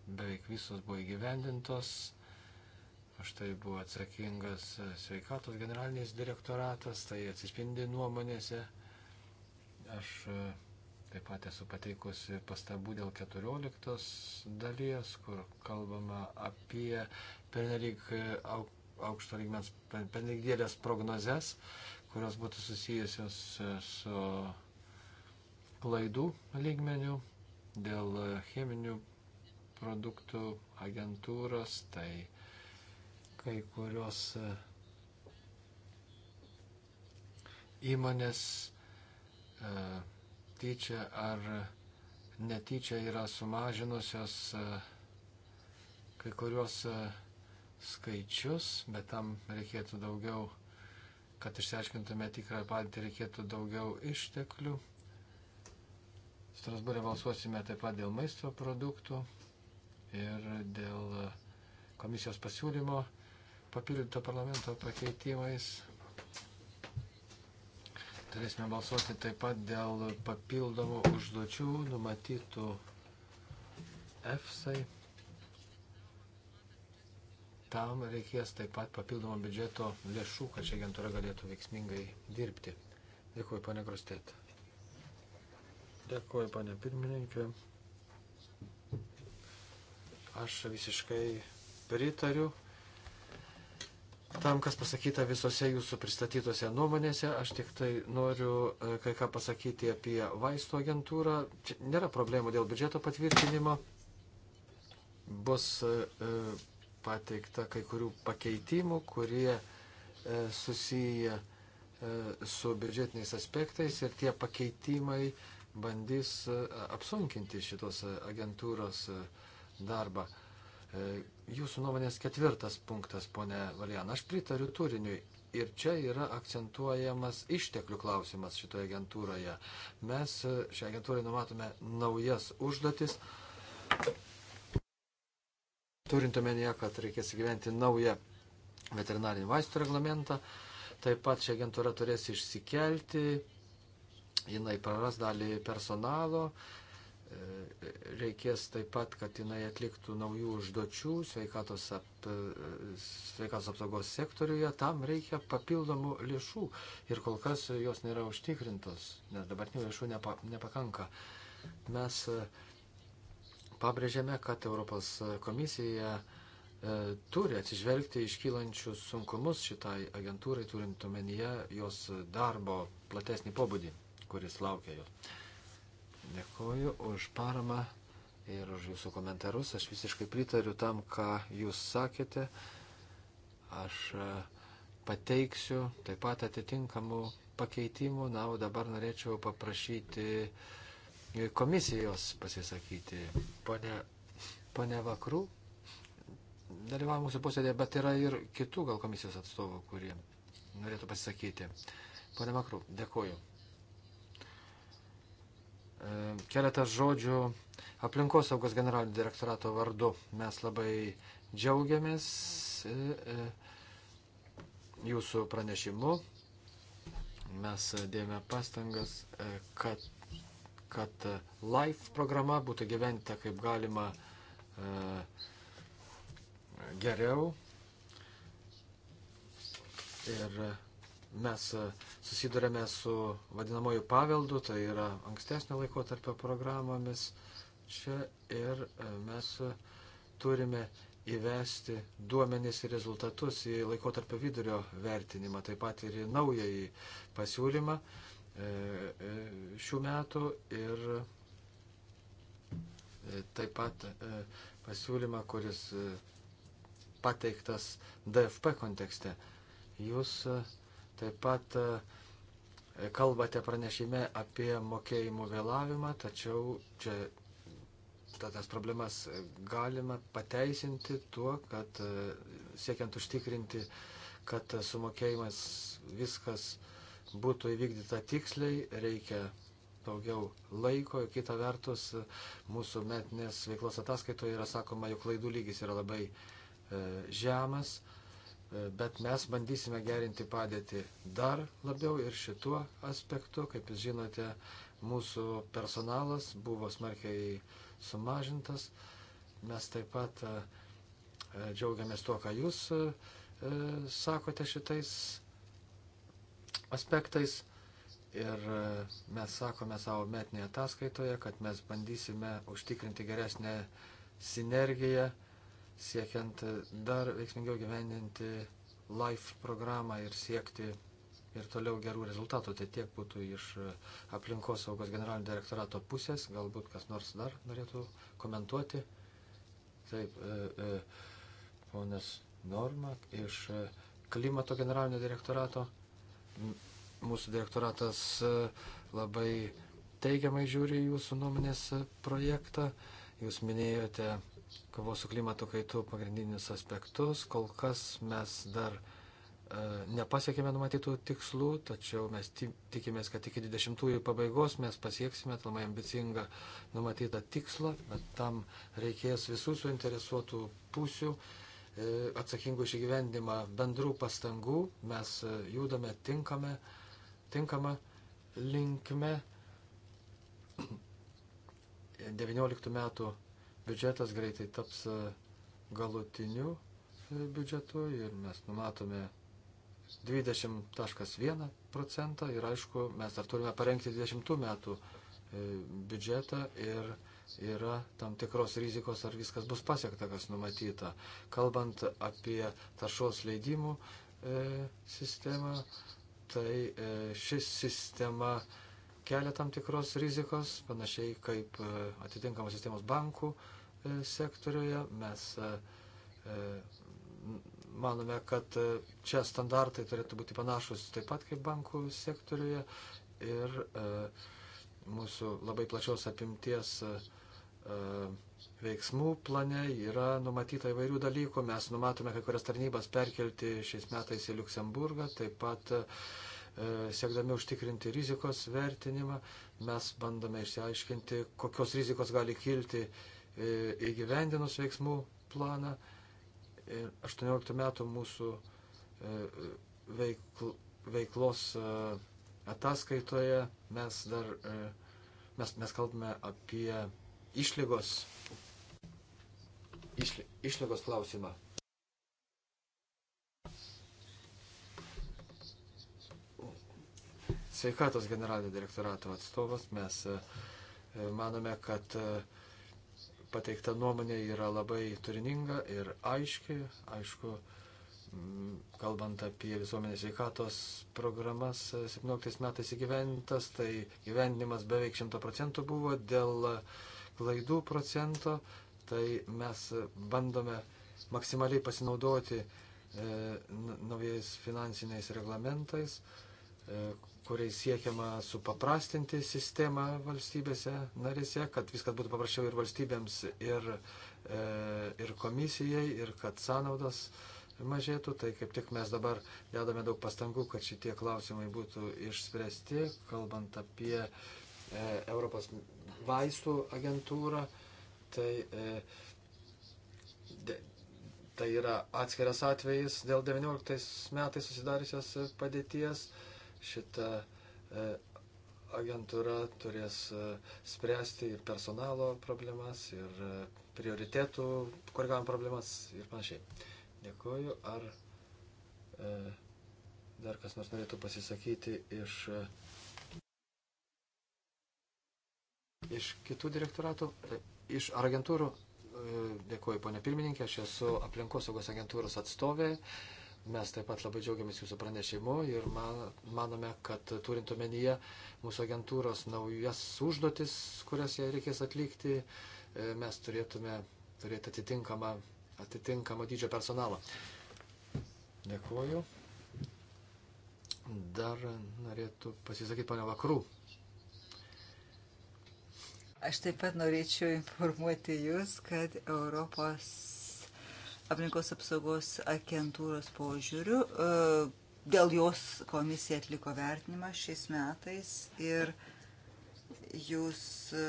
beveik visos buvo įgyvendintos. Aš tai buvo atsakingas e, sveikatos generalinis direktoratas, tai atsispindi nuomonėse. Aš e, taip pat esu pateikusi pastabų dėl 14 dalies, kur kalbama apie pernelyg e, aukšto lygmens, pernelyg dėlės prognozes, kurios būtų susijusios su klaidų lygmeniu dėl cheminių produktų agentūros, tai kai kurios e, įmonės e, tyčia ar netyčia yra sumažinusios e, kai kuriuos skaičius, bet tam reikėtų daugiau, kad išsiaiškintume tikrą padėtį, reikėtų daugiau išteklių. Strasbūrė balsuosime taip pat dėl maisto produktų ir dėl komisijos pasiūlymo papildyto parlamento pakeitimais. Turėsime balsuoti taip pat dėl papildomų užduočių numatytų EFSAI. Tam reikės taip pat papildomo biudžeto lėšų, kad ši agentūra galėtų veiksmingai dirbti. Dėkuoju, ponė Grostėt. Dėkuoju, ponė pirmininkė. Aš visiškai pritariu tam, kas pasakyta visose jūsų pristatytose nuomonėse. Aš tik tai noriu e, kai ką pasakyti apie vaistų agentūrą. Čia nėra problemų dėl biudžeto patvirtinimo. Bus e, e, pateikta kai kurių pakeitimų, kurie susiję su biudžetiniais aspektais ir tie pakeitimai bandys apsunkinti šitos agentūros uh, darbą. E, jūsų nuomonės ketvirtas punktas, ponė Valian, aš pritariu turiniui. Ir čia yra akcentuojamas išteklių klausimas šitoje agentūroje. Mes e, šią agentūrą numatome naujas užduotis. Turint omenyje, kad reikės gyventi naują veterinarinį vaistų reglamentą, taip pat ši agentūra turės išsikelti, jinai praras dalį personalo reikės taip pat, kad jinai atliktų naujų užduočių sveikatos, ap, sveikatos apsaugos sektoriuje, tam reikia papildomų lėšų ir kol kas jos nėra užtikrintos, nes dabartinių lėšų nepa, nepakanka. Mes e, pabrėžėme, kad Europos komisija e, turi atsižvelgti iškylančius sunkumus šitai agentūrai, turint omenyje jos darbo platesnį pobūdį, kuris laukia jos. Dėkoju už paramą ir už jūsų komentarus. Aš visiškai pritariu tam, ką jūs sakėte. Aš e, pateiksiu taip pat atitinkamų pakeitimų. Na, o dabar norėčiau paprašyti e, komisijos pasisakyti. Pone, pone Vakrų, dalyvavo mūsų posėdėje, bet yra ir kitų gal komisijos atstovų, kurie norėtų pasisakyti. Pone Vakrų, dėkoju. E, keletas žodžių aplinkosaugos generalinio direktorato vardu. Mes labai džiaugiamės e, e, jūsų pranešimu. Mes dėjome pastangas, kad, kad LIFE programa būtų gyventa kaip galima geriau. Ir mes e, susidurėme su vadinamoju paveldu, tai yra ankstesnio laikotarpio programomis čia ir e, mes e, turime įvesti duomenys ir rezultatus į laikotarpio vidurio vertinimą, taip pat ir į naująjį pasiūlymą šių metų ir taip pat pasiūlymą, kuris pateiktas DFP kontekste. Jūs uh, Taip pat e, kalbate pranešime apie mokėjimų vėlavimą, tačiau čia tas problemas galima pateisinti tuo, kad e, siekiant užtikrinti, kad sumokėjimas viskas būtų įvykdyta tiksliai, reikia daugiau laiko, kita vertus mūsų metinės veiklos ataskaitoje yra sakoma, jog klaidų lygis yra labai e, žemas, bet mes bandysime gerinti padėtį dar labiau ir šituo aspektu. Kaip jūs žinote, mūsų personalas buvo smarkiai sumažintas. Mes taip pat e, e, džiaugiamės tuo, ką jūs e, sakote šitais aspektais. Ir mes sakome savo metinėje ataskaitoje, kad mes bandysime užtikrinti geresnę sinergiją siekiant dar veiksmingiau gyvendinti LIFE programą ir siekti ir toliau gerų rezultatų. Tai tiek būtų iš aplinkos saugos generalinio direktorato pusės. Galbūt kas nors dar norėtų komentuoti. Taip, e, e, ponas Norma iš klimato generalinio direktorato. Mūsų direktoratas e, labai teigiamai žiūri jūsų nuomonės e, projektą. Jūs minėjote kovos su klimato kaitu pagrindinius aspektus. Kol kas mes dar e, nepasiekėme numatytų tikslų, tačiau mes tikimės, kad iki 20-ųjų pabaigos mes pasieksime labai ambicingą numatytą tikslą, bet tam reikės visų suinteresuotų pusių e, atsakingų išgyvendimą bendrų pastangų. Mes e, judame tinkame, tinkamą linkme. 19 metų biudžetas greitai taps e, galutiniu e, biudžetu ir mes numatome 20.1 procentą ir aišku, mes dar turime parengti 20 metų e, biudžetą ir yra tam tikros rizikos, ar viskas bus pasiekta, kas numatyta. Kalbant apie taršos leidimų e, sistemą, tai e, ši sistema kelia tam tikros rizikos, panašiai kaip e, atitinkamos sistemos bankų e, E, sektoriuje. Mes e, e, manome, kad čia standartai turėtų būti panašus taip pat kaip bankų sektoriuje. Ir mūsų labai plačios apimties veiksmų plane yra numatyta įvairių dalykų. Mes numatome kai kurias tarnybas perkelti šiais metais į Luksemburgą, taip pat siekdami užtikrinti rizikos vertinimą, mes bandome išsiaiškinti, kokios rizikos gali kilti E, įgyvendinus veiksmų planą. E, Ir 18 metų mūsų e, veikl, veiklos ataskaitoje mes dar mes, mes kalbame apie išlygos, išly, išlygos klausimą. sveikatos generalinio direktorato atstovas, mes manome, kad pateikta nuomonė yra labai turininga ir aiški. Aišku, kalbant apie visuomenės veikatos programas 17 e, metais įgyvendintas, tai gyvendinimas beveik 100 procentų buvo dėl klaidų procento, tai mes bandome maksimaliai pasinaudoti e, naujais finansiniais reglamentais. E, E, kuriais siekiama supaprastinti sistemą valstybėse narėse, kad viskas būtų paprasčiau ir valstybėms, ir, e, ir komisijai, ir kad sąnaudos mažėtų. Tai kaip tik mes dabar dedame daug pastangų, kad šitie klausimai būtų išspręsti, kalbant apie e, Europos vaistų agentūrą. Tai, tai yra atskiras atvejis dėl 19 metais susidariusios padėties šita e, agentūra turės e, spręsti ir personalo problemas, ir e, prioritėtų koregavimo problemas ir panašiai. Dėkuoju. Ar e, dar kas nors norėtų pasisakyti iš, iš kitų direktoratų, iš agentūrų? Dėkuoju, ponė pirmininkė, aš esu aplinkosaugos agentūros atstovė. E, Mes taip pat labai džiaugiamės jūsų pranešimu ir man, manome, kad turint omenyje mūsų agentūros naujas užduotis, kurias jai reikės atlikti, e, mes turėtume turėti atitinkamą, atitinkamą dydžio personalą. Dėkuoju. Dar norėtų pasisakyti ponia Vakarų. Aš taip pat norėčiau informuoti Jūs, kad Europos aplinkos apsaugos agentūros požiūrių. E, dėl jos komisija atliko vertinimą šiais metais ir jūs e,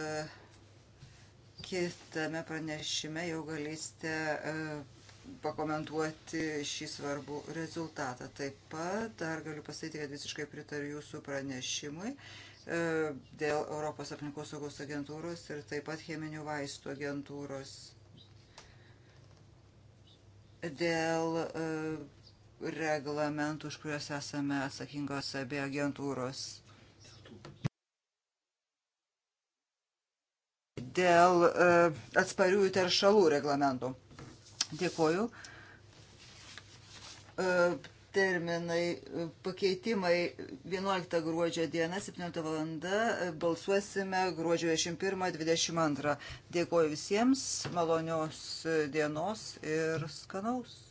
kitame pranešime jau galėsite e, pakomentuoti šį svarbų rezultatą. Taip pat dar galiu pasakyti, kad visiškai pritariu jūsų pranešimui dėl Europos aplinkos saugos agentūros ir taip pat cheminių vaistų agentūros dėl e, reglamentų, už kuriuos esame atsakingos abie agentūros. Dėl e, atspariųjų teršalų reglamentų. Dėkoju e, terminai, e, pakeitimai 11 gruodžio dieną, 17 valanda, e, balsuosime gruodžio 21-22. Dėkuoju visiems, malonios e, dienos ir skanaus.